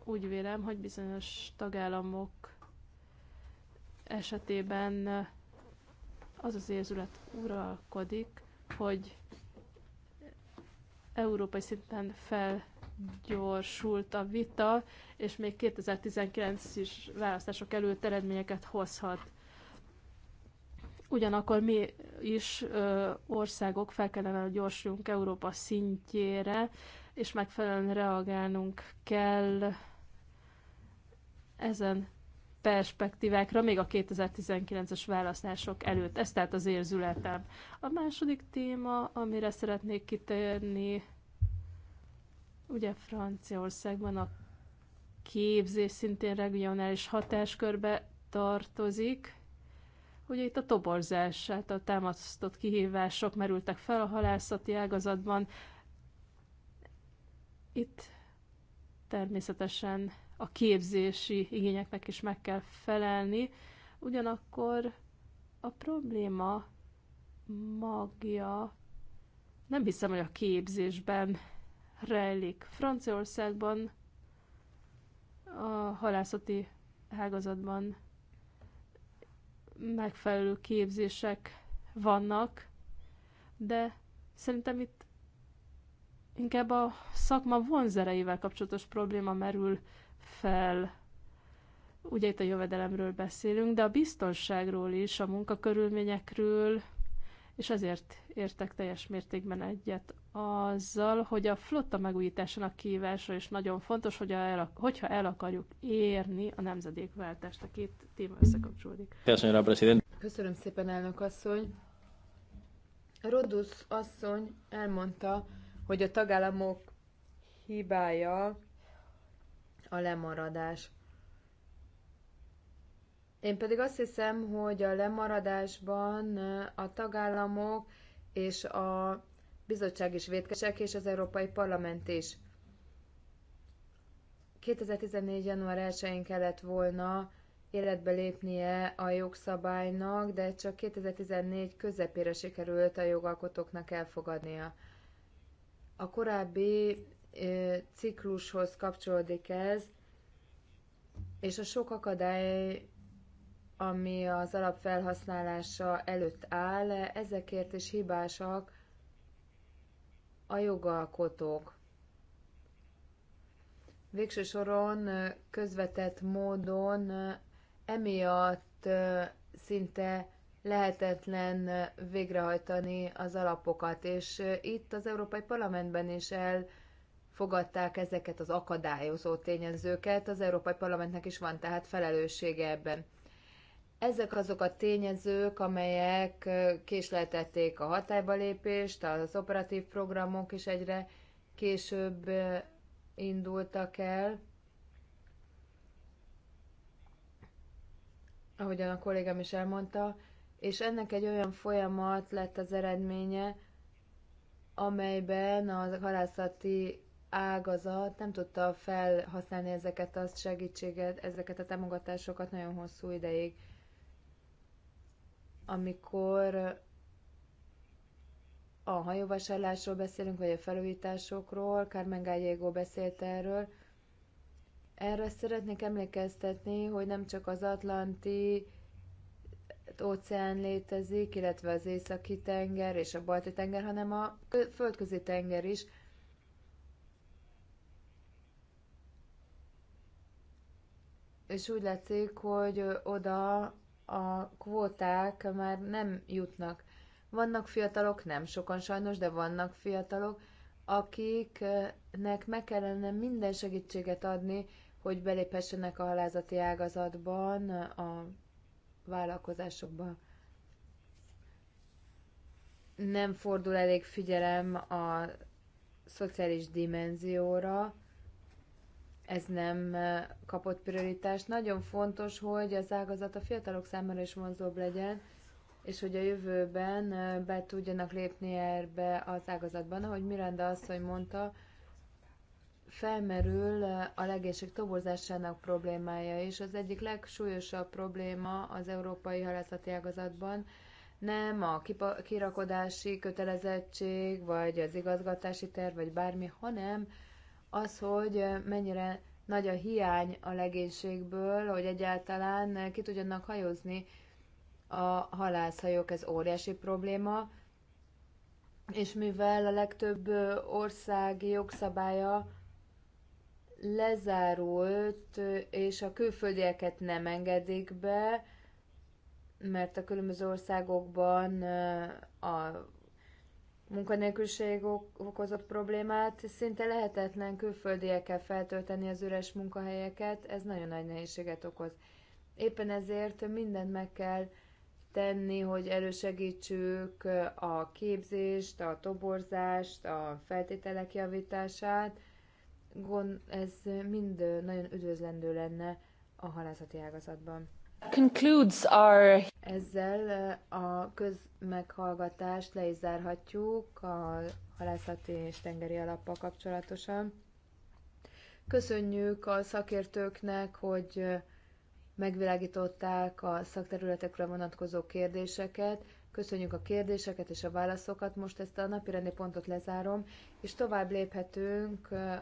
úgy vélem, hogy bizonyos tagállamok esetében az az érzület uralkodik, hogy európai szinten felgyorsult a vita, és még 2019 is választások előtt eredményeket hozhat. Ugyanakkor mi is ö, országok fel kellene, hogy Európa szintjére, és megfelelően reagálnunk kell ezen perspektívákra, még a 2019-es választások előtt. Ez tehát az érzületem. A második téma, amire szeretnék kitérni, ugye Franciaországban a képzés szintén regionális hatáskörbe tartozik. Ugye itt a toborzás, hát a támasztott kihívások merültek fel a halászati ágazatban. Itt természetesen a képzési igényeknek is meg kell felelni. Ugyanakkor a probléma magja nem hiszem, hogy a képzésben rejlik. Franciaországban a halászati ágazatban megfelelő képzések vannak, de szerintem itt inkább a szakma vonzereivel kapcsolatos probléma merül fel. Ugye itt a jövedelemről beszélünk, de a biztonságról is, a munkakörülményekről, és azért értek teljes mértékben egyet azzal, hogy a flotta megújításának kívása is nagyon fontos, hogy el, hogyha el akarjuk érni a nemzedékváltást. A két téma összekapcsolódik. Köszönöm szépen, elnök asszony. Rodusz asszony elmondta, hogy a tagállamok hibája a lemaradás. Én pedig azt hiszem, hogy a lemaradásban a tagállamok és a bizottság is vétkesek, és az Európai Parlament is. 2014. január 1-én kellett volna életbe lépnie a jogszabálynak, de csak 2014 közepére sikerült a jogalkotóknak elfogadnia. A korábbi ciklushoz kapcsolódik ez, és a sok akadály, ami az alapfelhasználása előtt áll, ezekért is hibásak a jogalkotók. Végső soron közvetett módon emiatt szinte lehetetlen végrehajtani az alapokat, és itt az Európai Parlamentben is el fogadták ezeket az akadályozó tényezőket, az Európai Parlamentnek is van tehát felelőssége ebben. Ezek azok a tényezők, amelyek késleltették a hatályba lépést, az operatív programok is egyre később indultak el. Ahogyan a kollégám is elmondta, és ennek egy olyan folyamat lett az eredménye, amelyben a halászati ágazat nem tudta felhasználni ezeket a segítséget, ezeket a támogatásokat nagyon hosszú ideig. Amikor a hajóvásárlásról beszélünk, vagy a felújításokról, Carmen Gallego beszélt erről, erre szeretnék emlékeztetni, hogy nem csak az Atlanti óceán létezik, illetve az északi tenger és a balti tenger, hanem a földközi tenger is – és úgy látszik, hogy oda a kvóták már nem jutnak. Vannak fiatalok, nem sokan sajnos, de vannak fiatalok, akiknek meg kellene minden segítséget adni, hogy beléphessenek a halázati ágazatban, a vállalkozásokba. Nem fordul elég figyelem a szociális dimenzióra, ez nem kapott prioritást. Nagyon fontos, hogy az ágazat a fiatalok számára is vonzóbb legyen, és hogy a jövőben be tudjanak lépni erbe az ágazatban. Ahogy Miranda asszony mondta, felmerül a legénység toborzásának problémája és Az egyik legsúlyosabb probléma az európai halászati ágazatban nem a kirakodási kötelezettség, vagy az igazgatási terv, vagy bármi, hanem az, hogy mennyire nagy a hiány a legénységből, hogy egyáltalán ki tudjanak hajózni a halászhajók, ez óriási probléma, és mivel a legtöbb ország jogszabálya lezárult, és a külföldieket nem engedik be, mert a különböző országokban a munkanélküliség okozott problémát, szinte lehetetlen külföldiekkel feltölteni az üres munkahelyeket, ez nagyon nagy nehézséget okoz. Éppen ezért mindent meg kell tenni, hogy elősegítsük a képzést, a toborzást, a feltételek javítását. Gond, ez mind nagyon üdvözlendő lenne a halászati ágazatban. Concludes our... Ezzel uh, a közmeghallgatást le is zárhatjuk a halászati és tengeri alappal kapcsolatosan. Köszönjük a szakértőknek, hogy uh, megvilágították a szakterületekre vonatkozó kérdéseket. Köszönjük a kérdéseket és a válaszokat. Most ezt a napirendi pontot lezárom, és tovább léphetünk uh,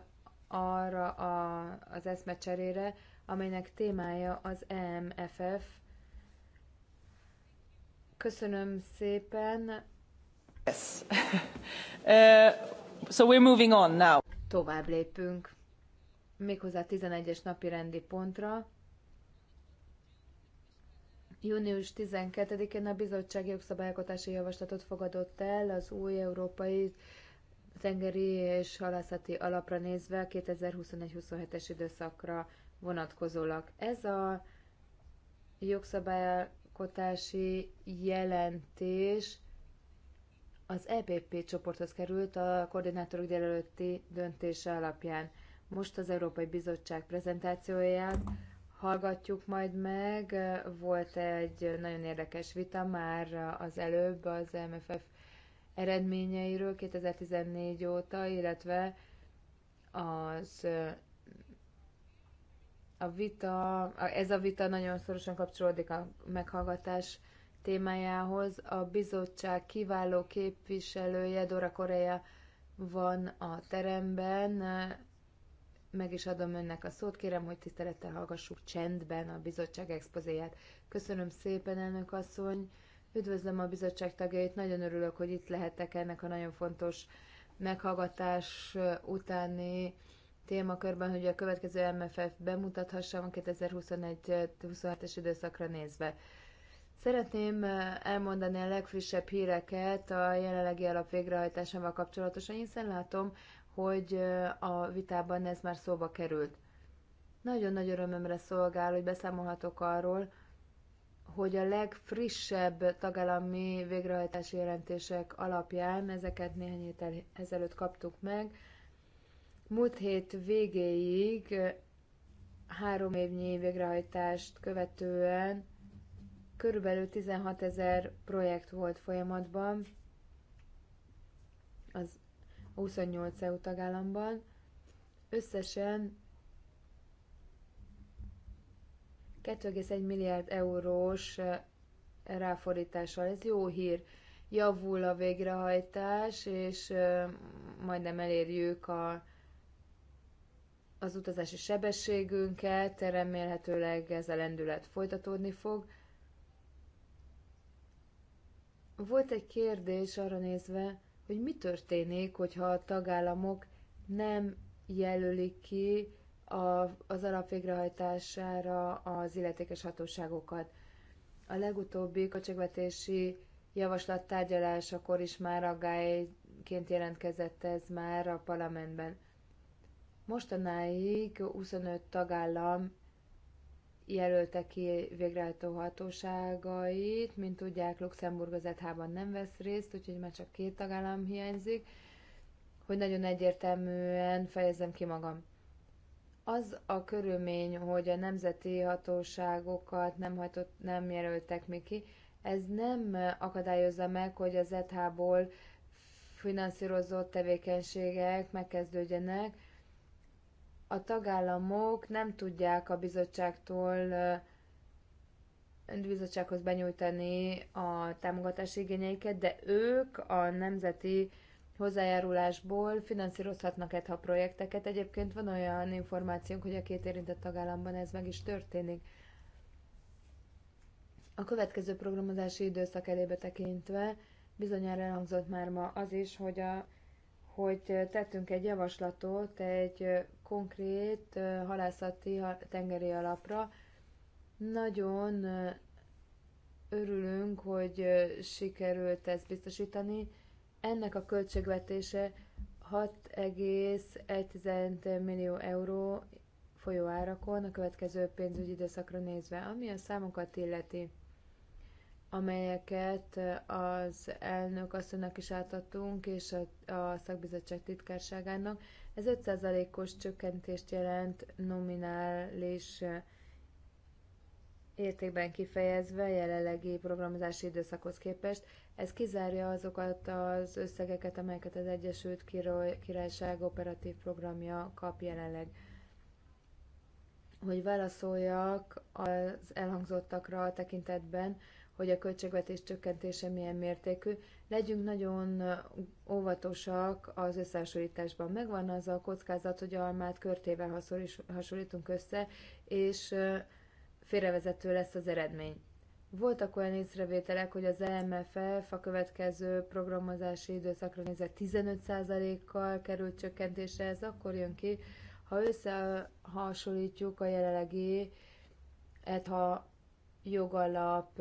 arra a, az eszmecserére, amelynek témája az EMFF. Köszönöm szépen. Yes. uh, so we're moving on now. Tovább lépünk. Méghozzá 11-es napi rendi pontra. Június 12-én a bizottság jogszabályalkotási javaslatot fogadott el az új európai tengeri és halászati alapra nézve 2021-27-es időszakra vonatkozólag. Ez a jogszabályalkotási jelentés az EPP csoporthoz került a koordinátorok délelőtti döntése alapján. Most az Európai Bizottság prezentációját hallgatjuk majd meg. Volt egy nagyon érdekes vita már az előbb az MFF eredményeiről 2014 óta, illetve az a vita, ez a vita nagyon szorosan kapcsolódik a meghallgatás témájához. A bizottság kiváló képviselője, Dora Korea van a teremben. Meg is adom önnek a szót, kérem, hogy tisztelettel hallgassuk csendben a bizottság expozéját. Köszönöm szépen, elnök asszony! Üdvözlöm a bizottság tagjait, nagyon örülök, hogy itt lehetek ennek a nagyon fontos meghallgatás utáni témakörben, hogy a következő MFF bemutathassam 2021-27-es időszakra nézve. Szeretném eh, elmondani a legfrissebb híreket a jelenlegi alap végrehajtásával kapcsolatosan, hiszen látom, hogy eh, a vitában ez már szóba került. Nagyon nagy örömömre szolgál, hogy beszámolhatok arról, hogy a legfrissebb tagállami végrehajtási jelentések alapján, ezeket néhány héttel ezelőtt kaptuk meg, Múlt hét végéig, három évnyi végrehajtást követően körülbelül 16 ezer projekt volt folyamatban az 28 EU tagállamban. Összesen 2,1 milliárd eurós ráfordítással. Ez jó hír. Javul a végrehajtás, és majdnem elérjük a az utazási sebességünket, remélhetőleg ez a lendület folytatódni fog. Volt egy kérdés arra nézve, hogy mi történik, hogyha a tagállamok nem jelölik ki a, az alapvégrehajtására az illetékes hatóságokat. A legutóbbi kocsegvetési javaslat tárgyalásakor is már aggályként jelentkezett ez már a parlamentben. Mostanáig 25 tagállam jelölte ki végrehajtó hatóságait, mint tudják, Luxemburg az ETH-ban nem vesz részt, úgyhogy már csak két tagállam hiányzik, hogy nagyon egyértelműen fejezem ki magam. Az a körülmény, hogy a nemzeti hatóságokat nem, hajtott, nem jelöltek még ki, ez nem akadályozza meg, hogy az ETH-ból finanszírozott tevékenységek megkezdődjenek, a tagállamok nem tudják a bizottságtól bizottsághoz benyújtani a támogatási igényeiket, de ők a nemzeti hozzájárulásból finanszírozhatnak ETHA projekteket. Egyébként van olyan információnk, hogy a két érintett tagállamban ez meg is történik. A következő programozási időszak elébe tekintve bizonyára elhangzott már ma az is, hogy, a, hogy tettünk egy javaslatot egy konkrét halászati tengeri alapra. Nagyon örülünk, hogy sikerült ezt biztosítani. Ennek a költségvetése 6,1 millió euró folyóárakon a következő pénzügyi időszakra nézve, ami a számokat illeti, amelyeket az elnök asszonynak is átadtunk, és a, a szakbizottság titkárságának. Ez 5%-os csökkentést jelent nominális értékben kifejezve jelenlegi programozási időszakhoz képest. Ez kizárja azokat az összegeket, amelyeket az Egyesült Királyság operatív programja kap jelenleg. Hogy válaszoljak az elhangzottakra a tekintetben, hogy a költségvetés csökkentése milyen mértékű, legyünk nagyon óvatosak az összehasonlításban. Megvan az a kockázat, hogy almát körtével hasonlítunk össze, és félrevezető lesz az eredmény. Voltak olyan észrevételek, hogy az EMFF a következő programozási időszakra nézve 15%-kal került csökkentésre, ez akkor jön ki, ha összehasonlítjuk a jelenlegi ha jogalap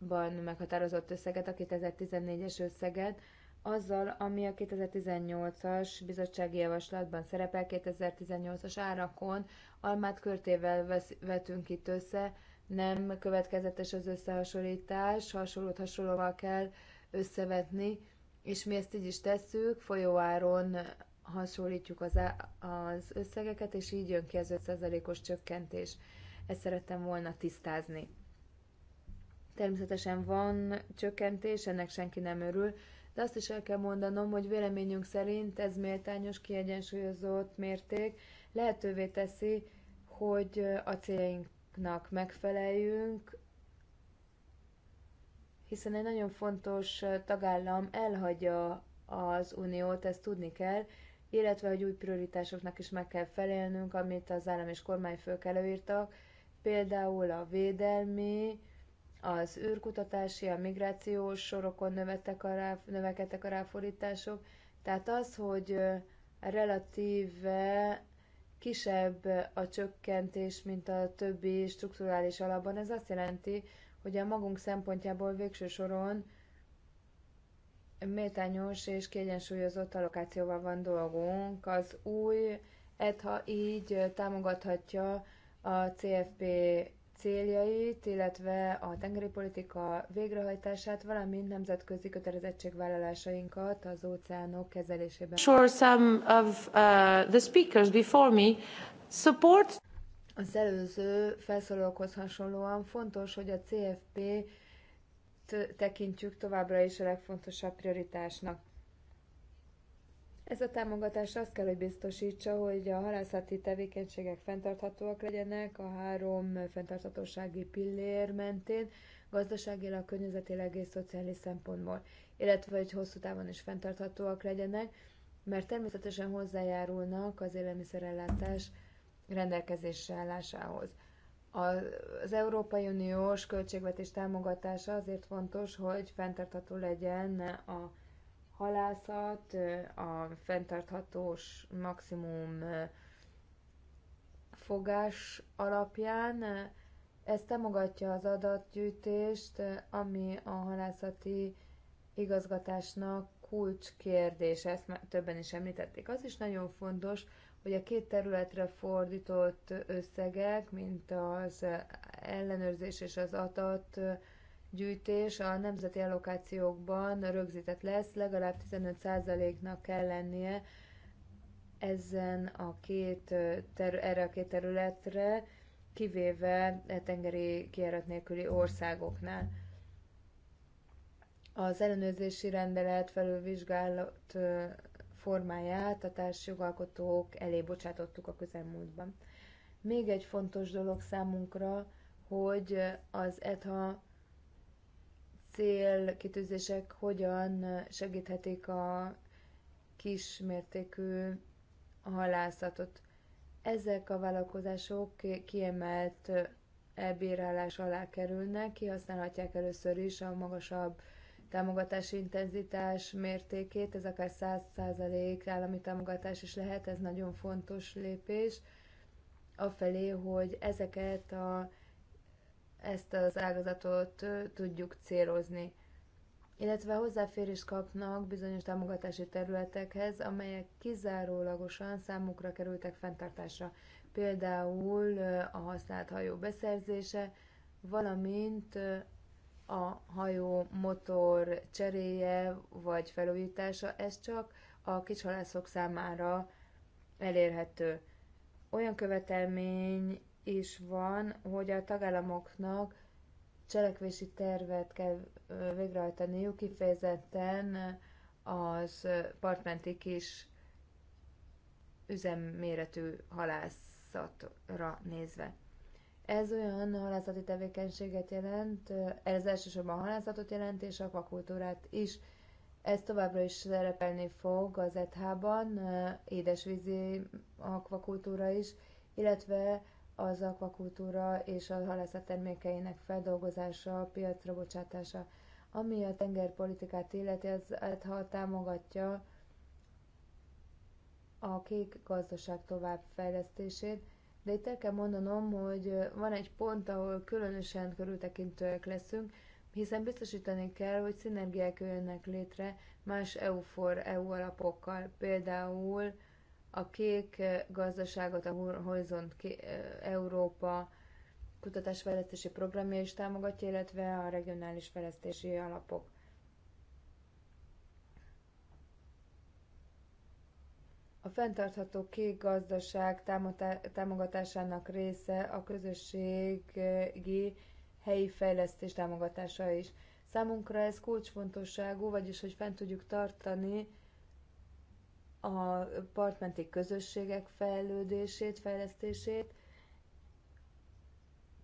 ban meghatározott összeget, a 2014-es összeget, azzal, ami a 2018-as bizottsági javaslatban szerepel, 2018-as árakon almát körtével vesz, vetünk itt össze, nem következetes az összehasonlítás, hasonlót hasonlóval kell összevetni, és mi ezt így is tesszük, folyóáron hasonlítjuk az, az összegeket, és így jön ki az 5%-os csökkentés. Ezt szerettem volna tisztázni. Természetesen van csökkentés, ennek senki nem örül, de azt is el kell mondanom, hogy véleményünk szerint ez méltányos, kiegyensúlyozott mérték lehetővé teszi, hogy a céljainknak megfeleljünk, hiszen egy nagyon fontos tagállam elhagyja az uniót, ezt tudni kell, illetve hogy új prioritásoknak is meg kell felelnünk, amit az állam és kormányfők előírtak, például a védelmi, az űrkutatási, a migrációs sorokon növekedtek a, rá, növekedtek a ráfordítások. Tehát az, hogy relatíve kisebb a csökkentés, mint a többi strukturális alapban, ez azt jelenti, hogy a magunk szempontjából végső soron méltányos és kiegyensúlyozott allokációval van dolgunk. Az új ETHA így támogathatja a CFP céljait, illetve a tengeri politika végrehajtását, valamint nemzetközi kötelezettségvállalásainkat az óceánok kezelésében. Sure, some of uh, the speakers before me support. Az előző felszólalókhoz hasonlóan fontos, hogy a CFP tekintjük továbbra is a legfontosabb prioritásnak. Ez a támogatás azt kell, hogy biztosítsa, hogy a halászati tevékenységek fenntarthatóak legyenek a három fenntarthatósági pillér mentén, gazdaságilag, környezetileg és szociális szempontból, illetve hogy hosszú távon is fenntarthatóak legyenek, mert természetesen hozzájárulnak az élelmiszerellátás rendelkezésre állásához. Az Európai Uniós költségvetés támogatása azért fontos, hogy fenntartható legyen a halászat, a fenntarthatós maximum fogás alapján. Ez támogatja az adatgyűjtést, ami a halászati igazgatásnak kulcskérdés, ezt már többen is említették. Az is nagyon fontos, hogy a két területre fordított összegek, mint az ellenőrzés és az adat gyűjtés a nemzeti allokációkban rögzített lesz, legalább 15%-nak kell lennie ezen a két ter- erre a két területre, kivéve e tengeri kijárat nélküli országoknál. Az ellenőrzési rendelet felülvizsgálat formáját a társjogalkotók elé bocsátottuk a közelmúltban. Még egy fontos dolog számunkra, hogy az ETHA célkitűzések hogyan segíthetik a kismértékű halászatot. Ezek a vállalkozások kiemelt elbírálás alá kerülnek, kihasználhatják először is a magasabb támogatási intenzitás mértékét, ez akár 100% állami támogatás is lehet, ez nagyon fontos lépés, afelé, hogy ezeket a ezt az ágazatot tudjuk célozni. Illetve hozzáférést kapnak bizonyos támogatási területekhez, amelyek kizárólagosan számukra kerültek fenntartásra. Például a használt hajó beszerzése, valamint a hajó motor cseréje vagy felújítása, ez csak a kicsalászok számára elérhető. Olyan követelmény is van, hogy a tagállamoknak cselekvési tervet kell végrehajtaniuk, kifejezetten az partmenti kis üzemméretű halászatra nézve. Ez olyan halászati tevékenységet jelent, ez elsősorban a halászatot jelent, és akvakultúrát is. Ez továbbra is szerepelni fog az ETH-ban, édesvízi akvakultúra is, illetve az akvakultúra és a halászat termékeinek feldolgozása, piacra bocsátása. Ami a tengerpolitikát illeti, az hát ha támogatja a kék gazdaság továbbfejlesztését, de itt el kell mondanom, hogy van egy pont, ahol különösen körültekintőek leszünk, hiszen biztosítani kell, hogy szinergiák jönnek létre más EU-for EU alapokkal, például a kék gazdaságot, a Horizont Európa kutatásfejlesztési programja is támogatja, illetve a regionális fejlesztési alapok. A fenntartható kék gazdaság támogatásának része a közösségi helyi fejlesztés támogatása is. Számunkra ez kulcsfontosságú, vagyis hogy fent tudjuk tartani a partmenti közösségek fejlődését, fejlesztését,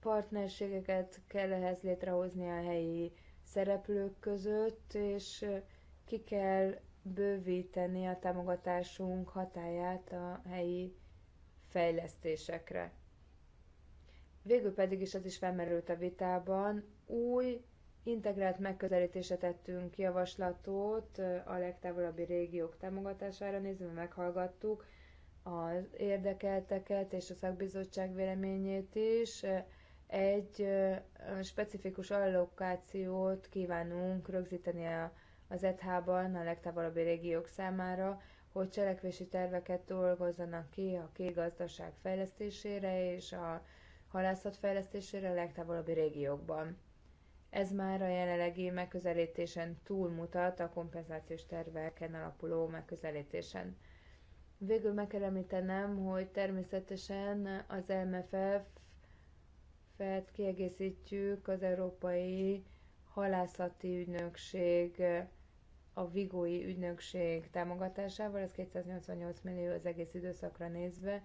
partnerségeket kell ehhez létrehozni a helyi szereplők között, és ki kell bővíteni a támogatásunk hatáját a helyi fejlesztésekre. Végül pedig is az is felmerült a vitában, új Integrált megközelítése tettünk javaslatot a legtávolabbi régiók támogatására nézve, meghallgattuk az érdekelteket és a szakbizottság véleményét is. Egy specifikus allokációt kívánunk rögzíteni a az ETH-ban a legtávolabbi régiók számára, hogy cselekvési terveket dolgozzanak ki a kék fejlesztésére és a halászat fejlesztésére a legtávolabbi régiókban. Ez már a jelenlegi megközelítésen túlmutat a kompenzációs terveken alapuló megközelítésen. Végül meg kell említenem, hogy természetesen az MFF-et kiegészítjük az Európai Halászati Ügynökség, a Vigói Ügynökség támogatásával, ez 288 millió az egész időszakra nézve,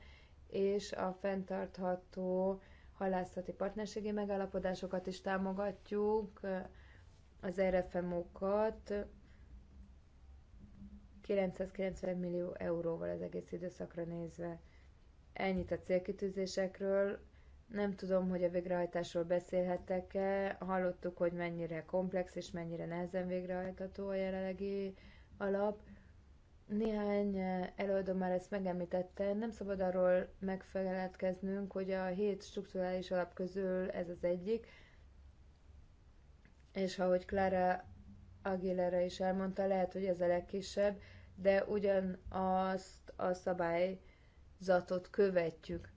és a fenntartható halászati partnerségi megállapodásokat is támogatjuk, az RFMO-kat 990 millió euróval az egész időszakra nézve. Ennyit a célkitűzésekről. Nem tudom, hogy a végrehajtásról beszélhettek-e. Hallottuk, hogy mennyire komplex és mennyire nehezen végrehajtható a jelenlegi alap néhány eh, előadó már ezt megemlítette, nem szabad arról megfeledkeznünk, hogy a hét strukturális alap közül ez az egyik, és ahogy Clara Aguilera is elmondta, lehet, hogy ez a legkisebb, de ugyanazt a szabályzatot követjük.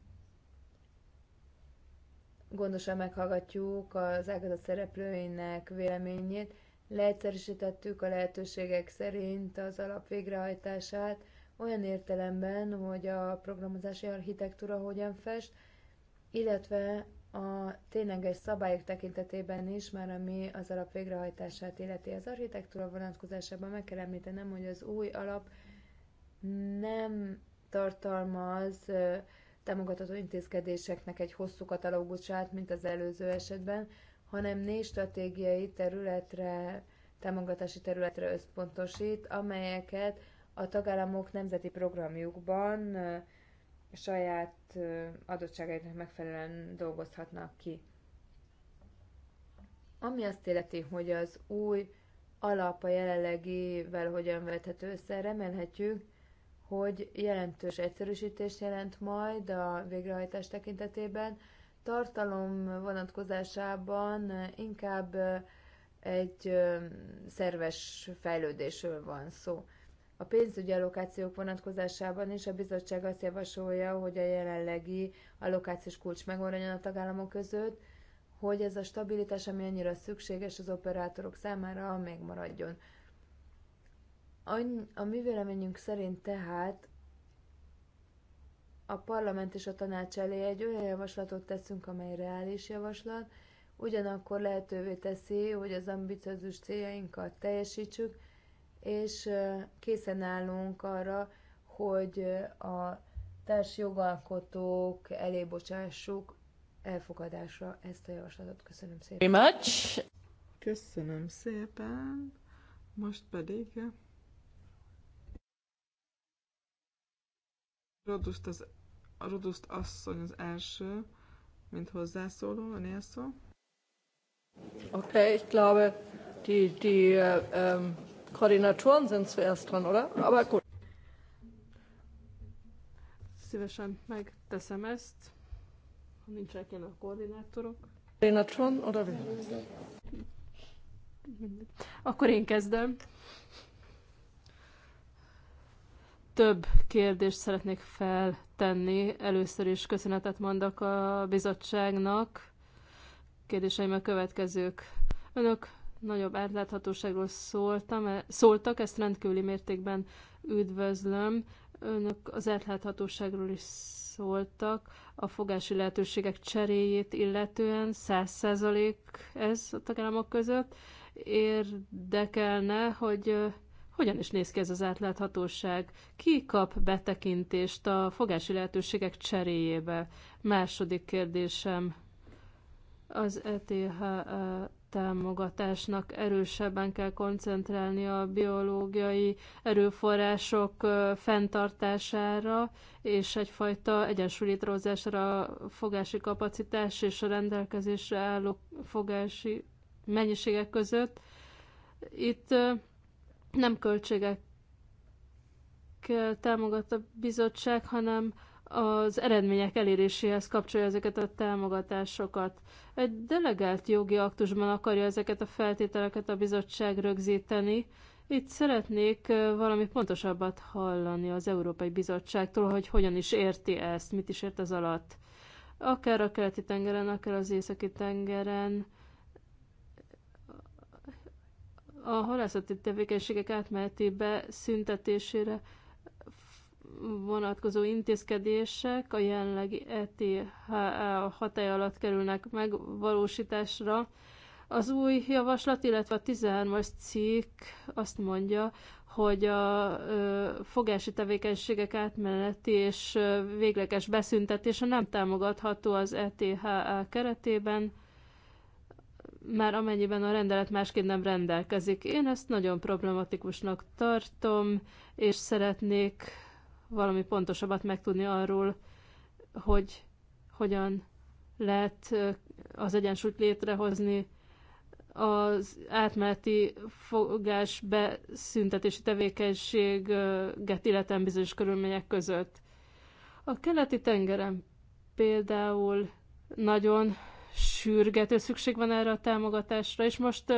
Gondosan meghallgatjuk az ágazat szereplőinek véleményét, leegyszerűsítettük a lehetőségek szerint az alap végrehajtását, olyan értelemben, hogy a programozási architektúra hogyan fest, illetve a tényleges szabályok tekintetében is, már ami az alap végrehajtását illeti. Az architektúra vonatkozásában meg kell említenem, hogy az új alap nem tartalmaz támogatott intézkedéseknek egy hosszú katalógusát, mint az előző esetben, hanem négy stratégiai területre, támogatási területre összpontosít, amelyeket a tagállamok nemzeti programjukban saját adottságaiknak megfelelően dolgozhatnak ki. Ami azt illeti, hogy az új alap a jelenlegivel hogyan vethető össze, remélhetjük, hogy jelentős egyszerűsítést jelent majd a végrehajtás tekintetében, tartalom vonatkozásában inkább egy szerves fejlődésről van szó. A pénzügyi allokációk vonatkozásában is a bizottság azt javasolja, hogy a jelenlegi allokációs kulcs megmaradjon a tagállamok között, hogy ez a stabilitás, ami annyira szükséges az operátorok számára, megmaradjon. A mi véleményünk szerint tehát a parlament és a tanács elé egy olyan javaslatot teszünk, amely reális javaslat, ugyanakkor lehetővé teszi, hogy az ambiciózus céljainkat teljesítsük, és készen állunk arra, hogy a társjogalkotók elé bocsássuk elfogadásra ezt a javaslatot. Köszönöm szépen. Much. Köszönöm szépen. Most pedig Roduszt, az, a Roduszt asszony az első, mint hozzászóló, a Nélszó. Oké, Okay, ich glaube, die, die äh, ähm, Koordinatoren sind zuerst dran, oder? Aber gut. Szívesen megteszem ezt, ha nincsenek ilyen a koordinátorok. Koordinatoron, wie? Akkor én kezdem. Több kérdést szeretnék feltenni. Először is köszönetet mondok a bizottságnak. Kérdéseim a következők. Önök nagyobb átláthatóságról szóltam, szóltak, ezt rendkívüli mértékben üdvözlöm. Önök az átláthatóságról is szóltak, a fogási lehetőségek cseréjét illetően 100% ez a tagállamok között. Érdekelne, hogy hogyan is néz ki ez az átláthatóság? Ki kap betekintést a fogási lehetőségek cseréjébe? Második kérdésem. Az ETH e, támogatásnak erősebben kell koncentrálni a biológiai erőforrások e, fenntartására, és egyfajta egyensúly a fogási kapacitás és a rendelkezésre álló fogási mennyiségek között. Itt e, nem költségekkel támogat a bizottság, hanem az eredmények eléréséhez kapcsolja ezeket a támogatásokat. Egy delegált jogi aktusban akarja ezeket a feltételeket a bizottság rögzíteni. Itt szeretnék valami pontosabbat hallani az Európai Bizottságtól, hogy hogyan is érti ezt, mit is ért az alatt. Akár a keleti tengeren, akár az északi tengeren, a halászati tevékenységek átmenetébe szüntetésére vonatkozó intézkedések a jelenlegi ETHA hatály alatt kerülnek megvalósításra. Az új javaslat, illetve a 13-as cikk azt mondja, hogy a ö, fogási tevékenységek átmeneti és végleges beszüntetése nem támogatható az ETHA keretében, már amennyiben a rendelet másként nem rendelkezik. Én ezt nagyon problematikusnak tartom, és szeretnék valami pontosabbat megtudni arról, hogy hogyan lehet az egyensúlyt létrehozni az átmeneti fogás beszüntetési tevékenységet illetően bizonyos körülmények között. A keleti tengeren például nagyon sürgető szükség van erre a támogatásra, és most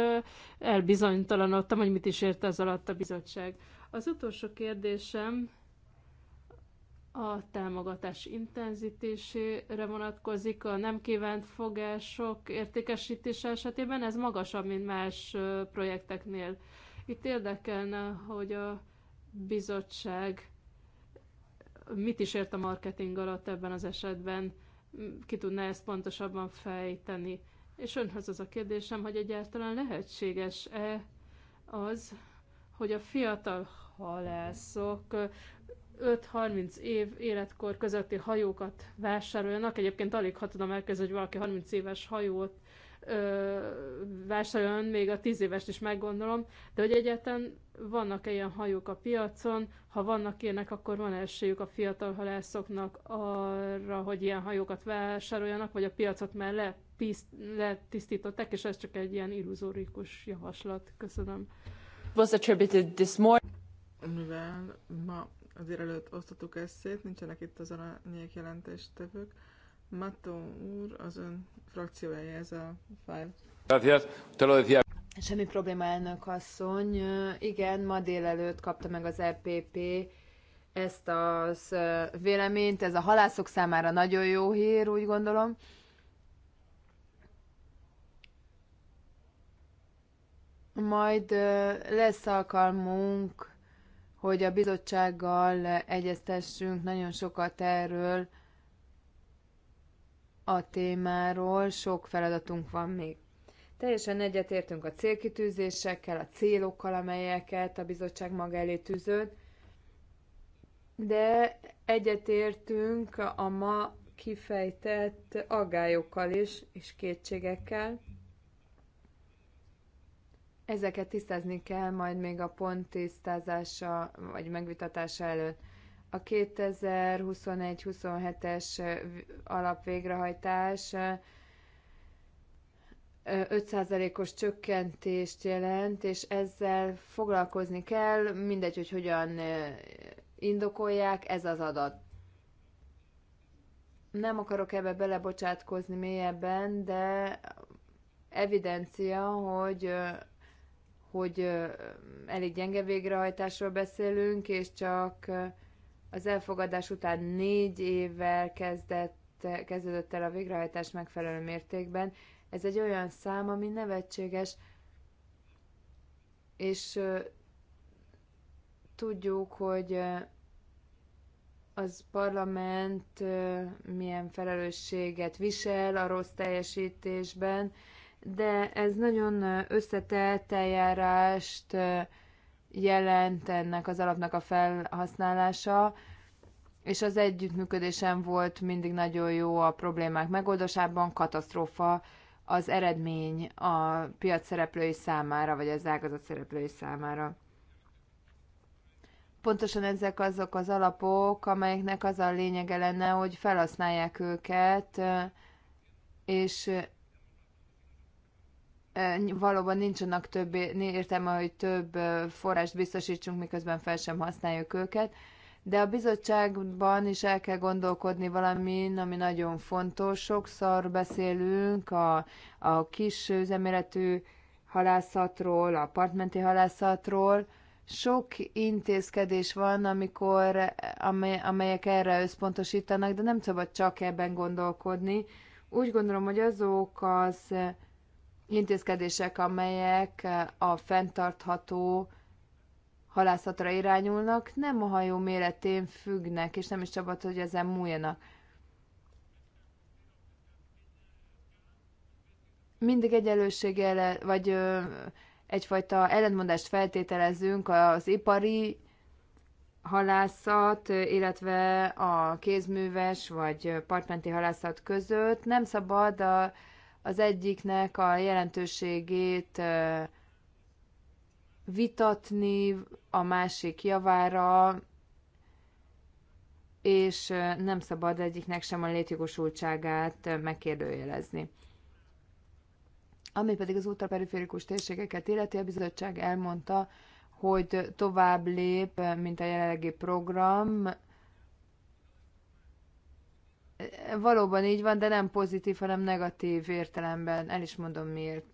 elbizonytalanodtam, hogy mit is ért ez alatt a bizottság. Az utolsó kérdésem a támogatás intenzítésére vonatkozik, a nem kívánt fogások értékesítése esetében ez magasabb, mint más projekteknél. Itt érdekelne, hogy a bizottság mit is ért a marketing alatt ebben az esetben ki tudná ezt pontosabban fejteni. És önhöz az a kérdésem, hogy egyáltalán lehetséges-e az, hogy a fiatal halászok 5-30 év életkor közötti hajókat vásároljanak. Egyébként alig ha tudom elkezdeni, hogy valaki 30 éves hajót vásároljon, még a tíz éves is meggondolom, de hogy egyáltalán vannak-e ilyen hajók a piacon, ha vannak ilyenek, akkor van esélyük a fiatal halászoknak arra, hogy ilyen hajókat vásároljanak, vagy a piacot már le, letisztították, és ez csak egy ilyen illuzórikus javaslat. Köszönöm. Was attributed this more Mivel ma az előtt osztottuk ezt szét, nincsenek itt az nyílt jelentéstevők, Mató úr, az ön frakciója ez a fájl. Semmi probléma, elnök asszony. Igen, ma délelőtt kapta meg az RPP e ezt az véleményt. Ez a halászok számára nagyon jó hír, úgy gondolom. Majd lesz alkalmunk, hogy a bizottsággal egyeztessünk nagyon sokat erről, a témáról, sok feladatunk van még. Teljesen egyetértünk a célkitűzésekkel, a célokkal, amelyeket a bizottság maga elé tűzött, de egyetértünk a ma kifejtett aggályokkal is, és kétségekkel. Ezeket tisztázni kell majd még a pont tisztázása vagy megvitatása előtt. A 2021-27-es alapvégrehajtás 5%-os csökkentést jelent, és ezzel foglalkozni kell, mindegy, hogy hogyan indokolják, ez az adat. Nem akarok ebbe belebocsátkozni mélyebben, de evidencia, hogy hogy elég gyenge végrehajtásról beszélünk, és csak az elfogadás után négy évvel kezdett, kezdődött el a végrehajtás megfelelő mértékben. Ez egy olyan szám, ami nevetséges, és tudjuk, hogy az parlament milyen felelősséget visel a rossz teljesítésben, de ez nagyon összetett eljárást jelent ennek az alapnak a felhasználása, és az együttműködésem volt mindig nagyon jó a problémák megoldásában, katasztrófa az eredmény a piac szereplői számára, vagy az ágazat szereplői számára. Pontosan ezek azok az alapok, amelyeknek az a lényege lenne, hogy felhasználják őket, és valóban nincs annak több értelme, hogy több forrást biztosítsunk, miközben fel sem használjuk őket, de a bizottságban is el kell gondolkodni valami, ami nagyon fontos. Sokszor beszélünk a, a kis üzeméletű halászatról, a partmenti halászatról. Sok intézkedés van, amikor, amely, amelyek erre összpontosítanak, de nem szabad csak ebben gondolkodni. Úgy gondolom, hogy azok az intézkedések, amelyek a fenntartható halászatra irányulnak, nem a hajó méretén függnek, és nem is szabad hogy ezen múljanak. Mindig egyenlőség vagy ö, egyfajta ellentmondást feltételezünk az ipari halászat, illetve a kézműves vagy partmenti halászat között. Nem szabad a az egyiknek a jelentőségét vitatni a másik javára, és nem szabad egyiknek sem a létjogosultságát megkérdőjelezni. Ami pedig az ultraperiférikus térségeket illeti, a bizottság elmondta, hogy tovább lép, mint a jelenlegi program, valóban így van, de nem pozitív, hanem negatív értelemben. El is mondom miért.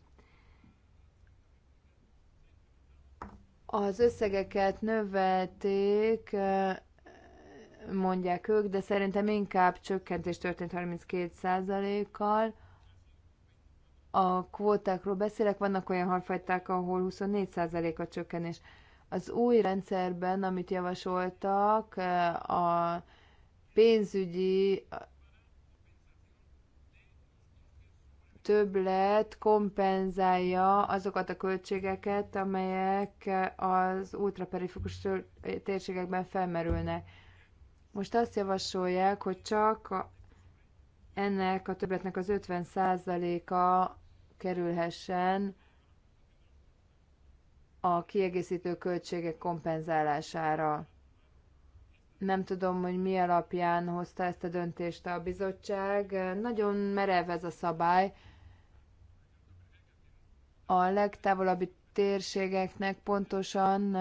Az összegeket növelték, mondják ők, de szerintem inkább csökkentés történt 32%-kal. A kvótákról beszélek, vannak olyan halfajták, ahol 24% a csökkenés. Az új rendszerben, amit javasoltak, a pénzügyi többlet kompenzálja azokat a költségeket, amelyek az ultraperifikus térségekben felmerülnek. Most azt javasolják, hogy csak ennek a többletnek az 50%-a kerülhessen a kiegészítő költségek kompenzálására. Nem tudom, hogy mi alapján hozta ezt a döntést a bizottság. Nagyon merev ez a szabály, a legtávolabbi térségeknek pontosan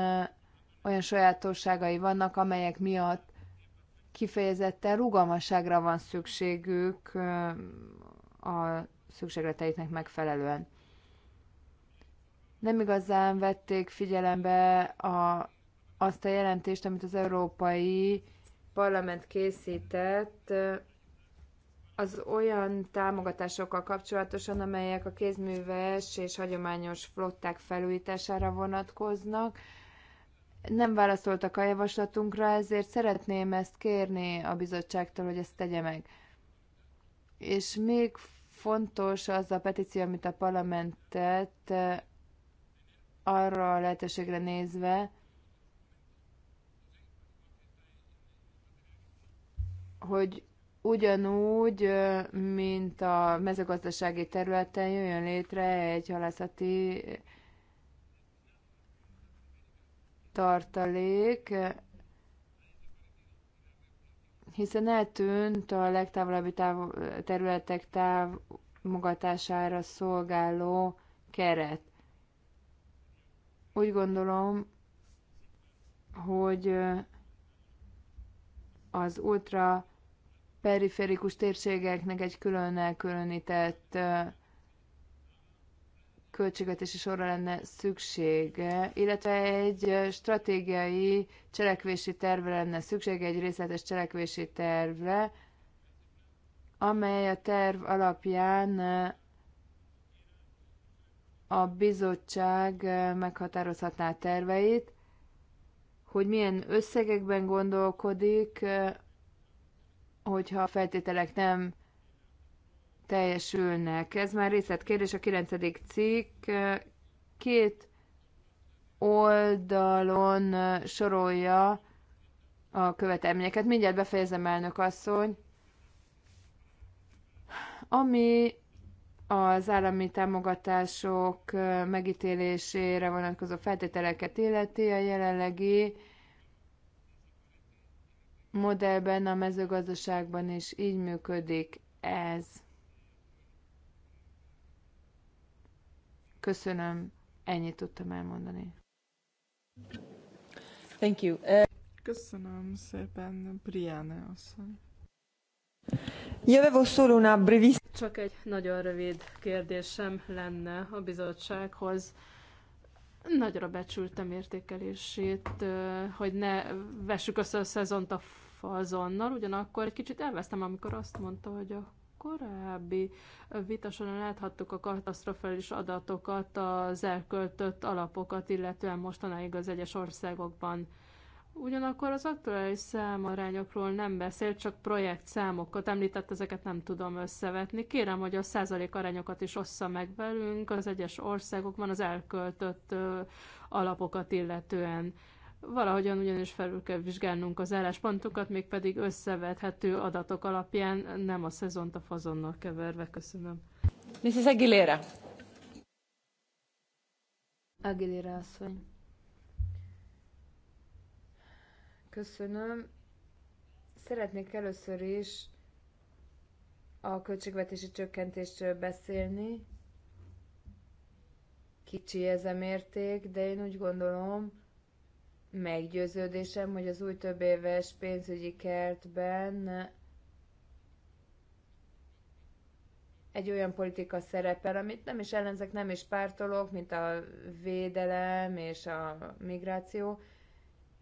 olyan sajátosságai vannak, amelyek miatt kifejezetten rugalmasságra van szükségük a szükségleteiknek megfelelően. Nem igazán vették figyelembe a, azt a jelentést, amit az Európai Parlament készített az olyan támogatásokkal kapcsolatosan, amelyek a kézműves és hagyományos flották felújítására vonatkoznak. Nem válaszoltak a javaslatunkra, ezért szeretném ezt kérni a bizottságtól, hogy ezt tegye meg. És még fontos az a petíció, amit a parlamentet eh, arra a lehetőségre nézve, hogy ugyanúgy, mint a mezőgazdasági területen jöjjön létre egy halászati tartalék, hiszen eltűnt a legtávolabbi táv- területek támogatására szolgáló keret. Úgy gondolom, hogy az ultra periférikus térségeknek egy külön elkülönített költségvetési sorra lenne szüksége, illetve egy stratégiai cselekvési tervre lenne szüksége, egy részletes cselekvési tervre, amely a terv alapján a bizottság meghatározhatná terveit, hogy milyen összegekben gondolkodik, hogyha a feltételek nem teljesülnek. Ez már részletkérdés, a 9. cikk két oldalon sorolja a követelményeket. Mindjárt befejezem, elnök asszony. Ami az állami támogatások megítélésére vonatkozó feltételeket illeti, a jelenlegi modellben a mezőgazdaságban is így működik ez. Köszönöm, ennyit tudtam elmondani. Thank you. Uh... Köszönöm szépen, Brianna asszony. solo una Csak egy nagyon rövid kérdésem lenne a bizottsághoz. Nagyra becsültem értékelését, hogy ne vessük össze a szezont a fazonnal, ugyanakkor egy kicsit elvesztem, amikor azt mondta, hogy a korábbi vita láthattuk a katasztrofális adatokat, az elköltött alapokat, illetően mostanáig az egyes országokban Ugyanakkor az aktuális számarányokról nem beszélt, csak projekt számokat említett, ezeket nem tudom összevetni. Kérem, hogy a százalék arányokat is ossza meg velünk az egyes országokban az elköltött alapokat illetően. Valahogyan ugyanis felül kell vizsgálnunk az álláspontokat, mégpedig összevethető adatok alapján, nem a szezont a fazonnal keverve. Köszönöm. Mrs. Aguilera. Aguilera asszony. Köszönöm. Szeretnék először is a költségvetési csökkentésről beszélni. Kicsi ez a mérték, de én úgy gondolom, meggyőződésem, hogy az új több éves pénzügyi kertben egy olyan politika szerepel, amit nem is ellenzek, nem is pártolok, mint a védelem és a migráció,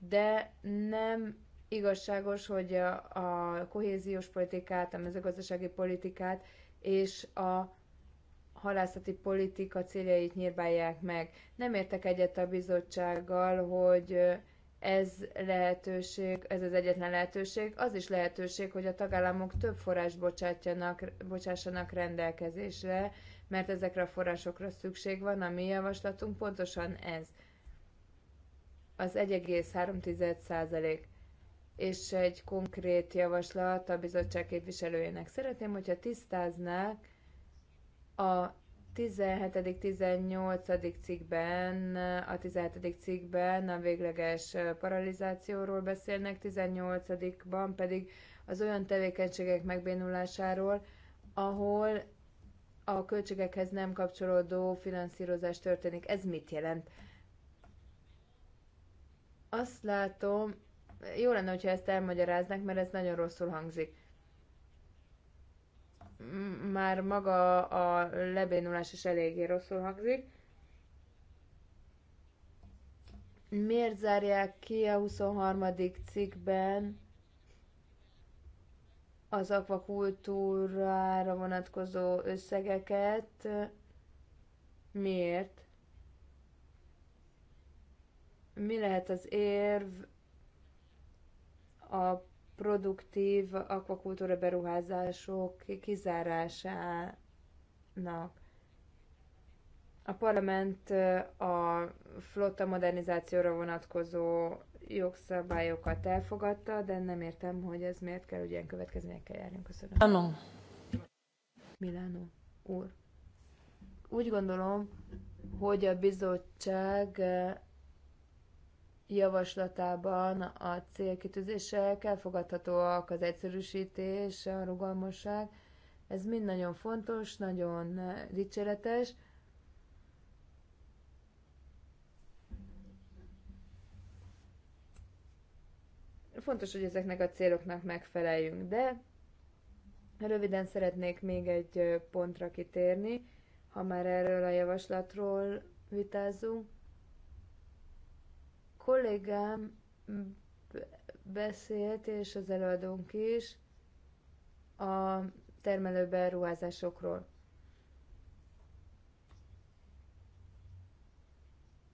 de nem igazságos, hogy a, a kohéziós politikát, a mezőgazdasági politikát és a halászati politika céljait nyírbálják meg. Nem értek egyet a bizottsággal, hogy ez lehetőség, ez az egyetlen lehetőség, az is lehetőség, hogy a tagállamok több forrás bocsátjanak, bocsássanak rendelkezésre, mert ezekre a forrásokra szükség van, a mi javaslatunk pontosan ez az 1,3% és egy konkrét javaslat a bizottság képviselőjének. Szeretném, hogyha tisztáznák a 17.-18. cikkben, a 17. cikkben a végleges paralizációról beszélnek, 18.-ban pedig az olyan tevékenységek megbénulásáról, ahol a költségekhez nem kapcsolódó finanszírozás történik. Ez mit jelent? Azt látom, jó lenne, hogyha ezt elmagyaráznak, mert ez nagyon rosszul hangzik. Már maga a lebénulás is eléggé rosszul hangzik. Miért zárják ki a 23. cikkben az akvakultúrára vonatkozó összegeket? Miért? mi lehet az érv a produktív akvakultúra beruházások kizárásának. A parlament a flotta modernizációra vonatkozó jogszabályokat elfogadta, de nem értem, hogy ez miért kell, hogy ilyen következményekkel járjunk. Köszönöm. Milano. Milano úr. Úgy gondolom, hogy a bizottság javaslatában a célkitűzések elfogadhatóak, az egyszerűsítés, a rugalmasság. Ez mind nagyon fontos, nagyon eh, dicséretes. Fontos, hogy ezeknek a céloknak megfeleljünk, de röviden szeretnék még egy eh, pontra kitérni, ha már erről a javaslatról vitázunk kollégám beszélt, és az előadónk is, a termelő beruházásokról.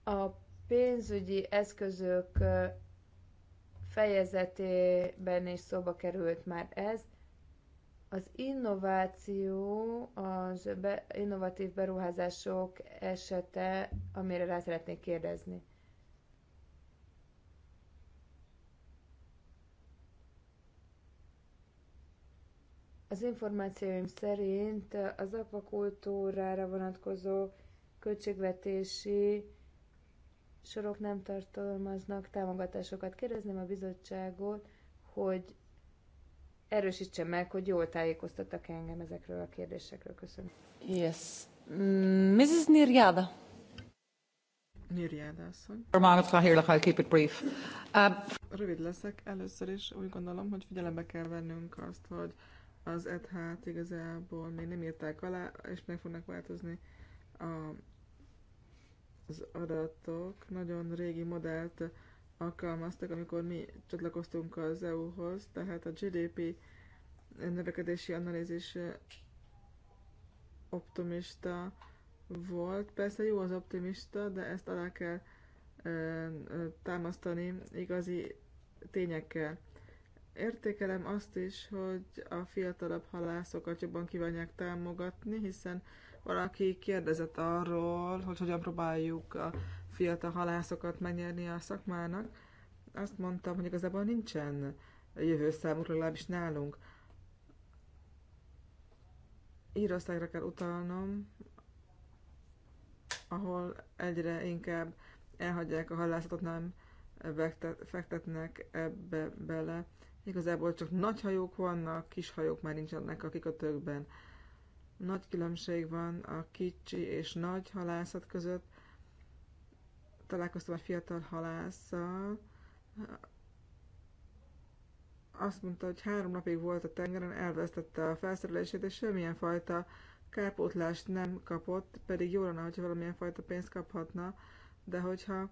A pénzügyi eszközök fejezetében is szóba került már ez. Az innováció, az be, innovatív beruházások esete, amire rá szeretnék kérdezni. Az információim szerint az akvakultúrára vonatkozó költségvetési sorok nem tartalmaznak támogatásokat. Kérdezném a bizottságot, hogy erősítse meg, hogy jól tájékoztattak -e engem ezekről a kérdésekről. Köszönöm. Yes. Mrs. Nirjada. brief. Rövid leszek. Először is úgy gondolom, hogy figyelembe kell vennünk azt, hogy az ETH-t igazából még nem írták alá, és meg fognak változni a, az adatok. Nagyon régi modellt alkalmaztak, amikor mi csatlakoztunk az EU-hoz, tehát a GDP növekedési analízis optimista volt. Persze jó az optimista, de ezt alá kell támasztani igazi tényekkel. Értékelem azt is, hogy a fiatalabb halászokat jobban kívánják támogatni, hiszen valaki kérdezett arról, hogy hogyan próbáljuk a fiatal halászokat megnyerni a szakmának. Azt mondtam, hogy igazából nincsen jövő számukra, legalábbis nálunk. Írországra kell utalnom, ahol egyre inkább elhagyják a halászatot, nem fektetnek ebbe bele, Igazából csak nagy hajók vannak, kis hajók már nincsenek a kikötőkben. Nagy különbség van a kicsi és nagy halászat között. Találkoztam egy fiatal halásszal, azt mondta, hogy három napig volt a tengeren, elvesztette a felszerelését, és semmilyen fajta kárpótlást nem kapott, pedig jó lenne, hogyha valamilyen fajta pénzt kaphatna, de hogyha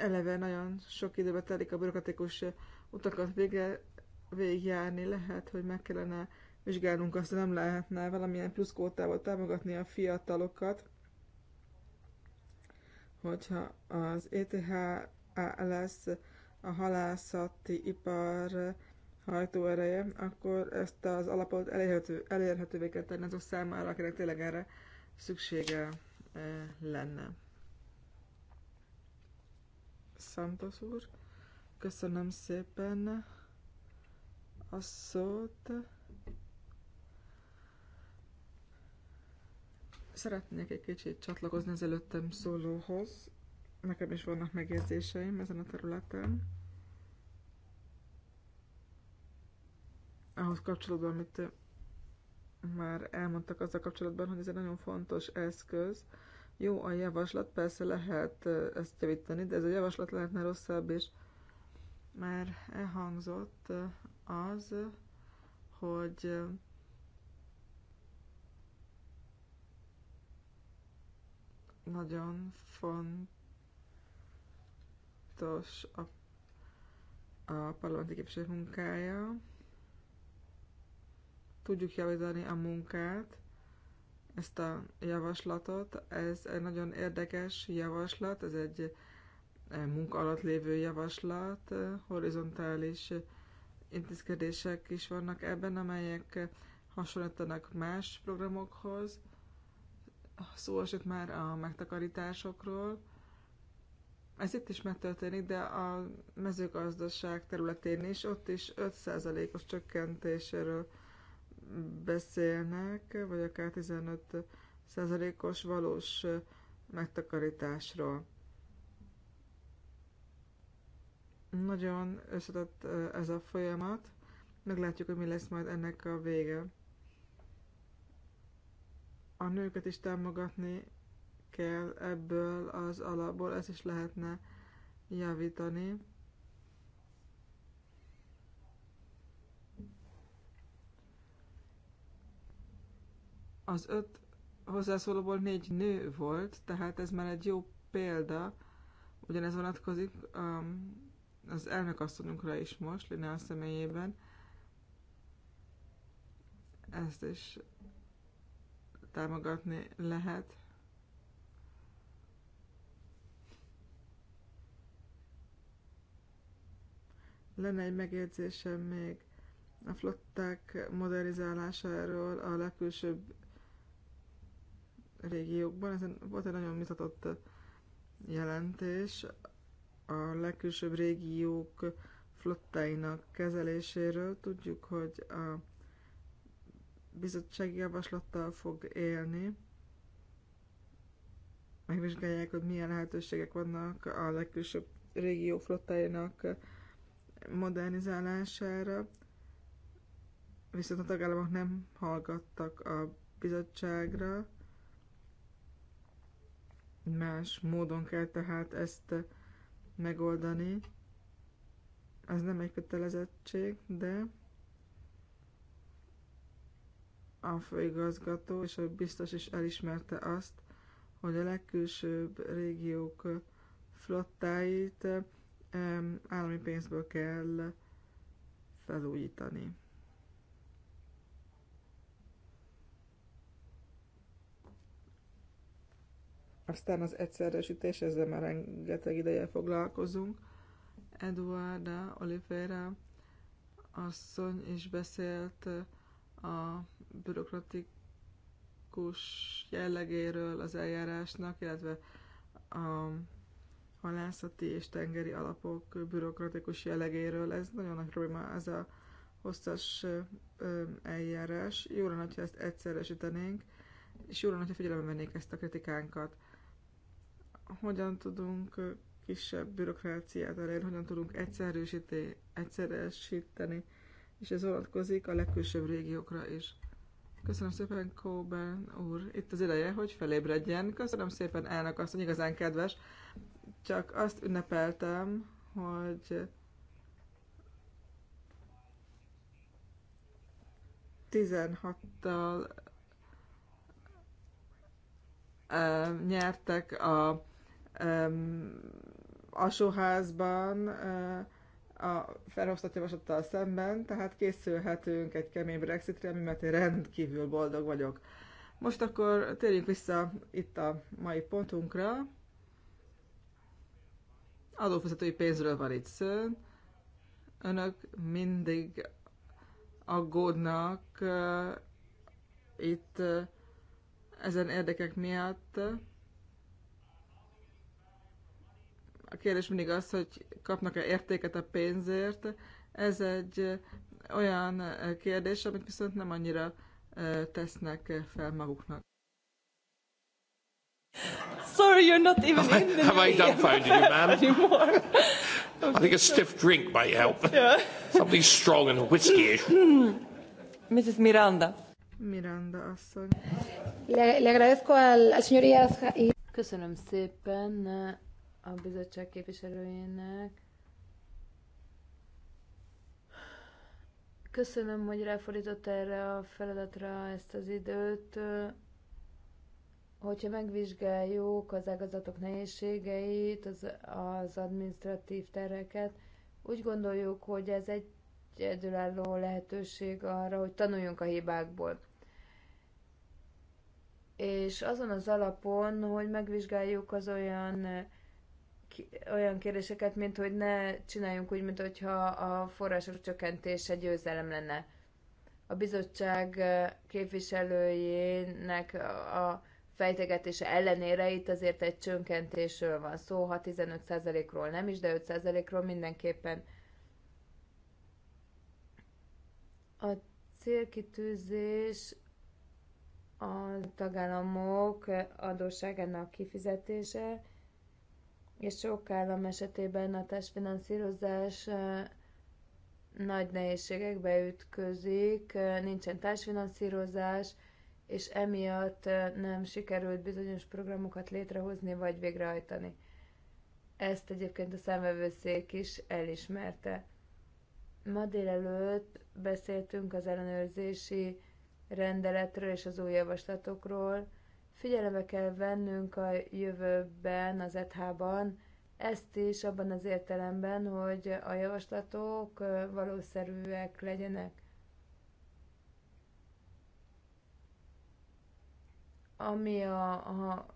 eleve nagyon sok időbe telik a bürokratikus utakat vége, végigjárni. Lehet, hogy meg kellene vizsgálnunk azt, nem lehetne valamilyen kótával támogatni a fiatalokat, hogyha az e lesz a halászati ipar hajtóereje, akkor ezt az alapot elérhető, elérhetővé kell tenni azok számára, akinek tényleg erre szüksége eh, lenne. Santos úr. Köszönöm szépen a szót. Szeretnék egy kicsit csatlakozni az előttem szólóhoz. Nekem is vannak megérzéseim ezen a területen. Ahhoz kapcsolatban, amit már elmondtak azzal kapcsolatban, hogy ez egy nagyon fontos eszköz, jó a javaslat, persze lehet ezt javítani, de ez a javaslat lehetne rosszabb is. Már elhangzott az, hogy nagyon fontos a, a parlamenti képviselő munkája. Tudjuk javítani a munkát, ezt a javaslatot. Ez egy nagyon érdekes javaslat, ez egy eh, munka alatt lévő javaslat, horizontális intézkedések is vannak ebben, amelyek hasonlítanak más programokhoz. Szó esik már a megtakarításokról. Ez itt is megtörténik, de a mezőgazdaság területén is, ott is 5%-os csökkentéséről beszélnek, vagy akár 15%-os valós megtakarításról. Nagyon összetett ez a folyamat, meglátjuk, hogy mi lesz majd ennek a vége. A nőket is támogatni kell ebből az alapból, ez is lehetne javítani. Az öt hozzászólóból négy nő volt, tehát ez már egy jó példa, ugyanez vonatkozik um, az elnökasszonyunkra is most, a személyében. Ezt is támogatni lehet. Lenne egy megjegyzésem még a flották modernizálásáról a legkülsőbb régiókban. Ezen volt egy nagyon mutatott jelentés a legkülsőbb régiók flottáinak kezeléséről. Tudjuk, hogy a bizottsági javaslattal fog élni. Megvizsgálják, hogy milyen lehetőségek vannak a legkülsőbb régió flottáinak modernizálására. Viszont a tagállamok nem hallgattak a bizottságra, Más módon kell tehát ezt megoldani. Ez nem egy kötelezettség, de a főigazgató és a biztos is elismerte azt, hogy a legkülsőbb régiók flottáit állami pénzből kell felújítani. Aztán az egyszerűsítés, ezzel már rengeteg ideje foglalkozunk. Eduarda Oliveira asszony is beszélt eh, a bürokratikus jellegéről az eljárásnak, illetve a halászati és tengeri alapok bürokratikus jellegéről. Ez nagyon nagy probléma, ez a hosszas eh, eh, eljárás. Jó lenne, ha ezt egyszerűsítenénk, és jó lenne, ha figyelembe vennék ezt a kritikánkat hogyan tudunk kisebb bürokráciát elérni, hogyan tudunk egyszerűsíteni, egyszerűsíteni, és ez vonatkozik a legkülsőbb régiókra is. Köszönöm szépen, Kóben úr. Itt az ideje, hogy felébredjen. Köszönöm szépen, elnök hogy igazán kedves. Csak azt ünnepeltem, hogy tizenhattal nyertek a alsóházban a Verhofstadt javaslattal szemben, tehát készülhetünk egy kemény Brexitre, ami mert én rendkívül boldog vagyok. Most akkor térjünk vissza itt a mai pontunkra. Adófizetői pénzről van itt szó. Önök mindig aggódnak uh, itt uh, ezen érdekek miatt. Uh, A kérdés mindig az, hogy kapnak-e értéket a pénzért. Ez egy olyan kérdés, amit viszont nem annyira tesznek fel maguknak. Sorry, you're not even have in the Have I dumbfounded you, man? Anymore. I think a stiff drink might help. Yeah. Something strong and -ish. Mrs. Miranda. Miranda asszony. Le, le agradezco al, al señor Köszönöm szépen a bizottság képviselőjének. Köszönöm, hogy ráfordított erre a feladatra ezt az időt. Hogyha megvizsgáljuk az ágazatok nehézségeit, az, az administratív tereket, úgy gondoljuk, hogy ez egy egyedülálló lehetőség arra, hogy tanuljunk a hibákból. És azon az alapon, hogy megvizsgáljuk az olyan olyan kérdéseket, mint hogy ne csináljunk úgy, mint hogyha a források csökkentése győzelem lenne. A bizottság képviselőjének a fejtegetése ellenére itt azért egy csökkentésről van szó, ha 15%-ról nem is, de 5%-ról mindenképpen. A célkitűzés a tagállamok adósságának kifizetése, és sok állam esetében a társfinanszírozás nagy nehézségekbe ütközik, nincsen társfinanszírozás, és emiatt nem sikerült bizonyos programokat létrehozni vagy végrehajtani. Ezt egyébként a szemvevőszék is elismerte. Ma délelőtt beszéltünk az ellenőrzési rendeletről és az új javaslatokról, Figyelembe kell vennünk a jövőben, az ETH-ban, ezt is abban az értelemben, hogy a javaslatok valószerűek legyenek. Ami a, a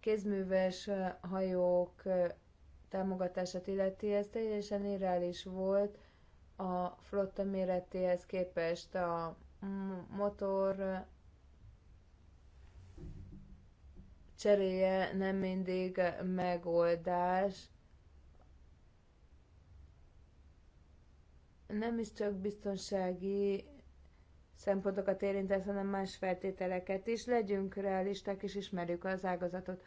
kézműves hajók támogatását illeti, ez teljesen irreális volt a flotta méretéhez képest. A motor cseréje nem mindig megoldás. Nem is csak biztonsági szempontokat érint hanem más feltételeket is. Legyünk realisták, és ismerjük az ágazatot.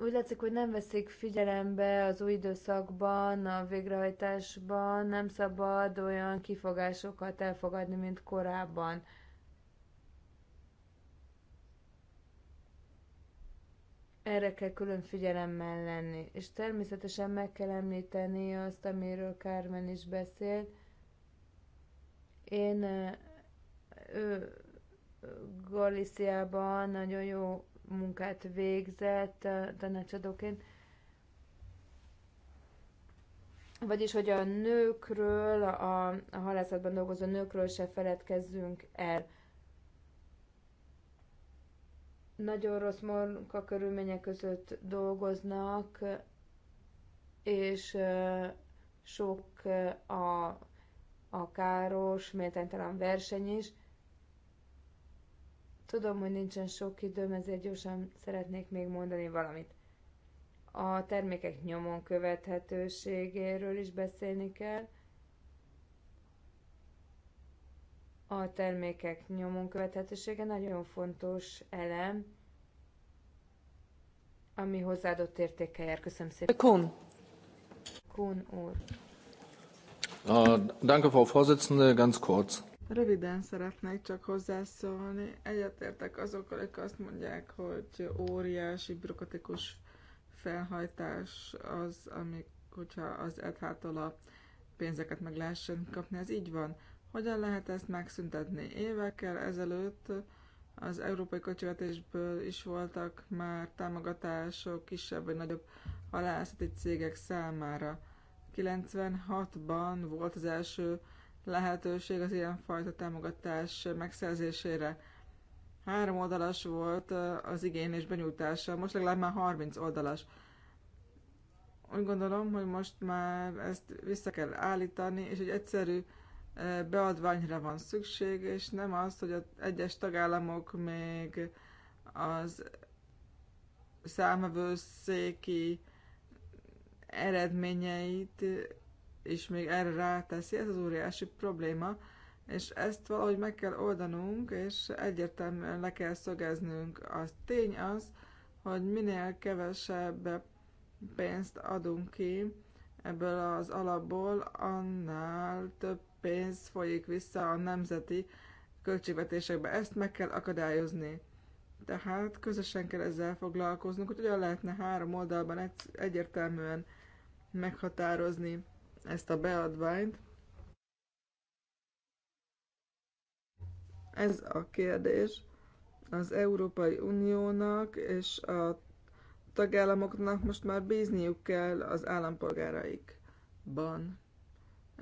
Úgy látszik, hogy nem veszik figyelembe az új időszakban, a végrehajtásban, nem szabad olyan kifogásokat elfogadni, mint korábban. Erre kell külön figyelemmel lenni. És természetesen meg kell említeni azt, amiről Carmen is beszél. Én ő Galiciában nagyon jó munkát végzett tanácsadóként. Vagyis, hogy a nőkről, a, a halászatban dolgozó nőkről se feledkezzünk el nagyon rossz munkakörülmények között dolgoznak, és sok a, a káros, méltánytalan verseny is. Tudom, hogy nincsen sok időm, ezért gyorsan szeretnék még mondani valamit. A termékek nyomon követhetőségéről is beszélni kell – A termékek nyomon követhetősége nagyon fontos elem, ami hozzáadott értékkel jár. Köszönöm szépen. Kuhn. Kuhn úr. Uh, danke, Frau Vorsitzende, ganz kurz. Röviden szeretnék csak hozzászólni. Egyetértek azokkal, akik azt mondják, hogy óriási bürokratikus felhajtás az, amik, hogyha az ETH-tól a pénzeket meg lehessen kapni, ez így van. Hogyan lehet ezt megszüntetni? Évekkel ezelőtt az európai költségvetésből is voltak már támogatások kisebb vagy nagyobb halászati cégek számára. 96-ban volt az első lehetőség az ilyenfajta támogatás megszerzésére. Három oldalas volt eh, az igény és benyújtása, most legalább már 30 oldalas. Úgy gondolom, hogy most már ezt vissza kell állítani, és egy egyszerű beadványra van szükség, és nem az, hogy az egyes tagállamok még az számvevőszéki eredményeit és még erre ráteszi, ez az óriási probléma, és ezt valahogy meg kell oldanunk, és egyértelműen le kell szögeznünk. A tény az, hogy minél kevesebb pénzt adunk ki ebből az alapból, annál több pénz folyik vissza a nemzeti költségvetésekbe. Ezt meg kell akadályozni. Tehát közösen kell ezzel foglalkoznunk, hogy hogyan lehetne három oldalban egy, egyértelműen meghatározni ezt a beadványt. Ez a kérdés az Európai Uniónak és a tagállamoknak most már bízniuk kell az állampolgáraikban.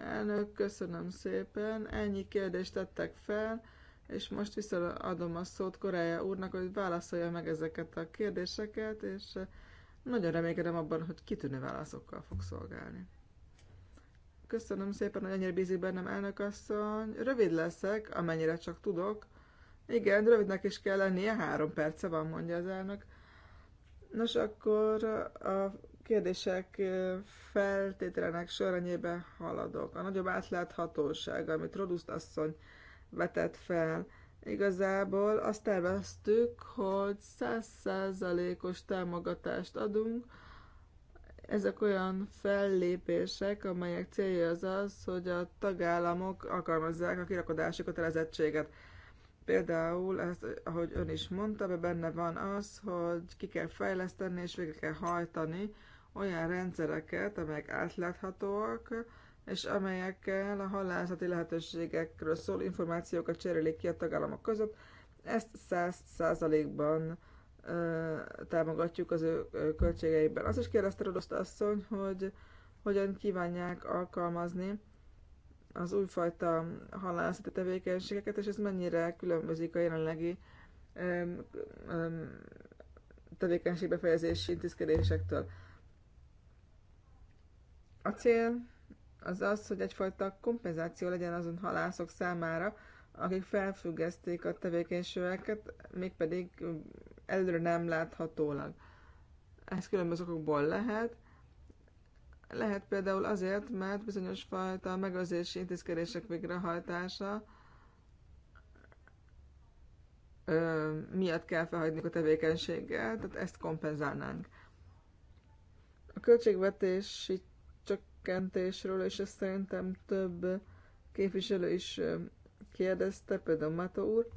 Elnök, köszönöm szépen. Ennyi kérdést tettek fel, és most visszaadom a szót Korája úrnak, hogy válaszolja meg ezeket a kérdéseket, és eh, nagyon reménykedem abban, hogy kitűnő válaszokkal fog szolgálni. Köszönöm szépen, hogy ennyire bízik bennem, elnök asszony. Rövid leszek, amennyire csak tudok. Igen, rövidnek is kell lennie, három perce van, mondja az elnök. Nos, akkor a kérdések feltételenek sorrendjében haladok. A nagyobb átláthatóság, amit Roduszt asszony vetett fel, igazából azt terveztük, hogy 100%-os támogatást adunk. Ezek olyan fellépések, amelyek célja az az, hogy a tagállamok alkalmazzák a kirakodási kötelezettséget. Például, ezt, ahogy ön is mondta, benne van az, hogy ki kell fejleszteni és végre kell hajtani olyan rendszereket, amelyek átláthatóak, és amelyekkel a halászati lehetőségekről szól információkat cserélik ki a tagállamok között. Ezt száz százalékban támogatjuk az ő költségeiben. Azt is kérdezte Rodoszt asszony, hogy hogyan kívánják alkalmazni az újfajta halászati tevékenységeket, és ez mennyire különbözik a jelenlegi tevékenységbefejezési intézkedésektől. A cél az az, hogy egyfajta kompenzáció legyen azon halászok számára, akik felfüggeszték a tevékenységeket, mégpedig előre nem láthatólag. Ez különböző okokból lehet. Lehet például azért, mert bizonyos fajta megőrzési intézkedések végrehajtása ö, miatt kell felhagyni a tevékenységgel, tehát ezt kompenzálnánk. A költségvetési csökkentésről, és ezt szerintem több képviselő is kérdezte, például Mato úr,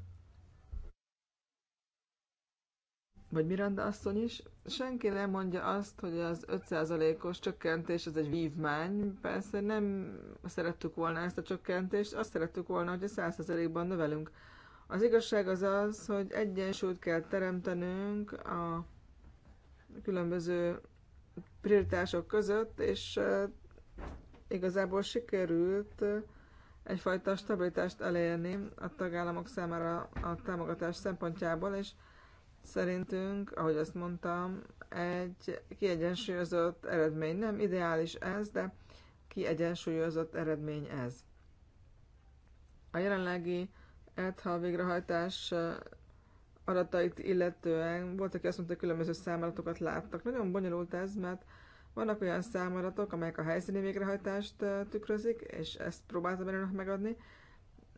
vagy Miranda asszony is, senki nem mondja azt, hogy az 5%-os csökkentés az egy vívmány. Persze nem szerettük volna ezt a csökkentést, azt szerettük volna, hogy a 100%-ban növelünk. Az igazság az az, hogy egyensúlyt kell teremtenünk a különböző prioritások között, és igazából sikerült egyfajta stabilitást elérni a tagállamok számára a támogatás szempontjából, és szerintünk, ahogy azt mondtam, egy kiegyensúlyozott eredmény. Nem ideális ez, de kiegyensúlyozott eredmény ez. A jelenlegi ETHA végrehajtás eh, adatait illetően voltak aki azt mondta, hogy különböző számadatokat láttak. Nagyon bonyolult ez, mert vannak olyan számadatok, amelyek a helyszíni végrehajtást tükrözik, és ezt próbáltam önök megadni.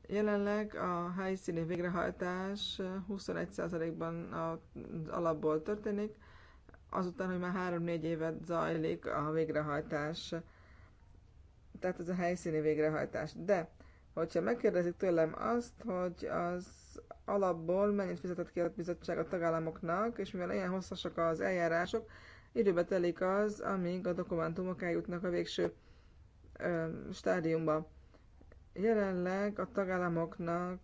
Jelenleg a helyszíni végrehajtás 21%-ban az alapból történik, azután, hogy már 3-4 évet zajlik a végrehajtás. Tehát ez a helyszíni végrehajtás. De, hogyha megkérdezik tőlem azt, hogy az alapból mennyit fizetett ki a bizottság a tagállamoknak, és mivel ilyen hosszasak az eljárások, Időbe telik az, amíg a dokumentumok eljutnak a végső ö, stádiumba. Jelenleg a tagállamoknak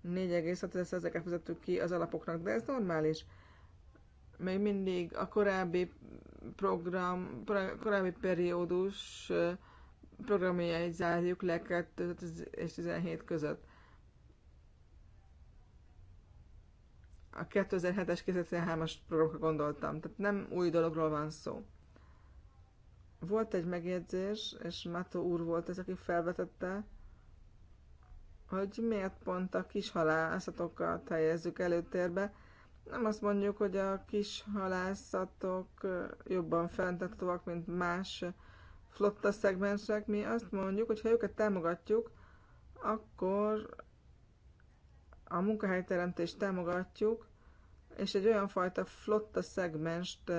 46 ezeket fizettük ki az alapoknak, de ez normális. Még mindig a korábbi program, korábbi periódus programjait zárjuk le 2017 között. a 2007-es, 2013-as programokra gondoltam, tehát nem új dologról van szó. Volt egy megjegyzés, és Mato úr volt ez, aki felvetette, hogy miért pont a kis halászatokat helyezzük előtérbe. Nem azt mondjuk, hogy a kis halászatok jobban fenntartóak, mint más flotta szegmensek. Mi azt mondjuk, hogy ha őket támogatjuk, akkor a munkahelyteremtést támogatjuk, és egy olyan fajta flotta szegmest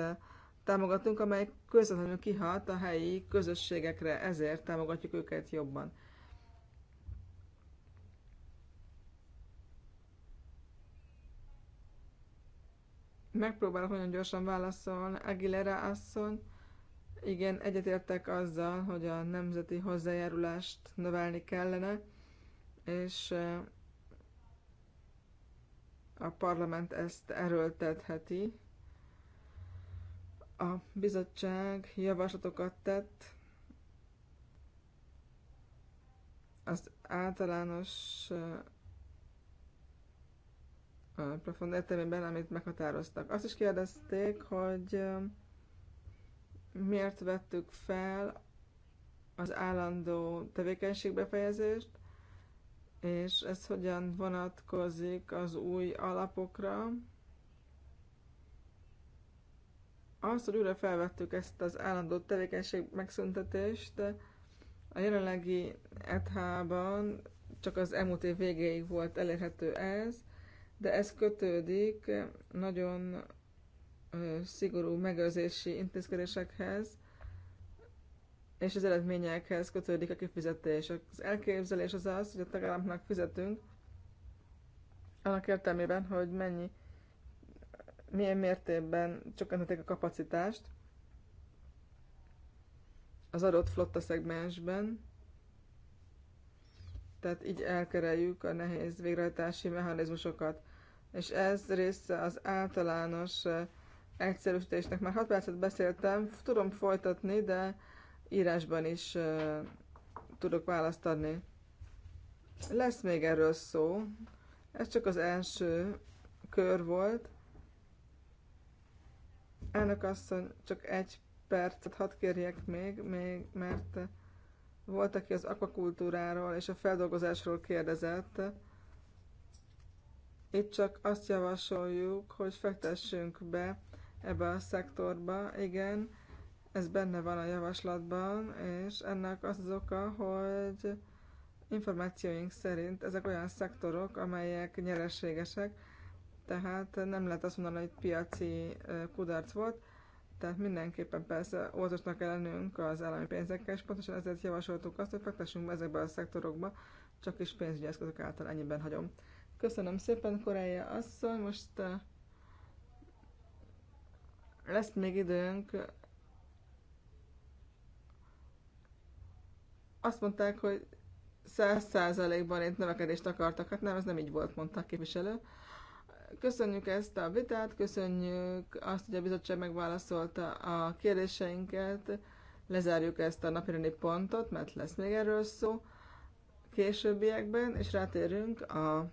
támogatunk, amely közvetlenül kihat a helyi közösségekre, ezért támogatjuk őket jobban. Megpróbálok nagyon gyorsan válaszolni. Aguilera asszony, igen, egyetértek azzal, hogy a nemzeti hozzájárulást növelni kellene, és a parlament ezt erőltetheti. A bizottság javaslatokat tett az általános plafon értelmében, amit meghatároztak. Azt is kérdezték, hogy miért vettük fel az állandó tevékenységbefejezést, és ez hogyan vonatkozik az új alapokra. Azt, hogy újra felvettük ezt az állandó tevékenység megszüntetést, a jelenlegi ETH-ban csak az elmúlt év végéig volt elérhető ez, de ez kötődik nagyon szigorú megőrzési intézkedésekhez, és az eredményekhez kötődik a kifizetés. Az elképzelés az az, hogy a tagállamnak fizetünk, annak értelmében, hogy mennyi, milyen mértékben csökkentették a kapacitást az adott flotta szegmensben, tehát így elkereljük a nehéz végrehajtási mechanizmusokat. És ez része az általános eh, egyszerűsítésnek. Már 6 percet beszéltem, tudom folytatni, de írásban is tudok választ adni. Lesz még erről szó. Ez csak az első kör volt. Elnök asszony, csak egy percet hadd kérjek még, még mert volt, aki az akvakultúráról és a feldolgozásról kérdezett. Itt csak azt javasoljuk, hogy fektessünk be ebbe a szektorba. Igen, ez benne van a javaslatban, és ennek az az oka, hogy információink szerint ezek olyan szektorok, amelyek nyereségesek, tehát nem lehet azt mondani, hogy piaci kudarc volt, tehát mindenképpen persze óvatosnak kell lennünk az állami pénzekkel, és pontosan ezért javasoltuk azt, hogy fektessünk be ezekbe a szektorokba, csak is pénzügyi eszközök által ennyiben hagyom. Köszönöm szépen, Koreia asszony, most lesz még időnk azt mondták, hogy 100%-ban itt növekedést akartak. Hát nem, ez nem így volt, mondta a képviselő. Köszönjük ezt a vitát, köszönjük azt, hogy a bizottság megválaszolta a kérdéseinket. Lezárjuk ezt a napirendi pontot, mert lesz még erről szó későbbiekben, és rátérünk a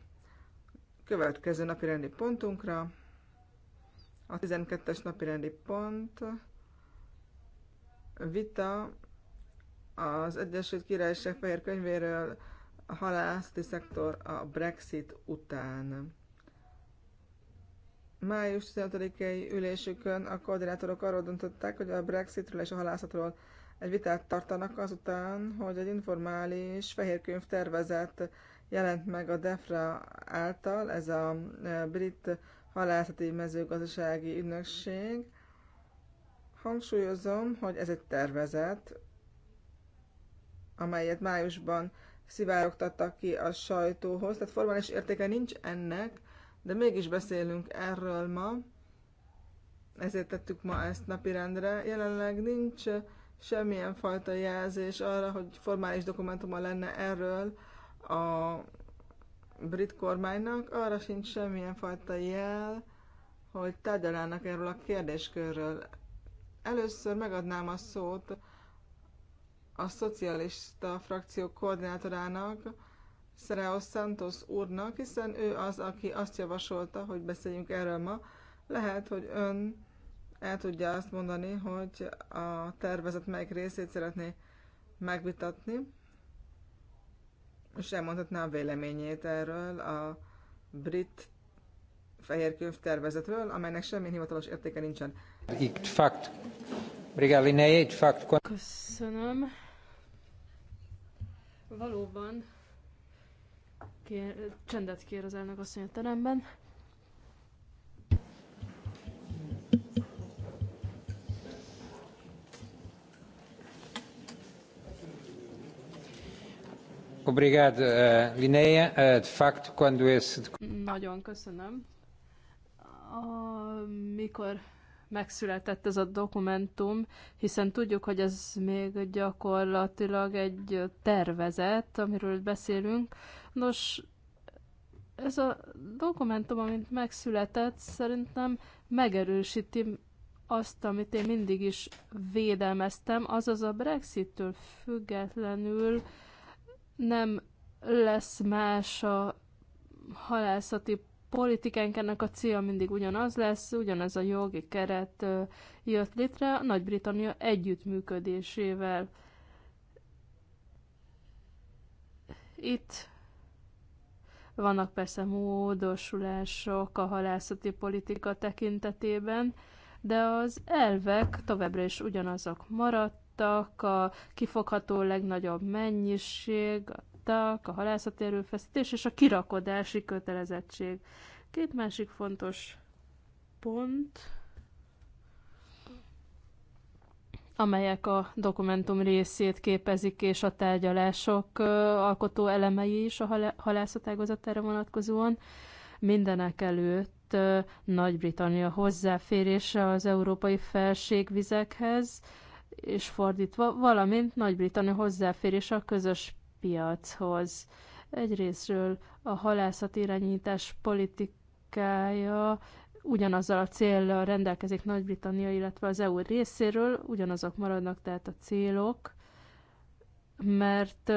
következő napirendi pontunkra. A 12-es napirendi pont vita az Egyesült Királyság fehér könyvéről a halászti szektor a Brexit után. Május 15-i ülésükön a koordinátorok arról döntöttek, hogy a Brexitről és a halászatról egy vitát tartanak azután, hogy egy informális fehérkönyv tervezet jelent meg a DEFRA által, ez a e, brit halászati mezőgazdasági ügynökség. Hangsúlyozom, hogy ez egy tervezet, amelyet májusban szivárogtattak ki a sajtóhoz, tehát formális értéke nincs ennek, de mégis beszélünk erről ma, ezért tettük ma ezt napirendre. Jelenleg nincs semmilyen fajta jelzés arra, hogy formális dokumentuma lenne erről a brit kormánynak, arra sincs semmilyen fajta jel, hogy tárgyalának erről a kérdéskörről. Először megadnám a szót a szocialista frakció koordinátorának, Szereos Santos úrnak, hiszen ő az, aki azt javasolta, hogy beszéljünk erről ma. Lehet, hogy ön el tudja azt mondani, hogy a tervezet melyik részét szeretné megvitatni, és elmondhatná a véleményét erről a brit fehérkönyv tervezetről, amelynek semmi hivatalos értéke nincsen. Köszönöm. Valóban kér, csendet kér az elnök asszony a teremben. Obrigado, eh, Linnea. Eh, de facto, quando esse... Nagyon köszönöm. Amikor megszületett ez a dokumentum, hiszen tudjuk, hogy ez még gyakorlatilag egy tervezet, amiről beszélünk. Nos, ez a dokumentum, amint megszületett, szerintem megerősíti azt, amit én mindig is védelmeztem, azaz a Brexit-től függetlenül nem lesz más a halászati politikánk ennek a célja mindig ugyanaz lesz, ugyanez a jogi keret jött létre a Nagy-Britannia együttműködésével. Itt vannak persze módosulások a halászati politika tekintetében, de az elvek továbbra is ugyanazok maradtak, a kifogható legnagyobb mennyiség, a kvóták, a halászati erőfeszítés és a kirakodási kötelezettség. Két másik fontos pont, amelyek a dokumentum részét képezik, és a tárgyalások alkotó elemei is a halászatágazatára vonatkozóan. Mindenek előtt Nagy-Britannia hozzáférése az európai felségvizekhez, és fordítva, valamint Nagy-Britannia hozzáférése a közös piachoz. Egyrésztről a halászat irányítás politikája ugyanazzal a célral rendelkezik Nagy-Britannia, illetve az EU részéről, ugyanazok maradnak tehát a célok, mert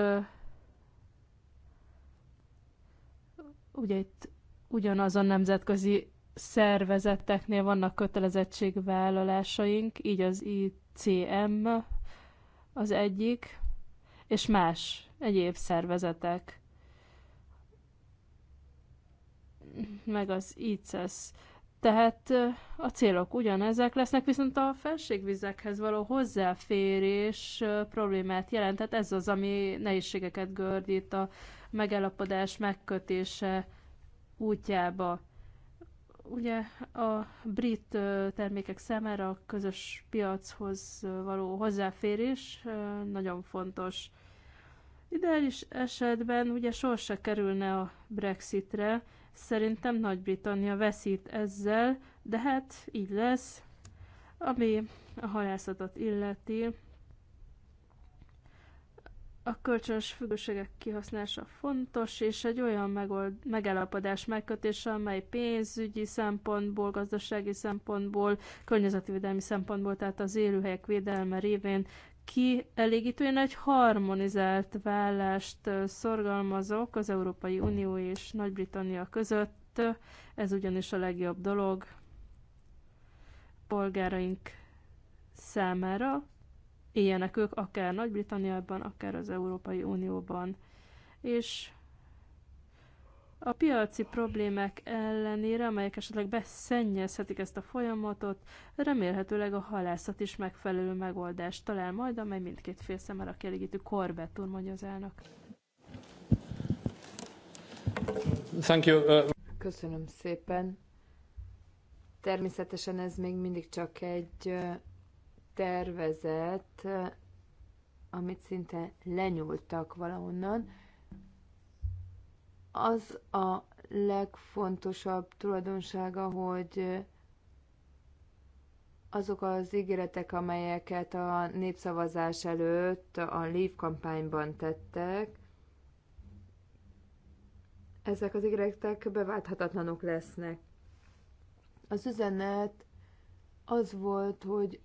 ugye itt ugyanazon nemzetközi szervezeteknél vannak kötelezettségvállalásaink, így az ICM az egyik, és más egyéb szervezetek, meg az ICES. Tehát a célok ugyanezek lesznek, viszont a felségvizekhez való hozzáférés problémát jelent, tehát ez az, ami nehézségeket gördít a megállapodás megkötése útjába. Ugye a brit termékek számára a közös piachoz való hozzáférés nagyon fontos. Ideális esetben ugye sorsa kerülne a Brexitre, szerintem Nagy-Britannia veszít ezzel, de hát így lesz, ami a halászatot illeti. A kölcsönös függőségek kihasználása fontos, és egy olyan megold, megállapodás megkötése, amely pénzügyi szempontból, gazdasági szempontból, környezetvédelmi szempontból, tehát az élőhelyek védelme révén kielégítően egy harmonizált vállást szorgalmazok az Európai Unió és Nagy-Britannia között. Ez ugyanis a legjobb dolog polgáraink számára. Éljenek ők akár Nagy-Britanniában, akár az Európai Unióban. És a piaci problémák ellenére, amelyek esetleg beszennyezhetik ezt a folyamatot, remélhetőleg a halászat is megfelelő megoldást talál majd, amely mindkét fél számára kielégítő korbett úr, mondja az elnök. Thank you. Uh, Köszönöm szépen. Természetesen ez még mindig csak egy uh, tervezet, uh, amit szinte lenyúltak valahonnan az a legfontosabb tulajdonsága, hogy azok az ígéretek, amelyeket a népszavazás előtt a Leave kampányban tettek, ezek az ígéretek beválthatatlanok lesznek. Az üzenet az volt, hogy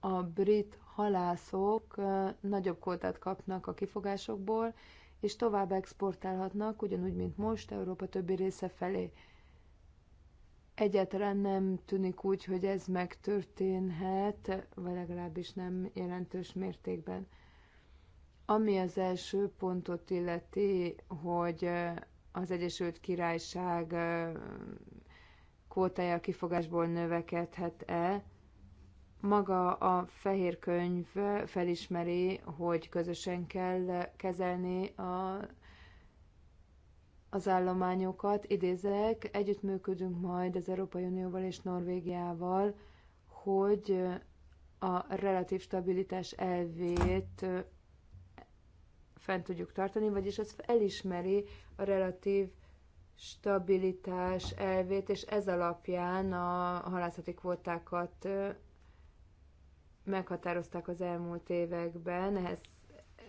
a brit halászok eh, nagyobb kótát kapnak a kifogásokból, és tovább exportálhatnak, ugyanúgy, mint most, Európa többi része felé. Egyáltalán nem tűnik úgy, hogy ez megtörténhet, vagy legalábbis nem jelentős mértékben. Ami az első pontot illeti, hogy az Egyesült Királyság kvótája kifogásból növekedhet-e, maga a fehér könyv felismeri, hogy közösen kell kezelni a, az állományokat. Idézek, együttműködünk majd az Európai Unióval és Norvégiával, hogy a relatív stabilitás elvét fent tudjuk tartani, vagyis az elismeri a relatív stabilitás elvét, és ez alapján a halászati kvótákat meghatározták az elmúlt években, ehhez,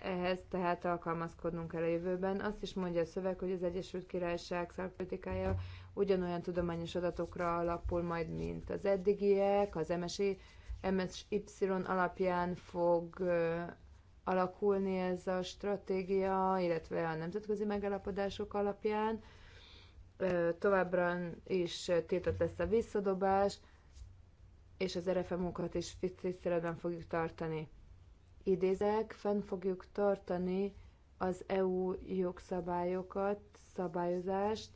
ehhez tehát alkalmazkodnunk kell a jövőben. Azt is mondja a szöveg, hogy az Egyesült Királyság szakpolitikája ugyanolyan tudományos adatokra alapul majd, mint az eddigiek, az MSI, MSY alapján fog alakulni ez a stratégia, illetve a nemzetközi megállapodások alapján. Továbbra is tiltott lesz a visszadobás, és az RFM-okat is tiszteletben fogjuk tartani. Idézek, fenn fogjuk tartani az EU jogszabályokat, szabályozást,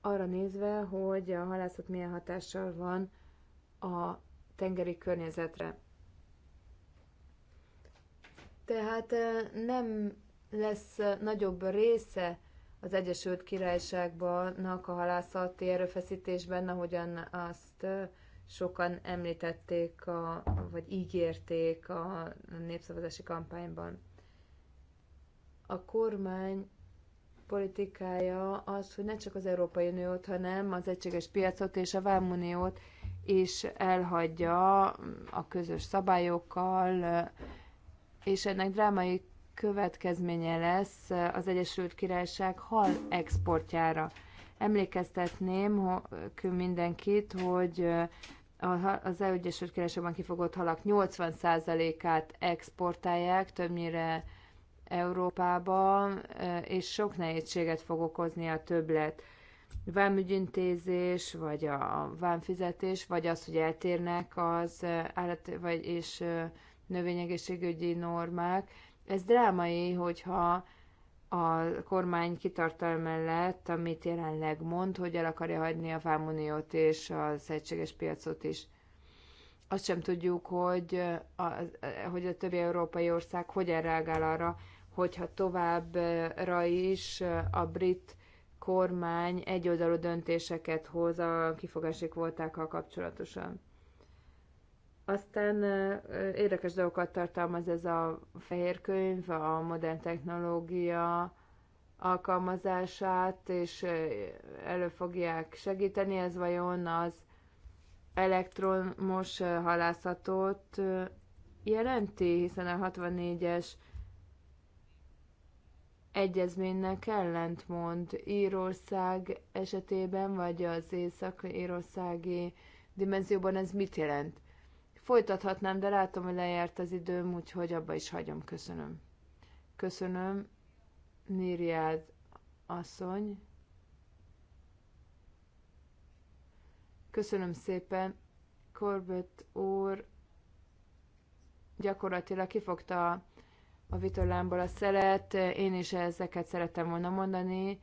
arra nézve, hogy a halászat milyen hatással van a tengeri környezetre. Tehát nem lesz nagyobb része az Egyesült Királyságban a halászati erőfeszítésben, ahogyan az ezt sokan említették, a, vagy ígérték a népszavazási kampányban. A kormány politikája az, hogy ne csak az Európai Uniót, hanem az egységes piacot és a Vámuniót is elhagyja a közös szabályokkal, és ennek drámai következménye lesz az Egyesült Királyság hal exportjára. Emlékeztetném mindenkit, hogy az EU Egyesült Királyságban kifogott halak 80%-át exportálják, többnyire Európába, és sok nehézséget fog okozni a többlet. Vámügyintézés, vagy a vámfizetés, vagy az, hogy eltérnek az állat vagy, és növényegészségügyi normák. Ez drámai, hogyha a kormány kitartal mellett, amit jelenleg mond, hogy el akarja hagyni a Fámuniót és az egységes piacot is. Azt sem tudjuk, hogy a, hogy a többi európai ország hogyan reagál arra, hogyha továbbra is a brit kormány egyoldalú döntéseket hoz a kifogási voltákkal kapcsolatosan. Aztán érdekes dolgokat tartalmaz ez a fehér könyv, a modern technológia alkalmazását, és elő fogják segíteni, ez vajon az elektromos halászatot jelenti, hiszen a 64-es egyezménynek ellentmond Írország esetében, vagy az észak-írországi dimenzióban ez mit jelent? Folytathatnám, de látom, hogy lejárt az időm, úgyhogy abba is hagyom. Köszönöm. Köszönöm, Níriád asszony. Köszönöm szépen, Corbett úr gyakorlatilag kifogta a vitorlámból a szelet, én is ezeket szerettem volna mondani,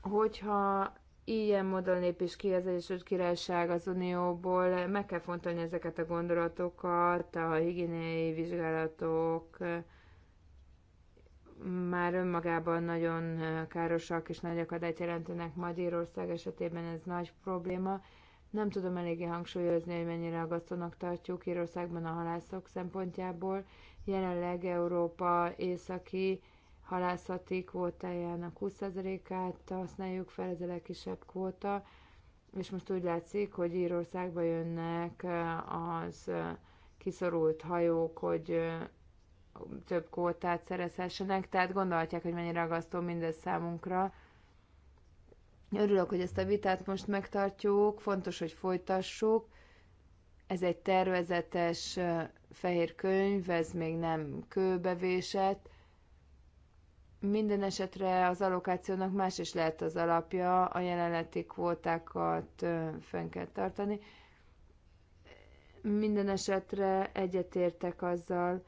hogyha ilyen módon lép is ki az Egyesült Királyság az Unióból. Meg kell fontolni ezeket a gondolatokat, a higiéniai vizsgálatok már önmagában nagyon károsak és nagy akadályt jelentenek Magyarország esetében, ez nagy probléma. Nem tudom eléggé hangsúlyozni, hogy mennyire aggasztónak tartjuk Írországban a halászok szempontjából. Jelenleg Európa északi halászati kvótájának 20%-át használjuk fel, ez a legkisebb kvóta, és most úgy látszik, hogy Írországba jönnek az kiszorult hajók, hogy több kvótát szerezhessenek, tehát gondolhatják, hogy mennyire ragasztó mindez számunkra. Örülök, hogy ezt a vitát most megtartjuk, fontos, hogy folytassuk. Ez egy tervezetes fehér könyv, ez még nem kőbevésett, minden esetre az allokációnak más is lehet az alapja, a jelenleti kvótákat fenn kell tartani. Minden esetre egyetértek azzal,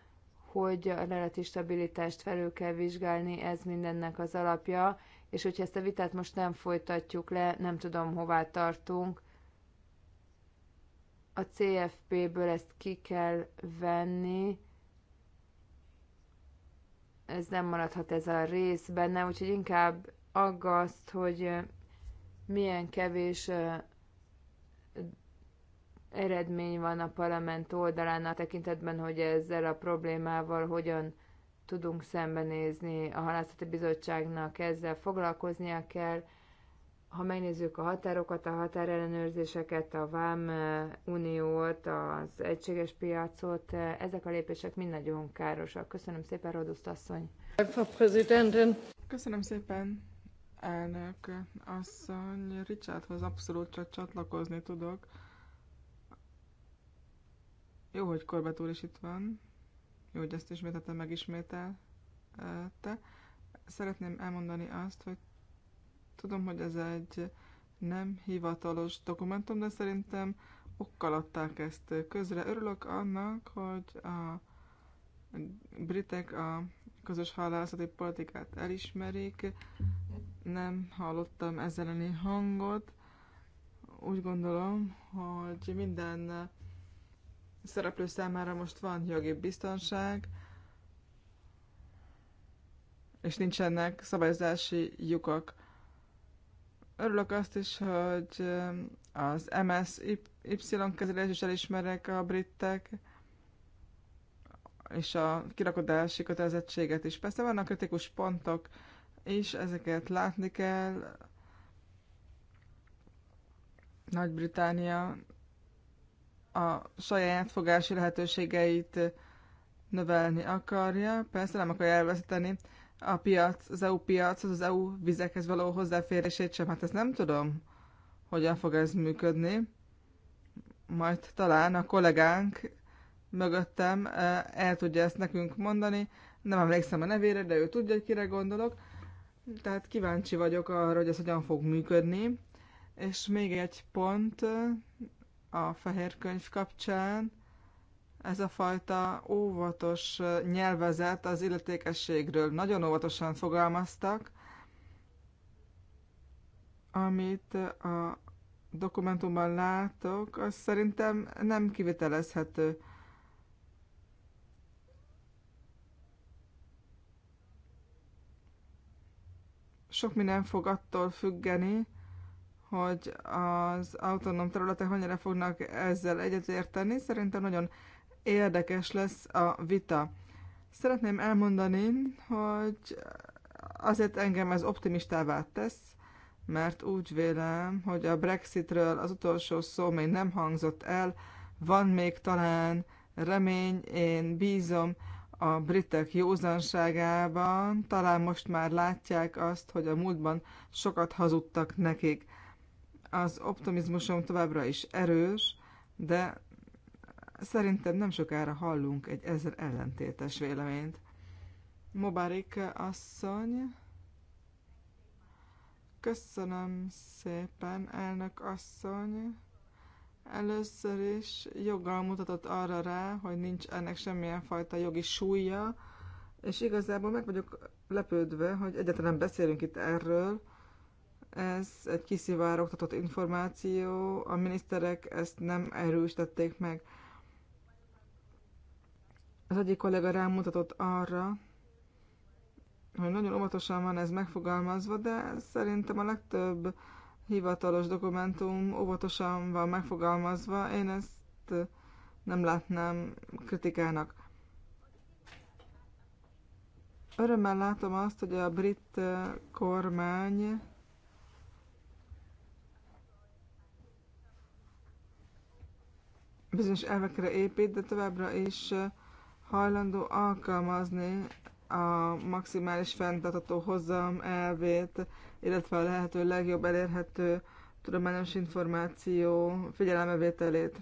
hogy a relatív stabilitást felül kell vizsgálni, ez mindennek az alapja, és hogyha ezt a vitát most nem folytatjuk le, nem tudom hová tartunk. A CFP-ből ezt ki kell venni, ez nem maradhat ez a rész benne, úgyhogy inkább aggaszt, hogy milyen kevés eredmény van a parlament oldalán a tekintetben, hogy ezzel a problémával hogyan tudunk szembenézni. A halászati bizottságnak ezzel foglalkoznia kell, ha megnézzük a határokat, a határellenőrzéseket, a VÁM eh, uniót, az egységes piacot, eh, ezek a lépések mind nagyon károsak. Köszönöm szépen, Roduszt asszony! Köszönöm szépen, elnök asszony. Richardhoz abszolút csak csatlakozni tudok. Jó, hogy Korbett úr is itt van. Jó, hogy ezt ismételten megismételte. Szeretném elmondani azt, hogy Tudom, hogy ez egy nem hivatalos dokumentum, de szerintem okkal adták ezt közre. Örülök annak, hogy a britek a közös hálászati politikát elismerik. Nem hallottam ezzel elleni hangot. Úgy gondolom, hogy minden szereplő számára most van jogi biztonság, és nincsenek szabályzási lyukak. Örülök azt is, hogy az MSY kezelés is elismerek a britek, és a kirakodási kötelezettséget is. Persze vannak kritikus pontok, és ezeket látni kell. Nagy-Británia a saját fogási lehetőségeit növelni akarja, persze nem akarja elveszteni a piac, az EU piac, az, az EU vizekhez való hozzáférését sem. Hát ezt nem tudom, hogyan fog ez működni. Majd talán a kollégánk mögöttem el tudja ezt nekünk mondani. Nem emlékszem a nevére, de ő tudja, hogy kire gondolok. Tehát kíváncsi vagyok arra, hogy ez hogyan fog működni. És még egy pont a fehér könyv kapcsán ez a fajta óvatos nyelvezet az illetékességről. Nagyon óvatosan fogalmaztak, amit a dokumentumban látok, az szerintem nem kivitelezhető. Sok minden fog attól függeni, hogy az autonóm területek mennyire fognak ezzel egyetérteni. Szerintem nagyon érdekes lesz a vita. Szeretném elmondani, hogy azért engem ez optimistává tesz, mert úgy vélem, hogy a Brexitről az utolsó szó még nem hangzott el, van még talán remény, én bízom a britek józanságában, talán most már látják azt, hogy a múltban sokat hazudtak nekik. Az optimizmusom továbbra is erős, de Szerintem nem sokára hallunk egy ezzel ellentétes véleményt. Mobarik asszony, köszönöm szépen, elnök asszony. Először is joggal mutatott arra rá, hogy nincs ennek semmilyen fajta jogi súlya, és igazából meg vagyok lepődve, hogy egyáltalán beszélünk itt erről. Ez egy kiszivárogtatott információ, a miniszterek ezt nem erősítették meg. Az egyik kollega rámutatott arra, hogy nagyon óvatosan van ez megfogalmazva, de szerintem a legtöbb hivatalos dokumentum óvatosan van megfogalmazva. Én ezt nem látnám kritikának. Örömmel látom azt, hogy a brit kormány bizonyos elvekre épít, de továbbra is hajlandó alkalmazni a maximális fenntartató hozzam elvét, illetve a lehető legjobb elérhető tudományos információ figyelemevételét.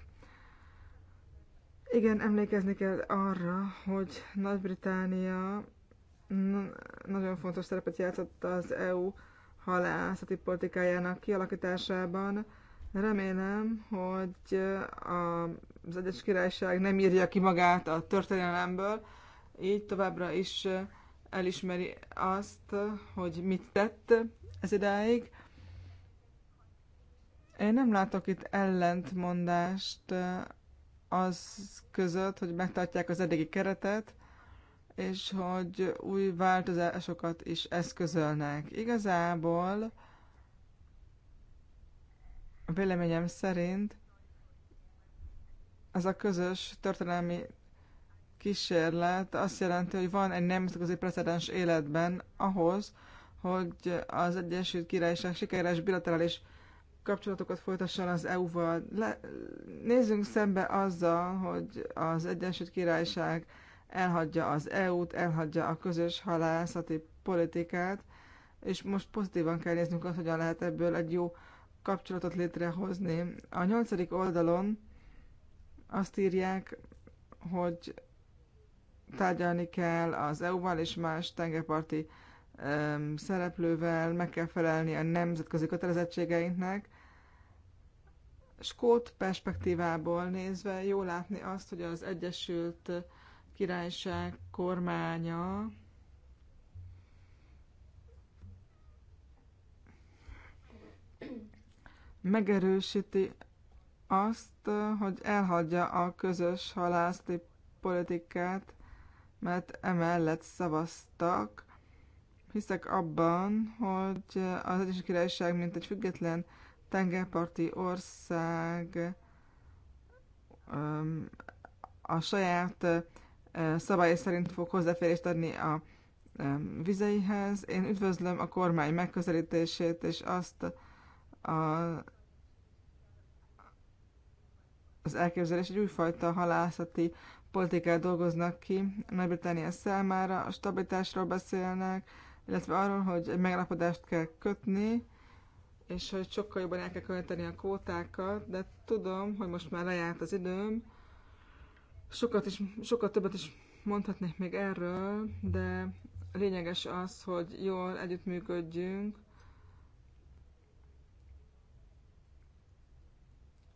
Igen, emlékezni kell arra, hogy Nagy-Británia nagyon fontos szerepet játszott az EU halászati politikájának kialakításában. Remélem, hogy a az Egyes Királyság nem írja ki magát a történelemből, így továbbra is elismeri azt, hogy mit tett ez idáig. Én nem látok itt ellentmondást az között, hogy megtartják az eddigi keretet, és hogy új változásokat is eszközölnek. Igazából véleményem szerint ez a közös történelmi kísérlet azt jelenti, hogy van egy nemzetközi precedens életben ahhoz, hogy az Egyesült Királyság sikeres bilaterális kapcsolatokat folytasson az EU-val. Le, nézzünk szembe azzal, hogy az Egyesült Királyság elhagyja az EU-t, elhagyja a közös halászati politikát, és most pozitívan kell néznünk azt, hogyan lehet ebből egy jó kapcsolatot létrehozni. A nyolcadik oldalon azt írják, hogy tárgyalni kell az EU-val és más tengerparti um, szereplővel, meg kell felelni a nemzetközi kötelezettségeinknek. Skót perspektívából nézve jó látni azt, hogy az Egyesült Királyság kormánya megerősíti azt, hogy elhagyja a közös halászti politikát, mert emellett szavaztak. Hiszek abban, hogy az Egyesült Királyság, mint egy független tengerparti ország a saját szabály szerint fog hozzáférést adni a vizeihez. Én üdvözlöm a kormány megközelítését, és azt a az elképzelés, egy újfajta halászati politikát dolgoznak ki Nagy-Britannia számára, a stabilitásról beszélnek, illetve arról, hogy egy megállapodást kell kötni, és hogy sokkal jobban el kell költeni a kvótákat, de tudom, hogy most már lejárt az időm, sokat, is, sokat többet is mondhatnék még erről, de lényeges az, hogy jól együttműködjünk,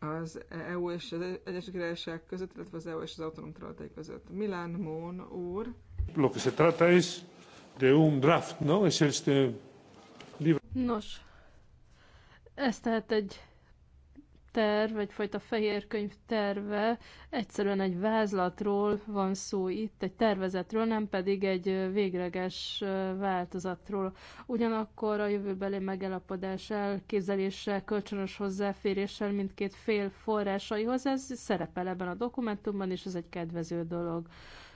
az EU és az Egyesült Királyság között, illetve az EU és az autonóm területei között. Milán Món úr. Lo que se trata es de un draft, no? Es este libro. Nos, ez tehát egy terv, egyfajta fehér könyv terve, egyszerűen egy vázlatról van szó itt, egy tervezetről, nem pedig egy végleges változatról. Ugyanakkor a jövőbeli megelapodás elképzelése, kölcsönös hozzáféréssel mindkét fél forrásaihoz, ez szerepel ebben a dokumentumban, és ez egy kedvező dolog.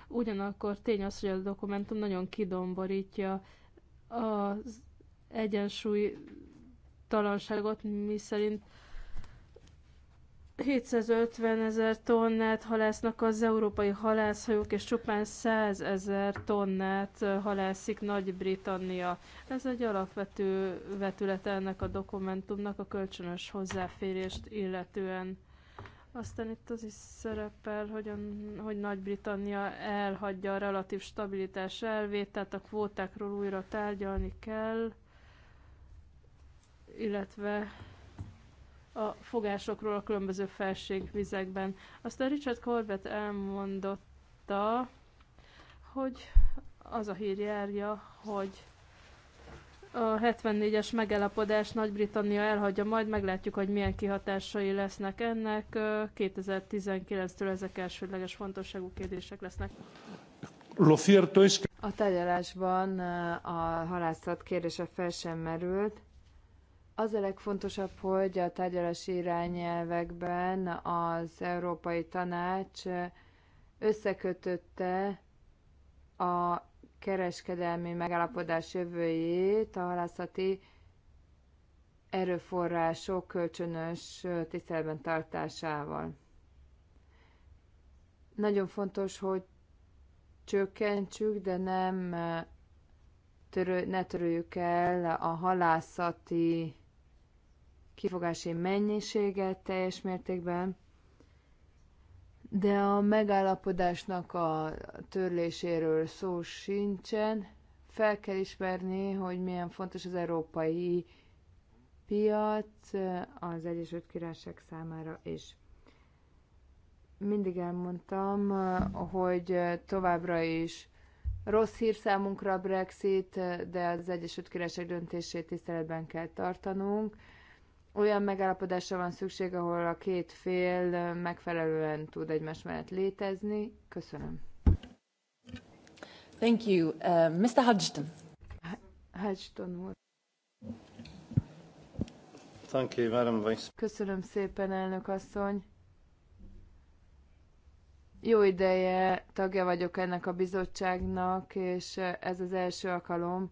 Ugyanakkor tény az, hogy a dokumentum nagyon kidomborítja az talanságot, mi szerint 750 ezer tonnát halásznak az európai halászhajók, és csupán 100 ezer tonnát halászik Nagy-Britannia. Ez egy alapvető vetület ennek a dokumentumnak a kölcsönös hozzáférést illetően. Aztán itt az is szerepel, hogy, a, hogy Nagy-Britannia elhagyja a relatív stabilitás elvét, tehát a kvótákról újra tárgyalni kell, illetve a fogásokról a különböző felségvizekben. Aztán Richard Corbett elmondotta, hogy az a hír járja, hogy a 74-es megállapodás Nagy-Britannia elhagyja, majd meglátjuk, hogy milyen kihatásai lesznek ennek. 2019-től ezek elsődleges fontosságú kérdések lesznek. Lo cierto es A tárgyalásban a halászat kérdése fel sem merült, az a legfontosabb, hogy a tárgyalási irányelvekben az Európai Tanács összekötötte a kereskedelmi megállapodás jövőjét a halászati erőforrások kölcsönös tiszteletben tartásával. Nagyon fontos, hogy csökkentsük, de nem törő, ne törőjük el a halászati kifogási mennyiséget teljes mértékben, de a megállapodásnak a törléséről szó sincsen. Fel kell ismerni, hogy milyen fontos az európai piac az Egyesült Királyság számára is. Mindig elmondtam, hogy továbbra is rossz hír számunkra a Brexit, de az Egyesült Királyság döntését tiszteletben kell tartanunk olyan megállapodásra van szükség, ahol a két fél megfelelően tud egymás mellett létezni. Köszönöm. Thank you. Uh, Mr. Hodgson. Hodgson úr. Thank you, Madam Vice. Köszönöm szépen, elnök asszony. Jó ideje tagja vagyok ennek a bizottságnak, és ez az első alkalom,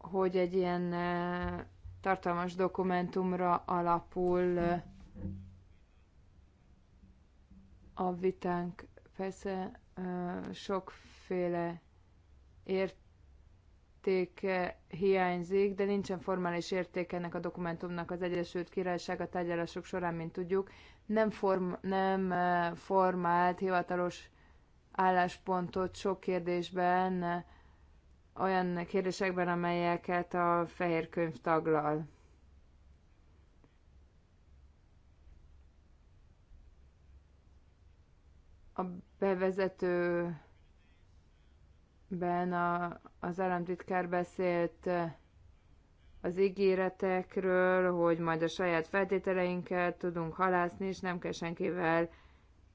hogy egy ilyen tartalmas dokumentumra alapul a vitánk. Persze sokféle értéke hiányzik, de nincsen formális értéke ennek a dokumentumnak az Egyesült Királyság a tárgyalások során, mint tudjuk. Nem, form, nem formált hivatalos álláspontot sok kérdésben olyan kérdésekben, amelyeket a fehér könyv taglal. A bevezetőben a, az államtitkár beszélt az ígéretekről, hogy majd a saját feltételeinket tudunk halászni, és nem kell senkivel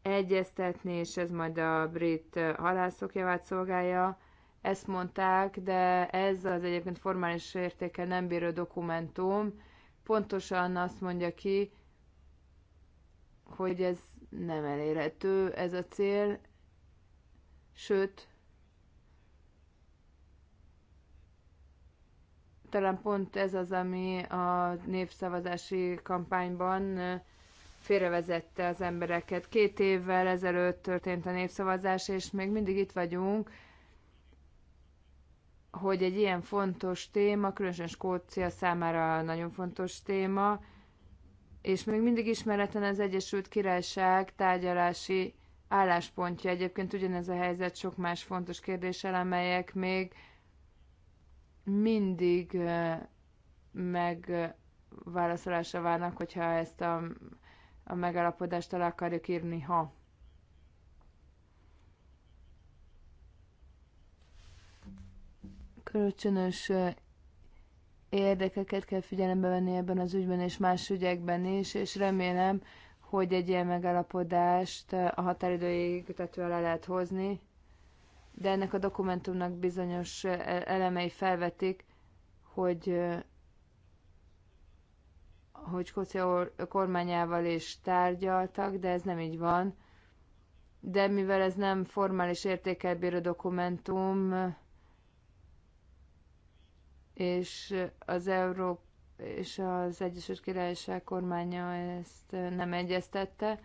egyeztetni, és ez majd a brit halászok javát szolgálja ezt mondták, de ez az egyébként formális értéke nem bírő dokumentum pontosan azt mondja ki, hogy ez nem elérhető, ez a cél, sőt, talán pont ez az, ami a népszavazási kampányban félrevezette az embereket. Két évvel ezelőtt történt a népszavazás, és még mindig itt vagyunk, hogy egy ilyen fontos téma, különösen Skócia számára nagyon fontos téma, és még mindig ismeretlen az Egyesült Királyság tárgyalási álláspontja. Egyébként ugyanez a helyzet sok más fontos kérdéssel, amelyek még mindig megválaszolásra várnak, hogyha ezt a, a megállapodást alá akarjuk írni, ha. kölcsönös érdekeket kell figyelembe venni ebben az ügyben és más ügyekben is, és remélem, hogy egy ilyen megállapodást a határidőig tetően le lehet hozni, de ennek a dokumentumnak bizonyos elemei felvetik, hogy hogy Skócia kormányával is tárgyaltak, de ez nem így van. De mivel ez nem formális értékelbíró dokumentum, és az Európa és az Egyesült Királyság kormánya ezt nem egyeztette.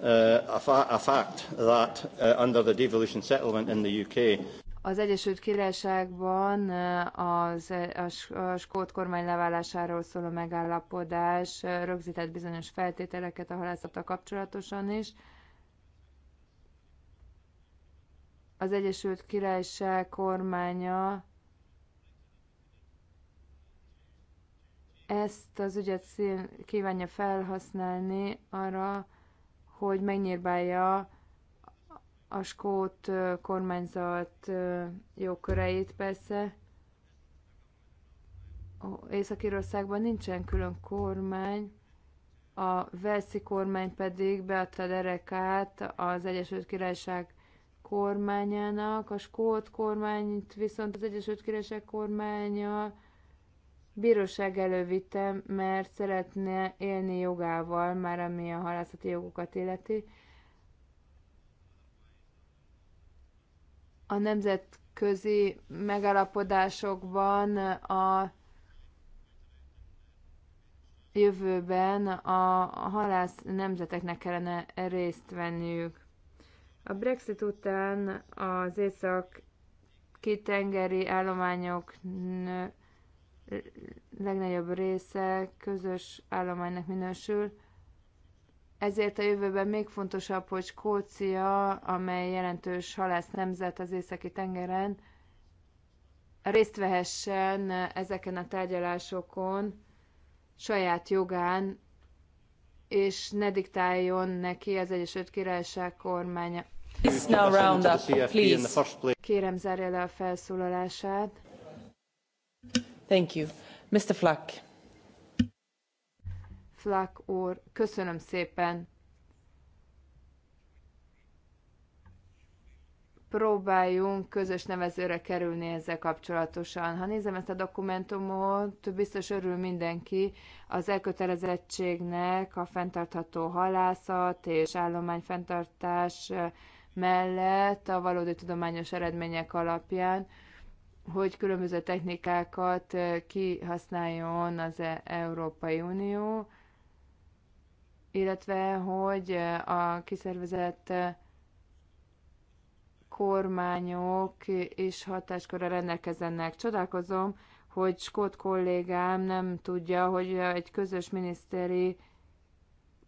Uh, a, fact that uh, under the devolution settlement in the UK az Egyesült Királyságban az, a, a skót kormány leválásáról szóló megállapodás rögzített bizonyos feltételeket a halászata kapcsolatosan is. Az Egyesült Királyság kormánya Ezt az ügyet kívánja felhasználni arra, hogy megnyírbálja a skót kormányzat jogköreit persze. Észak-Írországban nincsen külön kormány, a Velszi kormány pedig beadta derekát az Egyesült Királyság kormányának, a skót kormányt viszont az Egyesült Királyság kormánya bíróság elővitte, mert szeretne élni jogával, már ami a halászati jogokat illeti. A nemzetközi megalapodásokban a jövőben a halász nemzeteknek kellene részt venniük. A Brexit után az észak kitengeri állományok nő, legnagyobb része közös állománynak minősül. Ezért a jövőben még fontosabb, hogy Skócia, amely jelentős halász nemzet az északi tengeren, részt vehessen ezeken a tárgyalásokon saját jogán, és ne diktáljon neki az Egyesült Királyság kormánya. Kérem zárja le a felszólalását. Thank you. Mr. Flack. Flack úr, köszönöm szépen. próbáljunk közös nevezőre kerülni ezzel kapcsolatosan. Ha nézem ezt a dokumentumot, biztos örül mindenki az elkötelezettségnek a fenntartható halászat és állományfenntartás mellett a valódi tudományos eredmények alapján hogy különböző technikákat eh, kihasználjon az e- Európai Unió, illetve hogy eh, a kiszervezett eh, kormányok is hatáskörre rendelkezzenek. Csodálkozom, hogy Skót kollégám nem tudja, hogy egy közös miniszteri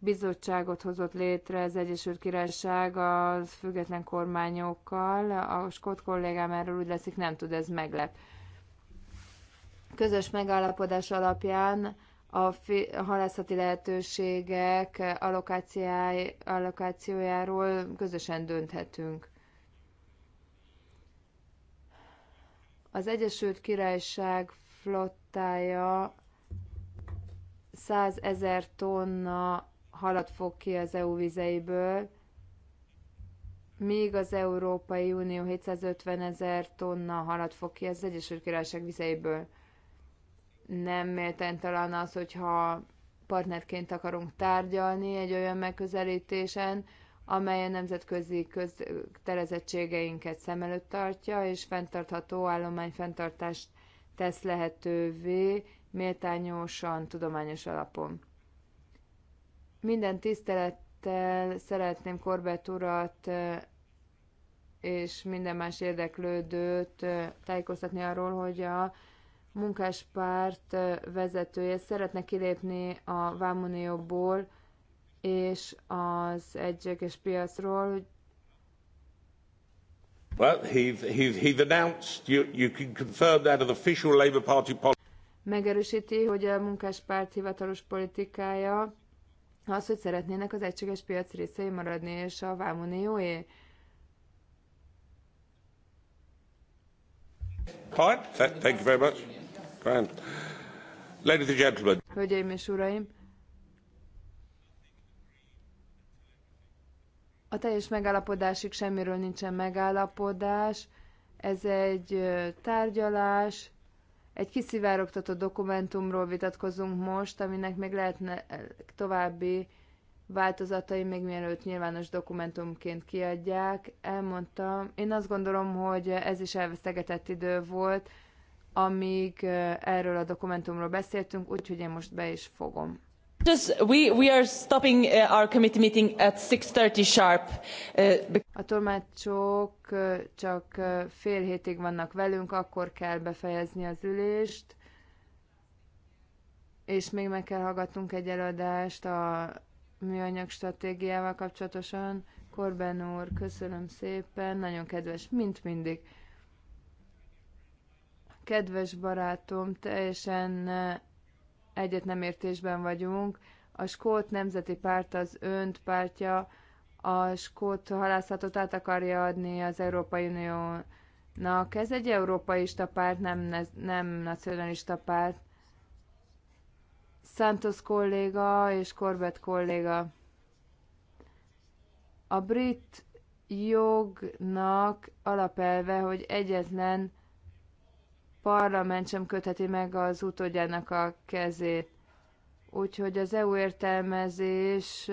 bizottságot hozott létre az Egyesült Királyság a független kormányokkal. A skót kollégám erről úgy leszik, nem tud, ez meglep. Közös megállapodás alapján a halászati lehetőségek allokációjáról közösen dönthetünk. Az Egyesült Királyság flottája 100 ezer tonna halat fog ki az EU vizeiből, míg az Európai Unió 750 ezer tonna halat fog ki az Egyesült Királyság vizeiből. Nem méltánytalan az, hogyha partnerként akarunk tárgyalni egy olyan megközelítésen, amely a nemzetközi kötelezettségeinket szem előtt tartja, és fenntartható állomány fenntartást tesz lehetővé méltányosan, tudományos alapon. Minden tisztelettel szeretném Korbett urat és minden más érdeklődőt tájékoztatni arról, hogy a munkáspárt vezetője szeretne kilépni a Vámunióból és az egységes piacról, Well, he's, he's, he's announced, you, you can confirm that of the official Labour Party policy. Megerősíti, hogy a munkáspárt hivatalos politikája az, hogy szeretnének az egységes piac részei maradni, és a Vámunióé. Fine, thank you very much. Grand. Ladies and gentlemen. Hölgyeim és uraim, a teljes megállapodásig semmiről nincsen megállapodás, ez egy tárgyalás, egy kiszivárogtatott dokumentumról vitatkozunk most, aminek még lehetne eh, további változatai, még mielőtt nyilvános dokumentumként kiadják. Elmondtam, én azt gondolom, hogy ez is elvesztegetett idő volt, amíg eh, erről a dokumentumról beszéltünk, úgyhogy én most be is fogom. We, we are stopping uh, our committee meeting at 6.30 sharp. Uh, a tolmácsok uh, csak fél hétig vannak velünk, akkor kell befejezni az ülést, és még meg kell hallgatnunk egy előadást a műanyag stratégiával kapcsolatosan. Korben úr, köszönöm szépen, nagyon kedves, mint mindig. Kedves barátom, teljesen egyet nem értésben vagyunk. A Skót Nemzeti Párt az önt pártja, a skót halászatot át akarja adni az Európai Uniónak. Ez egy európaista párt, nem, nem nacionalista párt. Santos kolléga és Corbett kolléga. A brit jognak alapelve, hogy egyetlen parlament sem kötheti meg az utódjának a kezét. Úgyhogy az EU értelmezés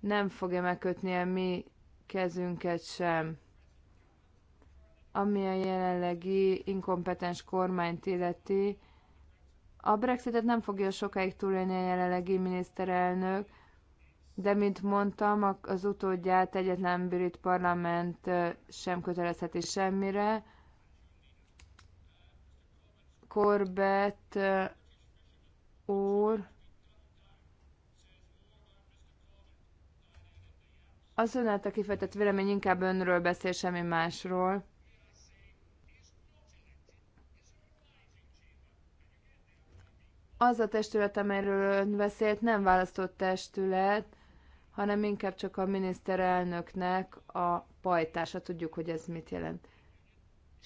nem fogja megkötni a mi kezünket sem. Ami a jelenlegi inkompetens kormányt illeti, a Brexitet nem fogja sokáig túlélni a jelenlegi miniszterelnök, de mint mondtam, az utódját egyetlen brit parlament sem kötelezheti semmire, Corbett eh, úr az ön által kifejtett vélemény inkább önről beszél, semmi másról. Az a testület, amelyről ön beszélt, nem választott testület, hanem inkább csak a miniszterelnöknek a pajtása. Tudjuk, hogy ez mit jelent.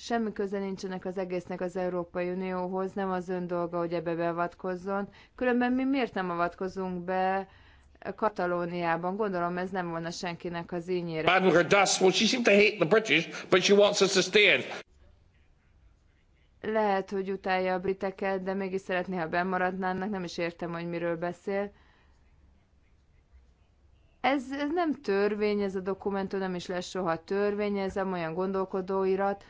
Semmi köze nincsenek az egésznek az Európai Unióhoz, nem az ön dolga, hogy ebbe beavatkozzon. Különben mi miért nem avatkozunk be Katalóniában? Gondolom ez nem volna senkinek az ínyére. Lehet, hogy utálja a briteket, de mégis szeretné, ha bemaradnának, nem is értem, hogy miről beszél. Ez, ez nem törvény, ez a dokumentum nem is lesz soha törvény, ez a olyan gondolkodóirat,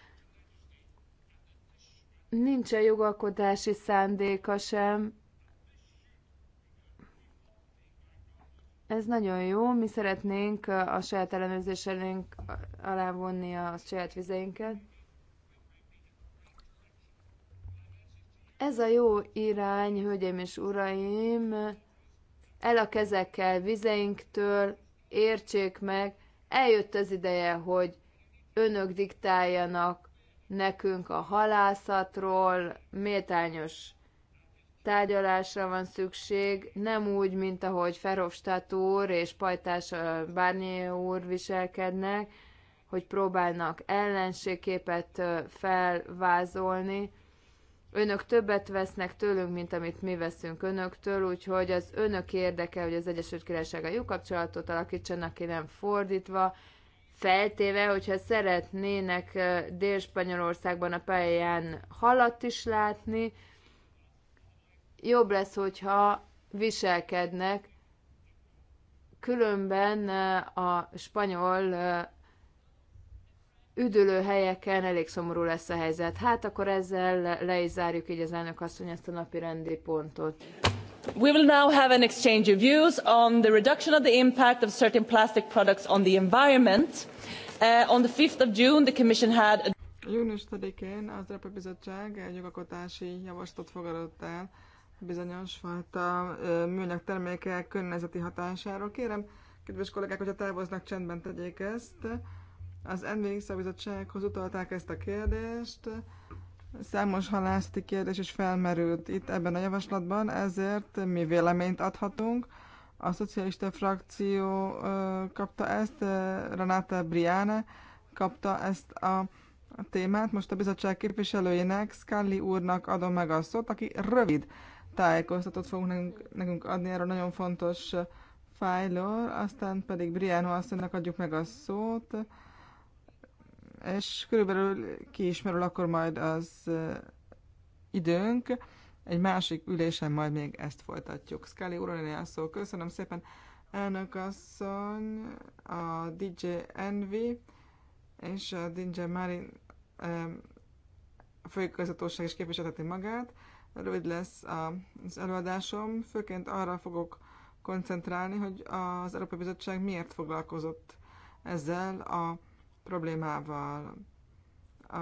nincsen jogalkotási szándéka sem. Ez nagyon jó, mi szeretnénk a saját ellenőrzéseink alá vonni a saját vizeinket. Ez a jó irány, hölgyeim és uraim, el a kezekkel vizeinktől, értsék meg, eljött az ideje, hogy önök diktáljanak nekünk a halászatról méltányos tárgyalásra van szükség, nem úgy, mint ahogy Ferhofstadt úr és Pajtás Bárnyé úr viselkednek, hogy próbálnak ellenségképet felvázolni. Önök többet vesznek tőlünk, mint amit mi veszünk önöktől, úgyhogy az önök érdeke, hogy az Egyesült a jó kapcsolatot alakítsanak ki, nem fordítva, feltéve, hogyha szeretnének Dél-Spanyolországban a pályán halat is látni, jobb lesz, hogyha viselkednek, különben a spanyol üdülőhelyeken elég szomorú lesz a helyzet. Hát akkor ezzel le is zárjuk így az elnök asszony ezt a napi rendi pontot we will now have an exchange of views on the reduction of the impact of certain plastic products on the environment. Uh, on the 5th of June, the Commission had... A Június 10-én az Európai Bizottság egy jogalkotási javaslatot fogadott el bizonyos fajta műanyag termékek környezeti hatásáról. Kérem, kedves kollégák, hogyha távoznak, csendben tegyék ezt. Az NVX bizottsághoz utalták ezt a kérdést. Számos halászti kérdés is felmerült itt ebben a javaslatban, ezért mi véleményt adhatunk. A szocialista frakció kapta ezt, Renata Briane kapta ezt a témát. Most a bizottság képviselőjének, Scully úrnak adom meg a szót, aki rövid tájékoztatót fogunk nekünk adni erről nagyon fontos fájlor, aztán pedig Briano asszonynak adjuk meg a szót és körülbelül ismerül, akkor majd az időnk. Egy másik ülésen majd még ezt folytatjuk. Szkáli úr, szó. Köszönöm szépen, elnök asszony, a DJ Envy és a DJ Marin főigazgatóság is képviselheti magát. Rövid lesz az előadásom. Főként arra fogok koncentrálni, hogy az Európai Bizottság miért foglalkozott ezzel a problémával. A,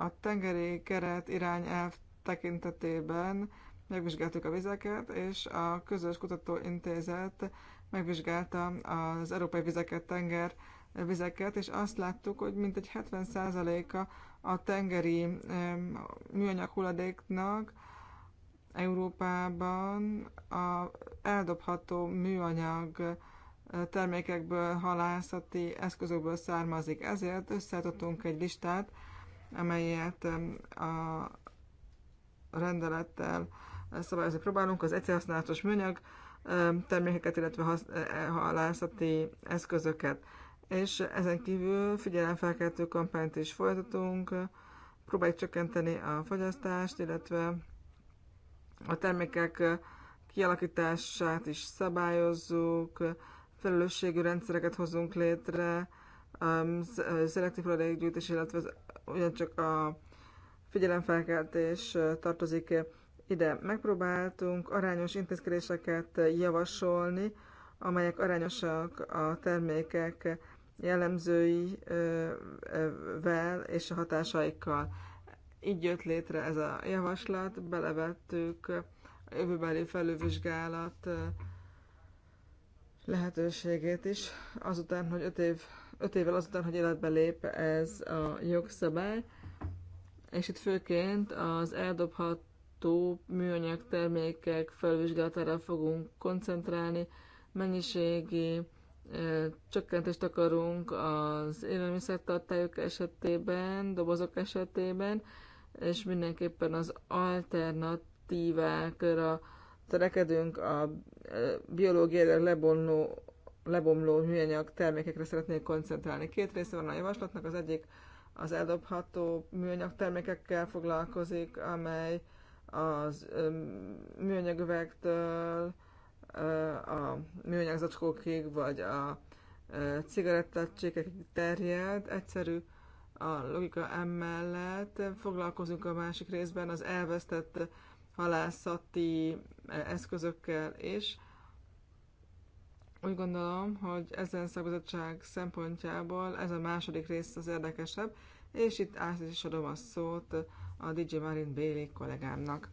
a tengeri keret irányelv tekintetében megvizsgáltuk a vizeket, és a közös kutatóintézet megvizsgálta az európai vizeket, tenger vizeket, és azt láttuk, hogy mintegy 70%-a a tengeri műanyag hulladéknak Európában a eldobható műanyag termékekből, halászati eszközökből származik. Ezért összeadottunk egy listát, amelyet a rendelettel szabályozni próbálunk, az egyszerhasználatos műanyag termékeket, illetve e, halászati eszközöket. És ezen kívül figyelemfelkeltő kampányt is folytatunk, próbáljuk csökkenteni a fogyasztást, illetve a termékek kialakítását is szabályozzuk, felelősségű rendszereket hozunk létre, um, szelektív hulladékgyűjtés, illetve az, ugyancsak a figyelemfelkeltés tartozik ide. Megpróbáltunk arányos intézkedéseket javasolni, amelyek arányosak a termékek jellemzőivel és a hatásaikkal. Így jött létre ez a javaslat, belevettük a jövőbeli felülvizsgálat lehetőségét is, azután, hogy öt év, öt évvel azután, hogy életbe lép ez a jogszabály, és itt főként az eldobható műanyag termékek felvizsgálatára fogunk koncentrálni, mennyiségi csökkentést akarunk az élelmiszertartályok esetében, dobozok esetében, és mindenképpen az alternatívákra törekedünk a biológiailag lebomló, lebomló műanyag termékekre szeretnék koncentrálni. Két része van a javaslatnak, az egyik az eldobható műanyag termékekkel foglalkozik, amely az műanyagövektől a műanyag zacskókig, vagy a cigarettacsékekig terjed. Egyszerű a logika emellett. Foglalkozunk a másik részben az elvesztett halászati e, eszközökkel is. Úgy gondolom, hogy ezen szabadság szempontjából ez a második rész az érdekesebb, és itt át is adom a szót a DJ Marin Bailey kollégámnak.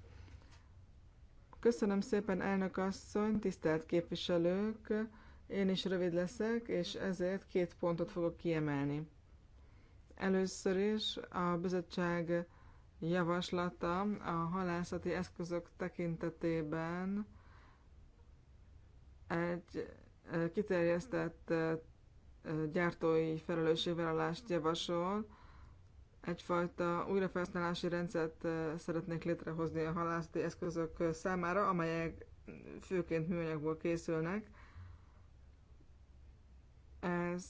Köszönöm szépen, elnök asszony, tisztelt képviselők! Én is rövid leszek, és ezért két pontot fogok kiemelni. Először is a bizottság javaslata a halászati eszközök tekintetében egy kiterjesztett gyártói felelősségvállalást javasol, egyfajta újrafelhasználási rendszert szeretnék létrehozni a halászati eszközök számára, amelyek főként műanyagból készülnek. Ez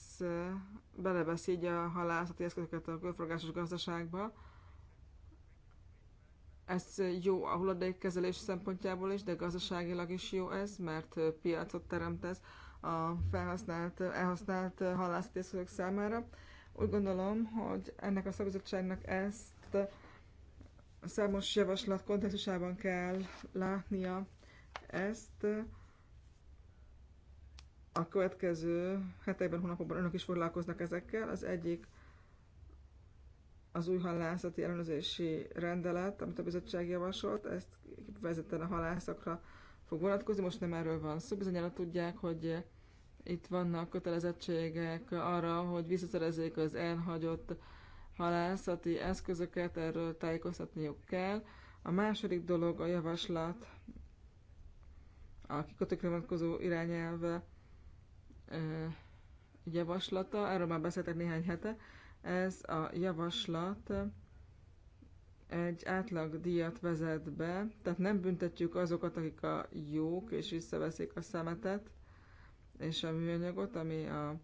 beleveszi így a halászati eszközöket a körforgásos gazdaságba, ez jó a hulladékkezelés szempontjából is, de gazdaságilag is jó ez, mert piacot teremt ez a felhasznált, elhasznált halásztészközök számára. Úgy gondolom, hogy ennek a szabizottságnak ezt számos javaslat kontextusában kell látnia ezt. A következő hetekben, hónapokban önök is foglalkoznak ezekkel. Az egyik az új halászati ellenőrzési rendelet, amit a bizottság javasolt, ezt vezetten a halászakra fog vonatkozni, most nem erről van szó, bizonyára tudják, hogy itt vannak kötelezettségek arra, hogy visszaszerezzék az elhagyott halászati eszközöket, erről tájékoztatniuk kell. A második dolog a javaslat, a kikötőkre vonatkozó irányelv javaslata, erről már beszéltek néhány hete, ez a javaslat egy átlag díjat vezet be, tehát nem büntetjük azokat, akik a jók, és visszaveszik a szemetet, és a műanyagot, ami a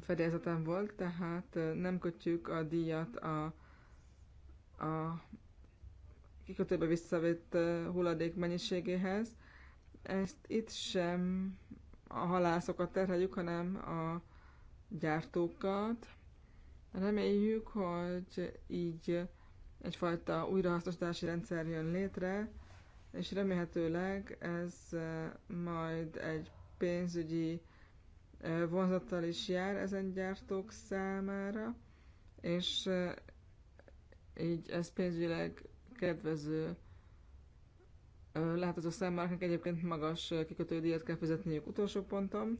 fedélzeten volt, tehát nem kötjük a díjat a, a kikötőbe visszavett hulladék mennyiségéhez. Ezt itt sem a halászokat terheljük, hanem a gyártókat, Reméljük, hogy így egyfajta újrahasznosítási rendszer jön létre, és remélhetőleg ez majd egy pénzügyi vonzattal is jár ezen gyártók számára, és így ez pénzügyileg kedvező látozó számáraknak egyébként magas kikötődíjat kell fizetniük utolsó ponton.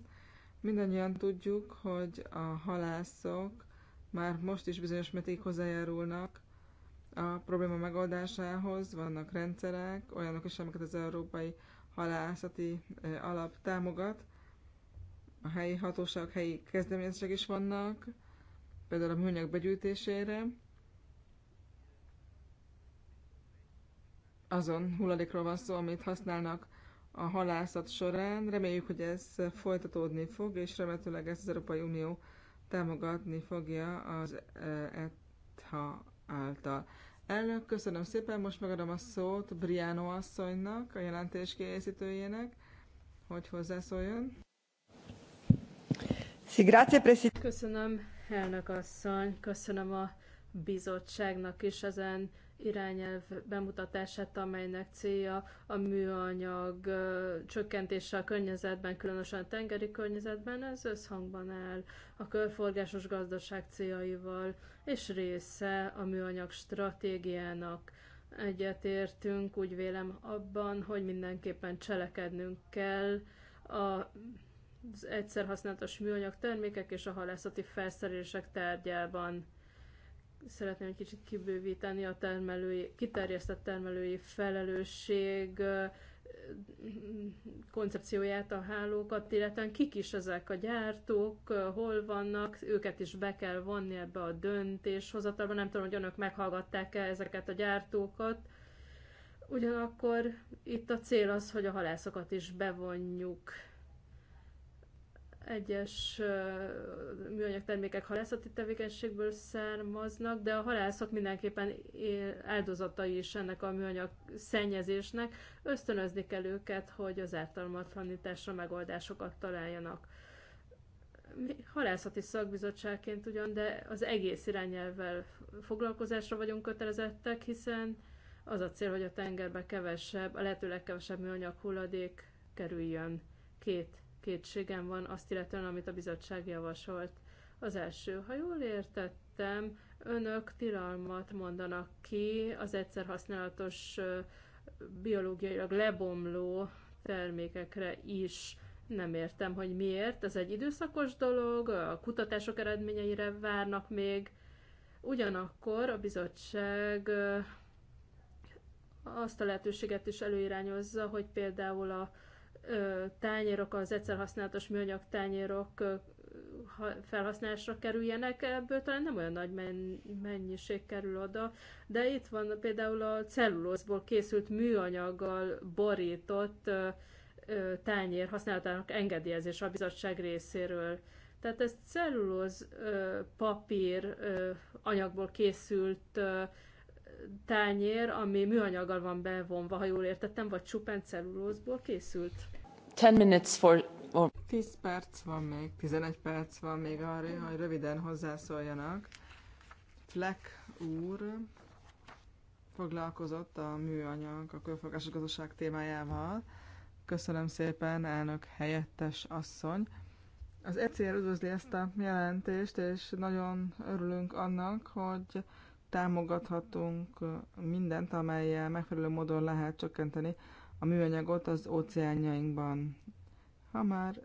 Mindannyian tudjuk, hogy a halászok már most is bizonyos mértékig hozzájárulnak a probléma megoldásához, vannak rendszerek, olyanok is, amiket az Európai Halászati Alap támogat, a helyi hatóság, helyi kezdeményezések is vannak, például a műanyag begyűjtésére, azon hulladékról van szó, amit használnak a halászat során. Reméljük, hogy ez folytatódni fog, és remélhetőleg ezt az Európai Unió támogatni fogja az ETHA által. Elnök, köszönöm szépen, most megadom a szót Briano asszonynak, a jelentés készítőjének, hogy hozzászóljon. Köszönöm, elnök asszony, köszönöm a bizottságnak is ezen irányelv bemutatását, amelynek célja a műanyag csökkentése a környezetben, különösen a tengeri környezetben, ez összhangban áll a körforgásos gazdaság céljaival, és része a műanyag stratégiának. Egyetértünk, úgy vélem abban, hogy mindenképpen cselekednünk kell a az egyszer használatos műanyag termékek és a halászati felszerelések tárgyában szeretném egy kicsit kibővíteni a termelői, kiterjesztett termelői felelősség koncepcióját, a hálókat, illetve kik is ezek a gyártók, hol vannak, őket is be kell vonni ebbe a döntéshozatalba. Nem tudom, hogy önök meghallgatták-e ezeket a gyártókat. Ugyanakkor itt a cél az, hogy a halászokat is bevonjuk egyes műanyag termékek halászati tevékenységből származnak, de a halászok mindenképpen áldozatai is ennek a műanyag szennyezésnek. Ösztönözni kell őket, hogy az ártalmatlanításra megoldásokat találjanak. Mi halászati szakbizottságként ugyan, de az egész irányelvvel foglalkozásra vagyunk kötelezettek, hiszen az a cél, hogy a tengerbe kevesebb, a lehetőleg kevesebb műanyag hulladék kerüljön két kétségem van azt illetően, amit a bizottság javasolt. Az első, ha jól értettem, önök tilalmat mondanak ki az használatos biológiailag lebomló termékekre is. Nem értem, hogy miért. Ez egy időszakos dolog, a kutatások eredményeire várnak még. Ugyanakkor a bizottság azt a lehetőséget is előirányozza, hogy például a tányérok, az egyszer használatos műanyag tányérok felhasználásra kerüljenek, ebből talán nem olyan nagy mennyiség kerül oda, de itt van például a cellulózból készült műanyaggal borított tányér használatának engedélyezés a bizottság részéről. Tehát ez cellulóz papír anyagból készült tányér, ami műanyaggal van bevonva, ha jól értettem, vagy csupán cellulózból készült. 10 minutes for... Or... 10 perc van még, 11 perc van még arra, hogy röviden hozzászóljanak. Fleck úr foglalkozott a műanyag, a körfogásos gazdaság témájával. Köszönöm szépen, elnök helyettes asszony. Az ECR üdvözli ezt a jelentést, és nagyon örülünk annak, hogy támogathatunk mindent, amelyel megfelelő módon lehet csökkenteni a műanyagot az óceánjainkban. Ha már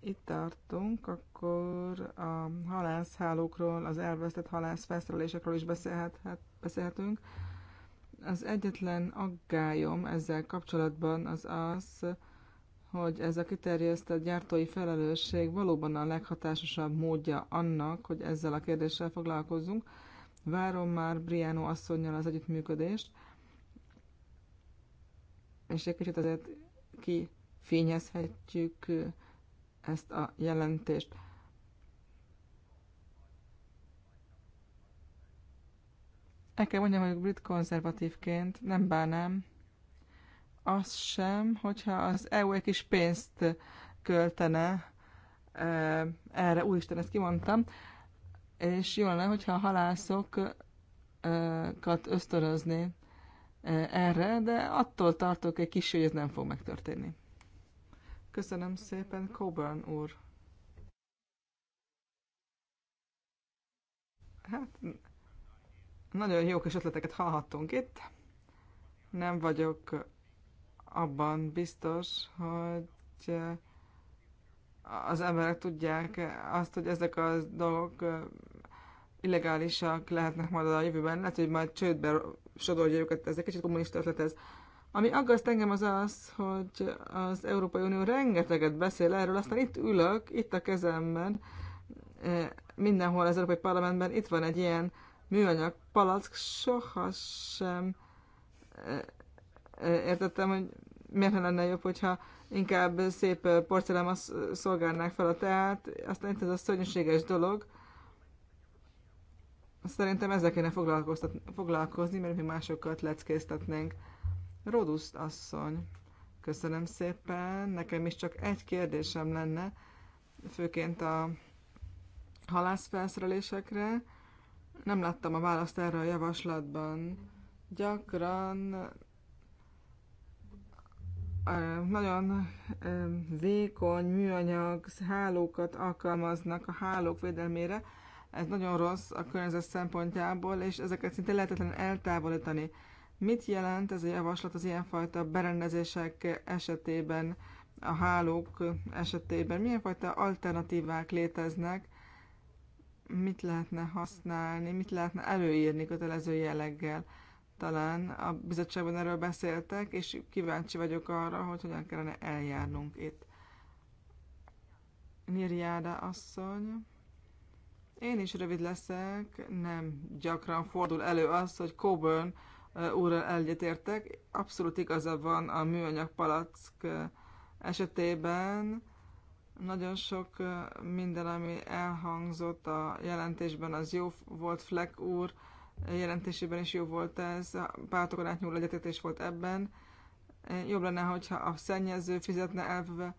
itt tartunk, akkor a halászhálókról, az elvesztett halászfelszerelésekről is beszélhet, hát beszélhetünk. Az egyetlen aggályom ezzel kapcsolatban az az, hogy ez a kiterjesztett gyártói felelősség valóban a leghatásosabb módja annak, hogy ezzel a kérdéssel foglalkozzunk, Várom már Briano asszonynal az együttműködést, és egy kicsit azért kifényezhetjük ezt a jelentést. El kell mondjam, hogy brit konzervatívként nem bánám az sem, hogyha az EU egy kis pénzt költene eh, erre, úristen, ezt kimondtam, és jó lenne, hogyha a halászokat ösztörözni e, erre, de attól tartok egy kis, hogy ez nem fog megtörténni. Köszönöm szépen, Coburn úr. Hát, nagyon jók és ötleteket hallhattunk itt. Nem vagyok abban biztos, hogy az emberek tudják azt, hogy ezek a dolgok illegálisak lehetnek majd a jövőben, lehet, hogy majd csődbe sodorja őket, ez egy kicsit kommunista ötlet ez. Ami aggaszt engem az az, hogy az Európai Unió rengeteget beszél erről, aztán itt ülök, itt a kezemben, mindenhol az Európai Parlamentben itt van egy ilyen műanyag palack, sohasem értettem, hogy miért lenne jobb, hogyha inkább szép porcelán szolgálnák fel a teát, aztán itt ez a szörnyűséges dolog. Szerintem ezzel kéne foglalkozni, mert mi másokat leckéztetnénk. Rodusz asszony, köszönöm szépen. Nekem is csak egy kérdésem lenne, főként a halászfelszerelésekre. Nem láttam a választ erre a javaslatban. Gyakran nagyon vékony műanyag hálókat alkalmaznak a hálók védelmére. Ez nagyon rossz a környezet szempontjából, és ezeket szinte lehetetlen eltávolítani. Mit jelent ez a javaslat az ilyenfajta berendezések esetében, a hálók esetében? Milyen fajta alternatívák léteznek? Mit lehetne használni, mit lehetne előírni kötelező jelleggel? talán a bizottságban erről beszéltek, és kíváncsi vagyok arra, hogy hogyan kellene eljárnunk itt. Nirjáda asszony. Én is rövid leszek, nem gyakran fordul elő az, hogy Coburn úrral egyetértek. Abszolút igaza van a műanyag palack esetében. Nagyon sok minden, ami elhangzott a jelentésben, az jó volt Fleck úr jelentésében is jó volt ez, a pártokon átnyúló egyetetés volt ebben. Jobb lenne, hogyha a szennyező fizetne elve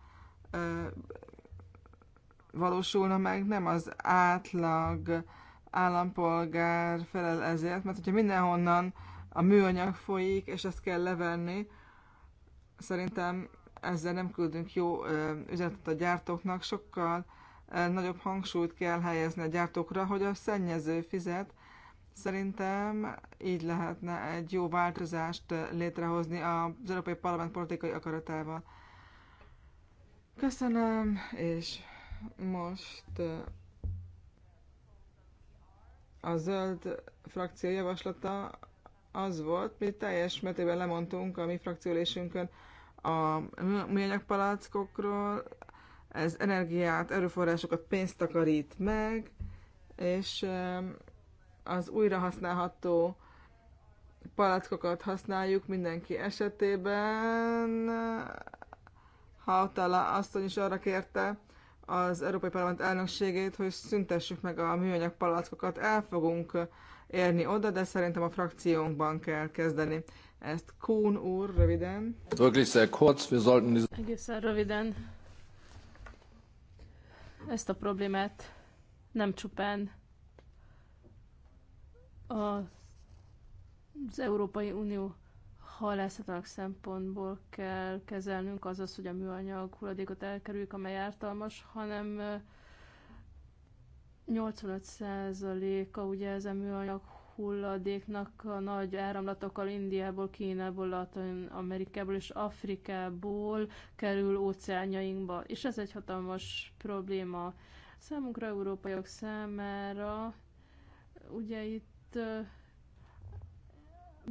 valósulna meg, nem az átlag állampolgár felel ezért, mert hogyha mindenhonnan a műanyag folyik, és ezt kell levenni, szerintem ezzel nem küldünk jó üzenetet a gyártóknak, sokkal nagyobb hangsúlyt kell helyezni a gyártókra, hogy a szennyező fizet, Szerintem így lehetne egy jó változást eh, létrehozni az Európai Parlament politikai akaratával. Köszönöm, és most eh, a zöld frakció javaslata az volt, mi teljes mértékben lemondtunk a mi frakciólésünkön a műanyagpalackokról, ez energiát, erőforrásokat, pénzt takarít meg, és eh, az újrahasználható palackokat használjuk mindenki esetében. Hautala asszony is arra kérte az Európai Parlament elnökségét, hogy szüntessük meg a műanyag palackokat. El fogunk érni oda, de szerintem a frakciónkban kell kezdeni. Ezt Kuhn úr, röviden. Egészen röviden. Ezt a problémát nem csupán az Európai Unió halászatának szempontból kell kezelnünk, azaz, hogy a műanyag hulladékot elkerüljük, amely ártalmas, hanem 85%-a ugye ez a műanyag hulladéknak a nagy áramlatokkal Indiából, Kínából, Latin Amerikából és Afrikából kerül óceánjainkba. És ez egy hatalmas probléma számunkra, európaiak számára. Ugye itt mert hát,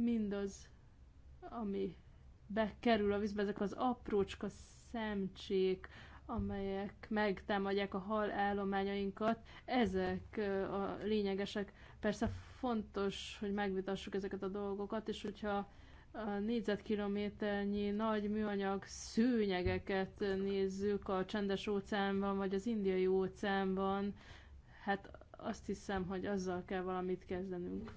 mindaz, ami bekerül a vízbe, ezek az aprócska szemcsék, amelyek megtámadják a hal állományainkat, ezek a lényegesek. Persze fontos, hogy megvitassuk ezeket a dolgokat, és hogyha a négyzetkilométernyi nagy műanyag szőnyegeket nézzük a csendes óceánban, vagy az indiai óceánban, hát azt hiszem, hogy azzal kell valamit kezdenünk.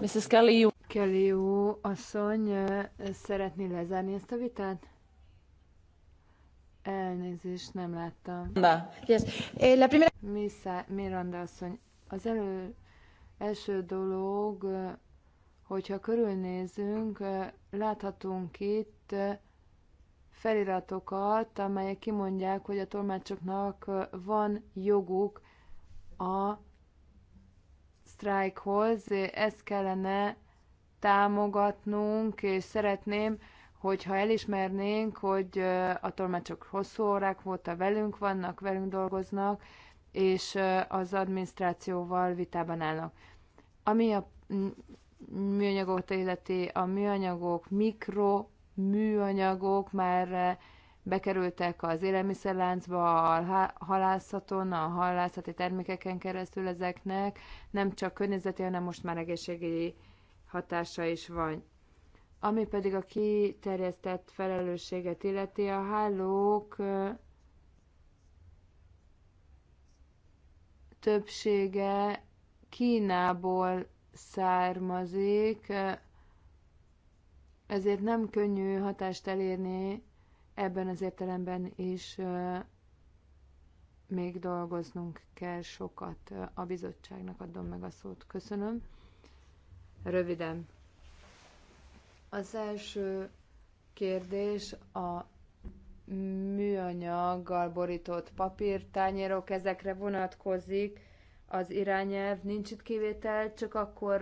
Mrs. Kelly, you... Kelly jó asszony, szeretné lezárni ezt a vitát? Elnézést, nem láttam. Na, yes. Eh, la primera... Misa, Miranda asszony, az elő, első dolog, hogyha körülnézünk, láthatunk itt feliratokat, amelyek kimondják, hogy a tolmácsoknak van joguk a sztrájkhoz, ezt kellene támogatnunk, és szeretném, hogyha elismernénk, hogy a tolmácsok hosszú órák voltak, velünk vannak, velünk dolgoznak, és az adminisztrációval vitában állnak. Ami a műanyagot illeti, a műanyagok, mikro műanyagok már bekerültek az élelmiszerláncba, a halászaton, a halászati termékeken keresztül ezeknek nem csak környezeti, hanem most már egészségügyi hatása is van. Ami pedig a kiterjesztett felelősséget illeti, a hálók többsége Kínából származik, ezért nem könnyű hatást elérni Ebben az értelemben is még dolgoznunk kell sokat. A bizottságnak adom meg a szót. Köszönöm. Röviden. Az első kérdés a műanyaggal borított papírtányérok, ezekre vonatkozik az irányelv, nincs itt kivétel, csak akkor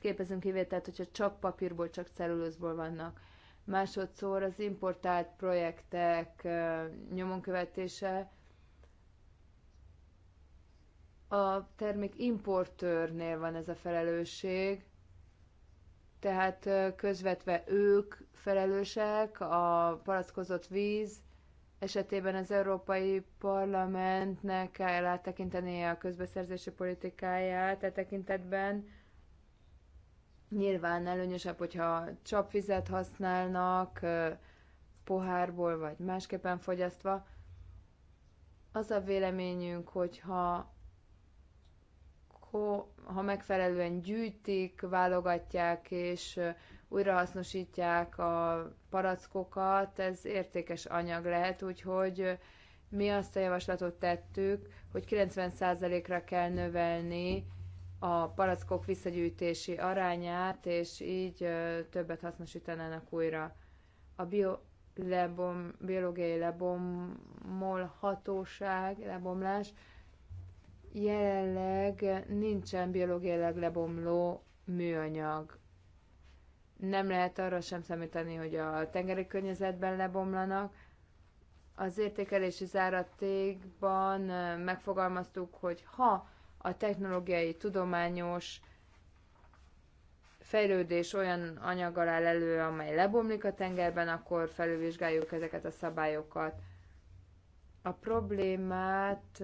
képezünk kivételt, hogyha csak papírból, csak cellulózból vannak másodszor az importált projektek nyomon követése, a termék importőrnél van ez a felelősség, tehát közvetve ők felelősek, a palackozott víz esetében az Európai Parlamentnek kell áttekintenie a közbeszerzési politikáját e tekintetben, Nyilván előnyösebb, hogyha csapvizet használnak, pohárból vagy másképpen fogyasztva. Az a véleményünk, hogyha ha megfelelően gyűjtik, válogatják és újrahasznosítják a parackokat, ez értékes anyag lehet, úgyhogy mi azt a javaslatot tettük, hogy 90%-ra kell növelni a palackok visszagyűjtési arányát, és így többet hasznosítanának újra. A bio lebom, biológiai lebomolhatóság, lebomlás jelenleg nincsen biológiailag lebomló műanyag. Nem lehet arra sem számítani, hogy a tengeri környezetben lebomlanak. Az értékelési záratékban megfogalmaztuk, hogy ha a technológiai, tudományos fejlődés olyan anyag áll elő, amely lebomlik a tengerben, akkor felülvizsgáljuk ezeket a szabályokat. A problémát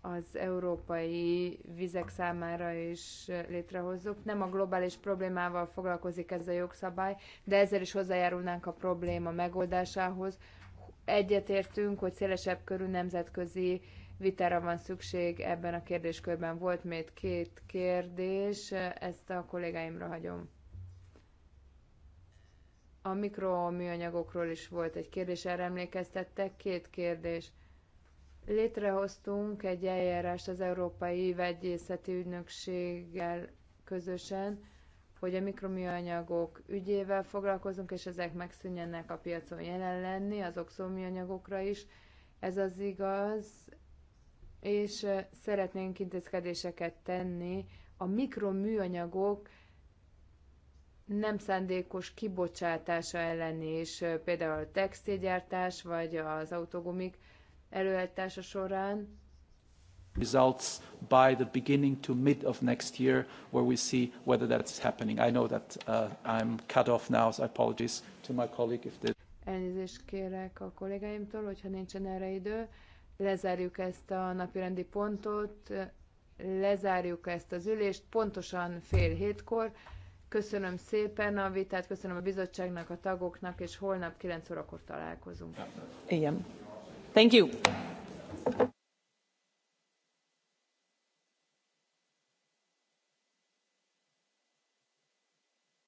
az európai vizek számára is létrehozzuk. Nem a globális problémával foglalkozik ez a jogszabály, de ezzel is hozzájárulnánk a probléma megoldásához. Egyetértünk, hogy szélesebb körű nemzetközi vitára van szükség ebben a kérdéskörben. Volt még két kérdés, ezt a kollégáimra hagyom. A mikroműanyagokról is volt egy kérdés, erre emlékeztettek, két kérdés. Létrehoztunk egy eljárást az Európai Vegyészeti Ügynökséggel közösen, hogy a mikroműanyagok ügyével foglalkozunk, és ezek megszűnjenek a piacon jelen lenni, az oxóműanyagokra is. Ez az igaz, és szeretnénk intézkedéseket tenni a mikroműanyagok nem szándékos kibocsátása ellen is, például a textilgyártás vagy az autogumik előállítása során. Results by the beginning to mid of next year, where we see whether that's happening. I know that uh, I'm cut off now, so apologies to my colleague if this. Elnézést kérek a kollégáimtól, hogyha nincsen erre idő. Lezárjuk ezt a napirendi pontot, lezárjuk ezt az ülést pontosan fél hétkor. Köszönöm szépen a vitát, köszönöm a bizottságnak, a tagoknak, és holnap 9 órakor találkozunk. Igen. Thank you.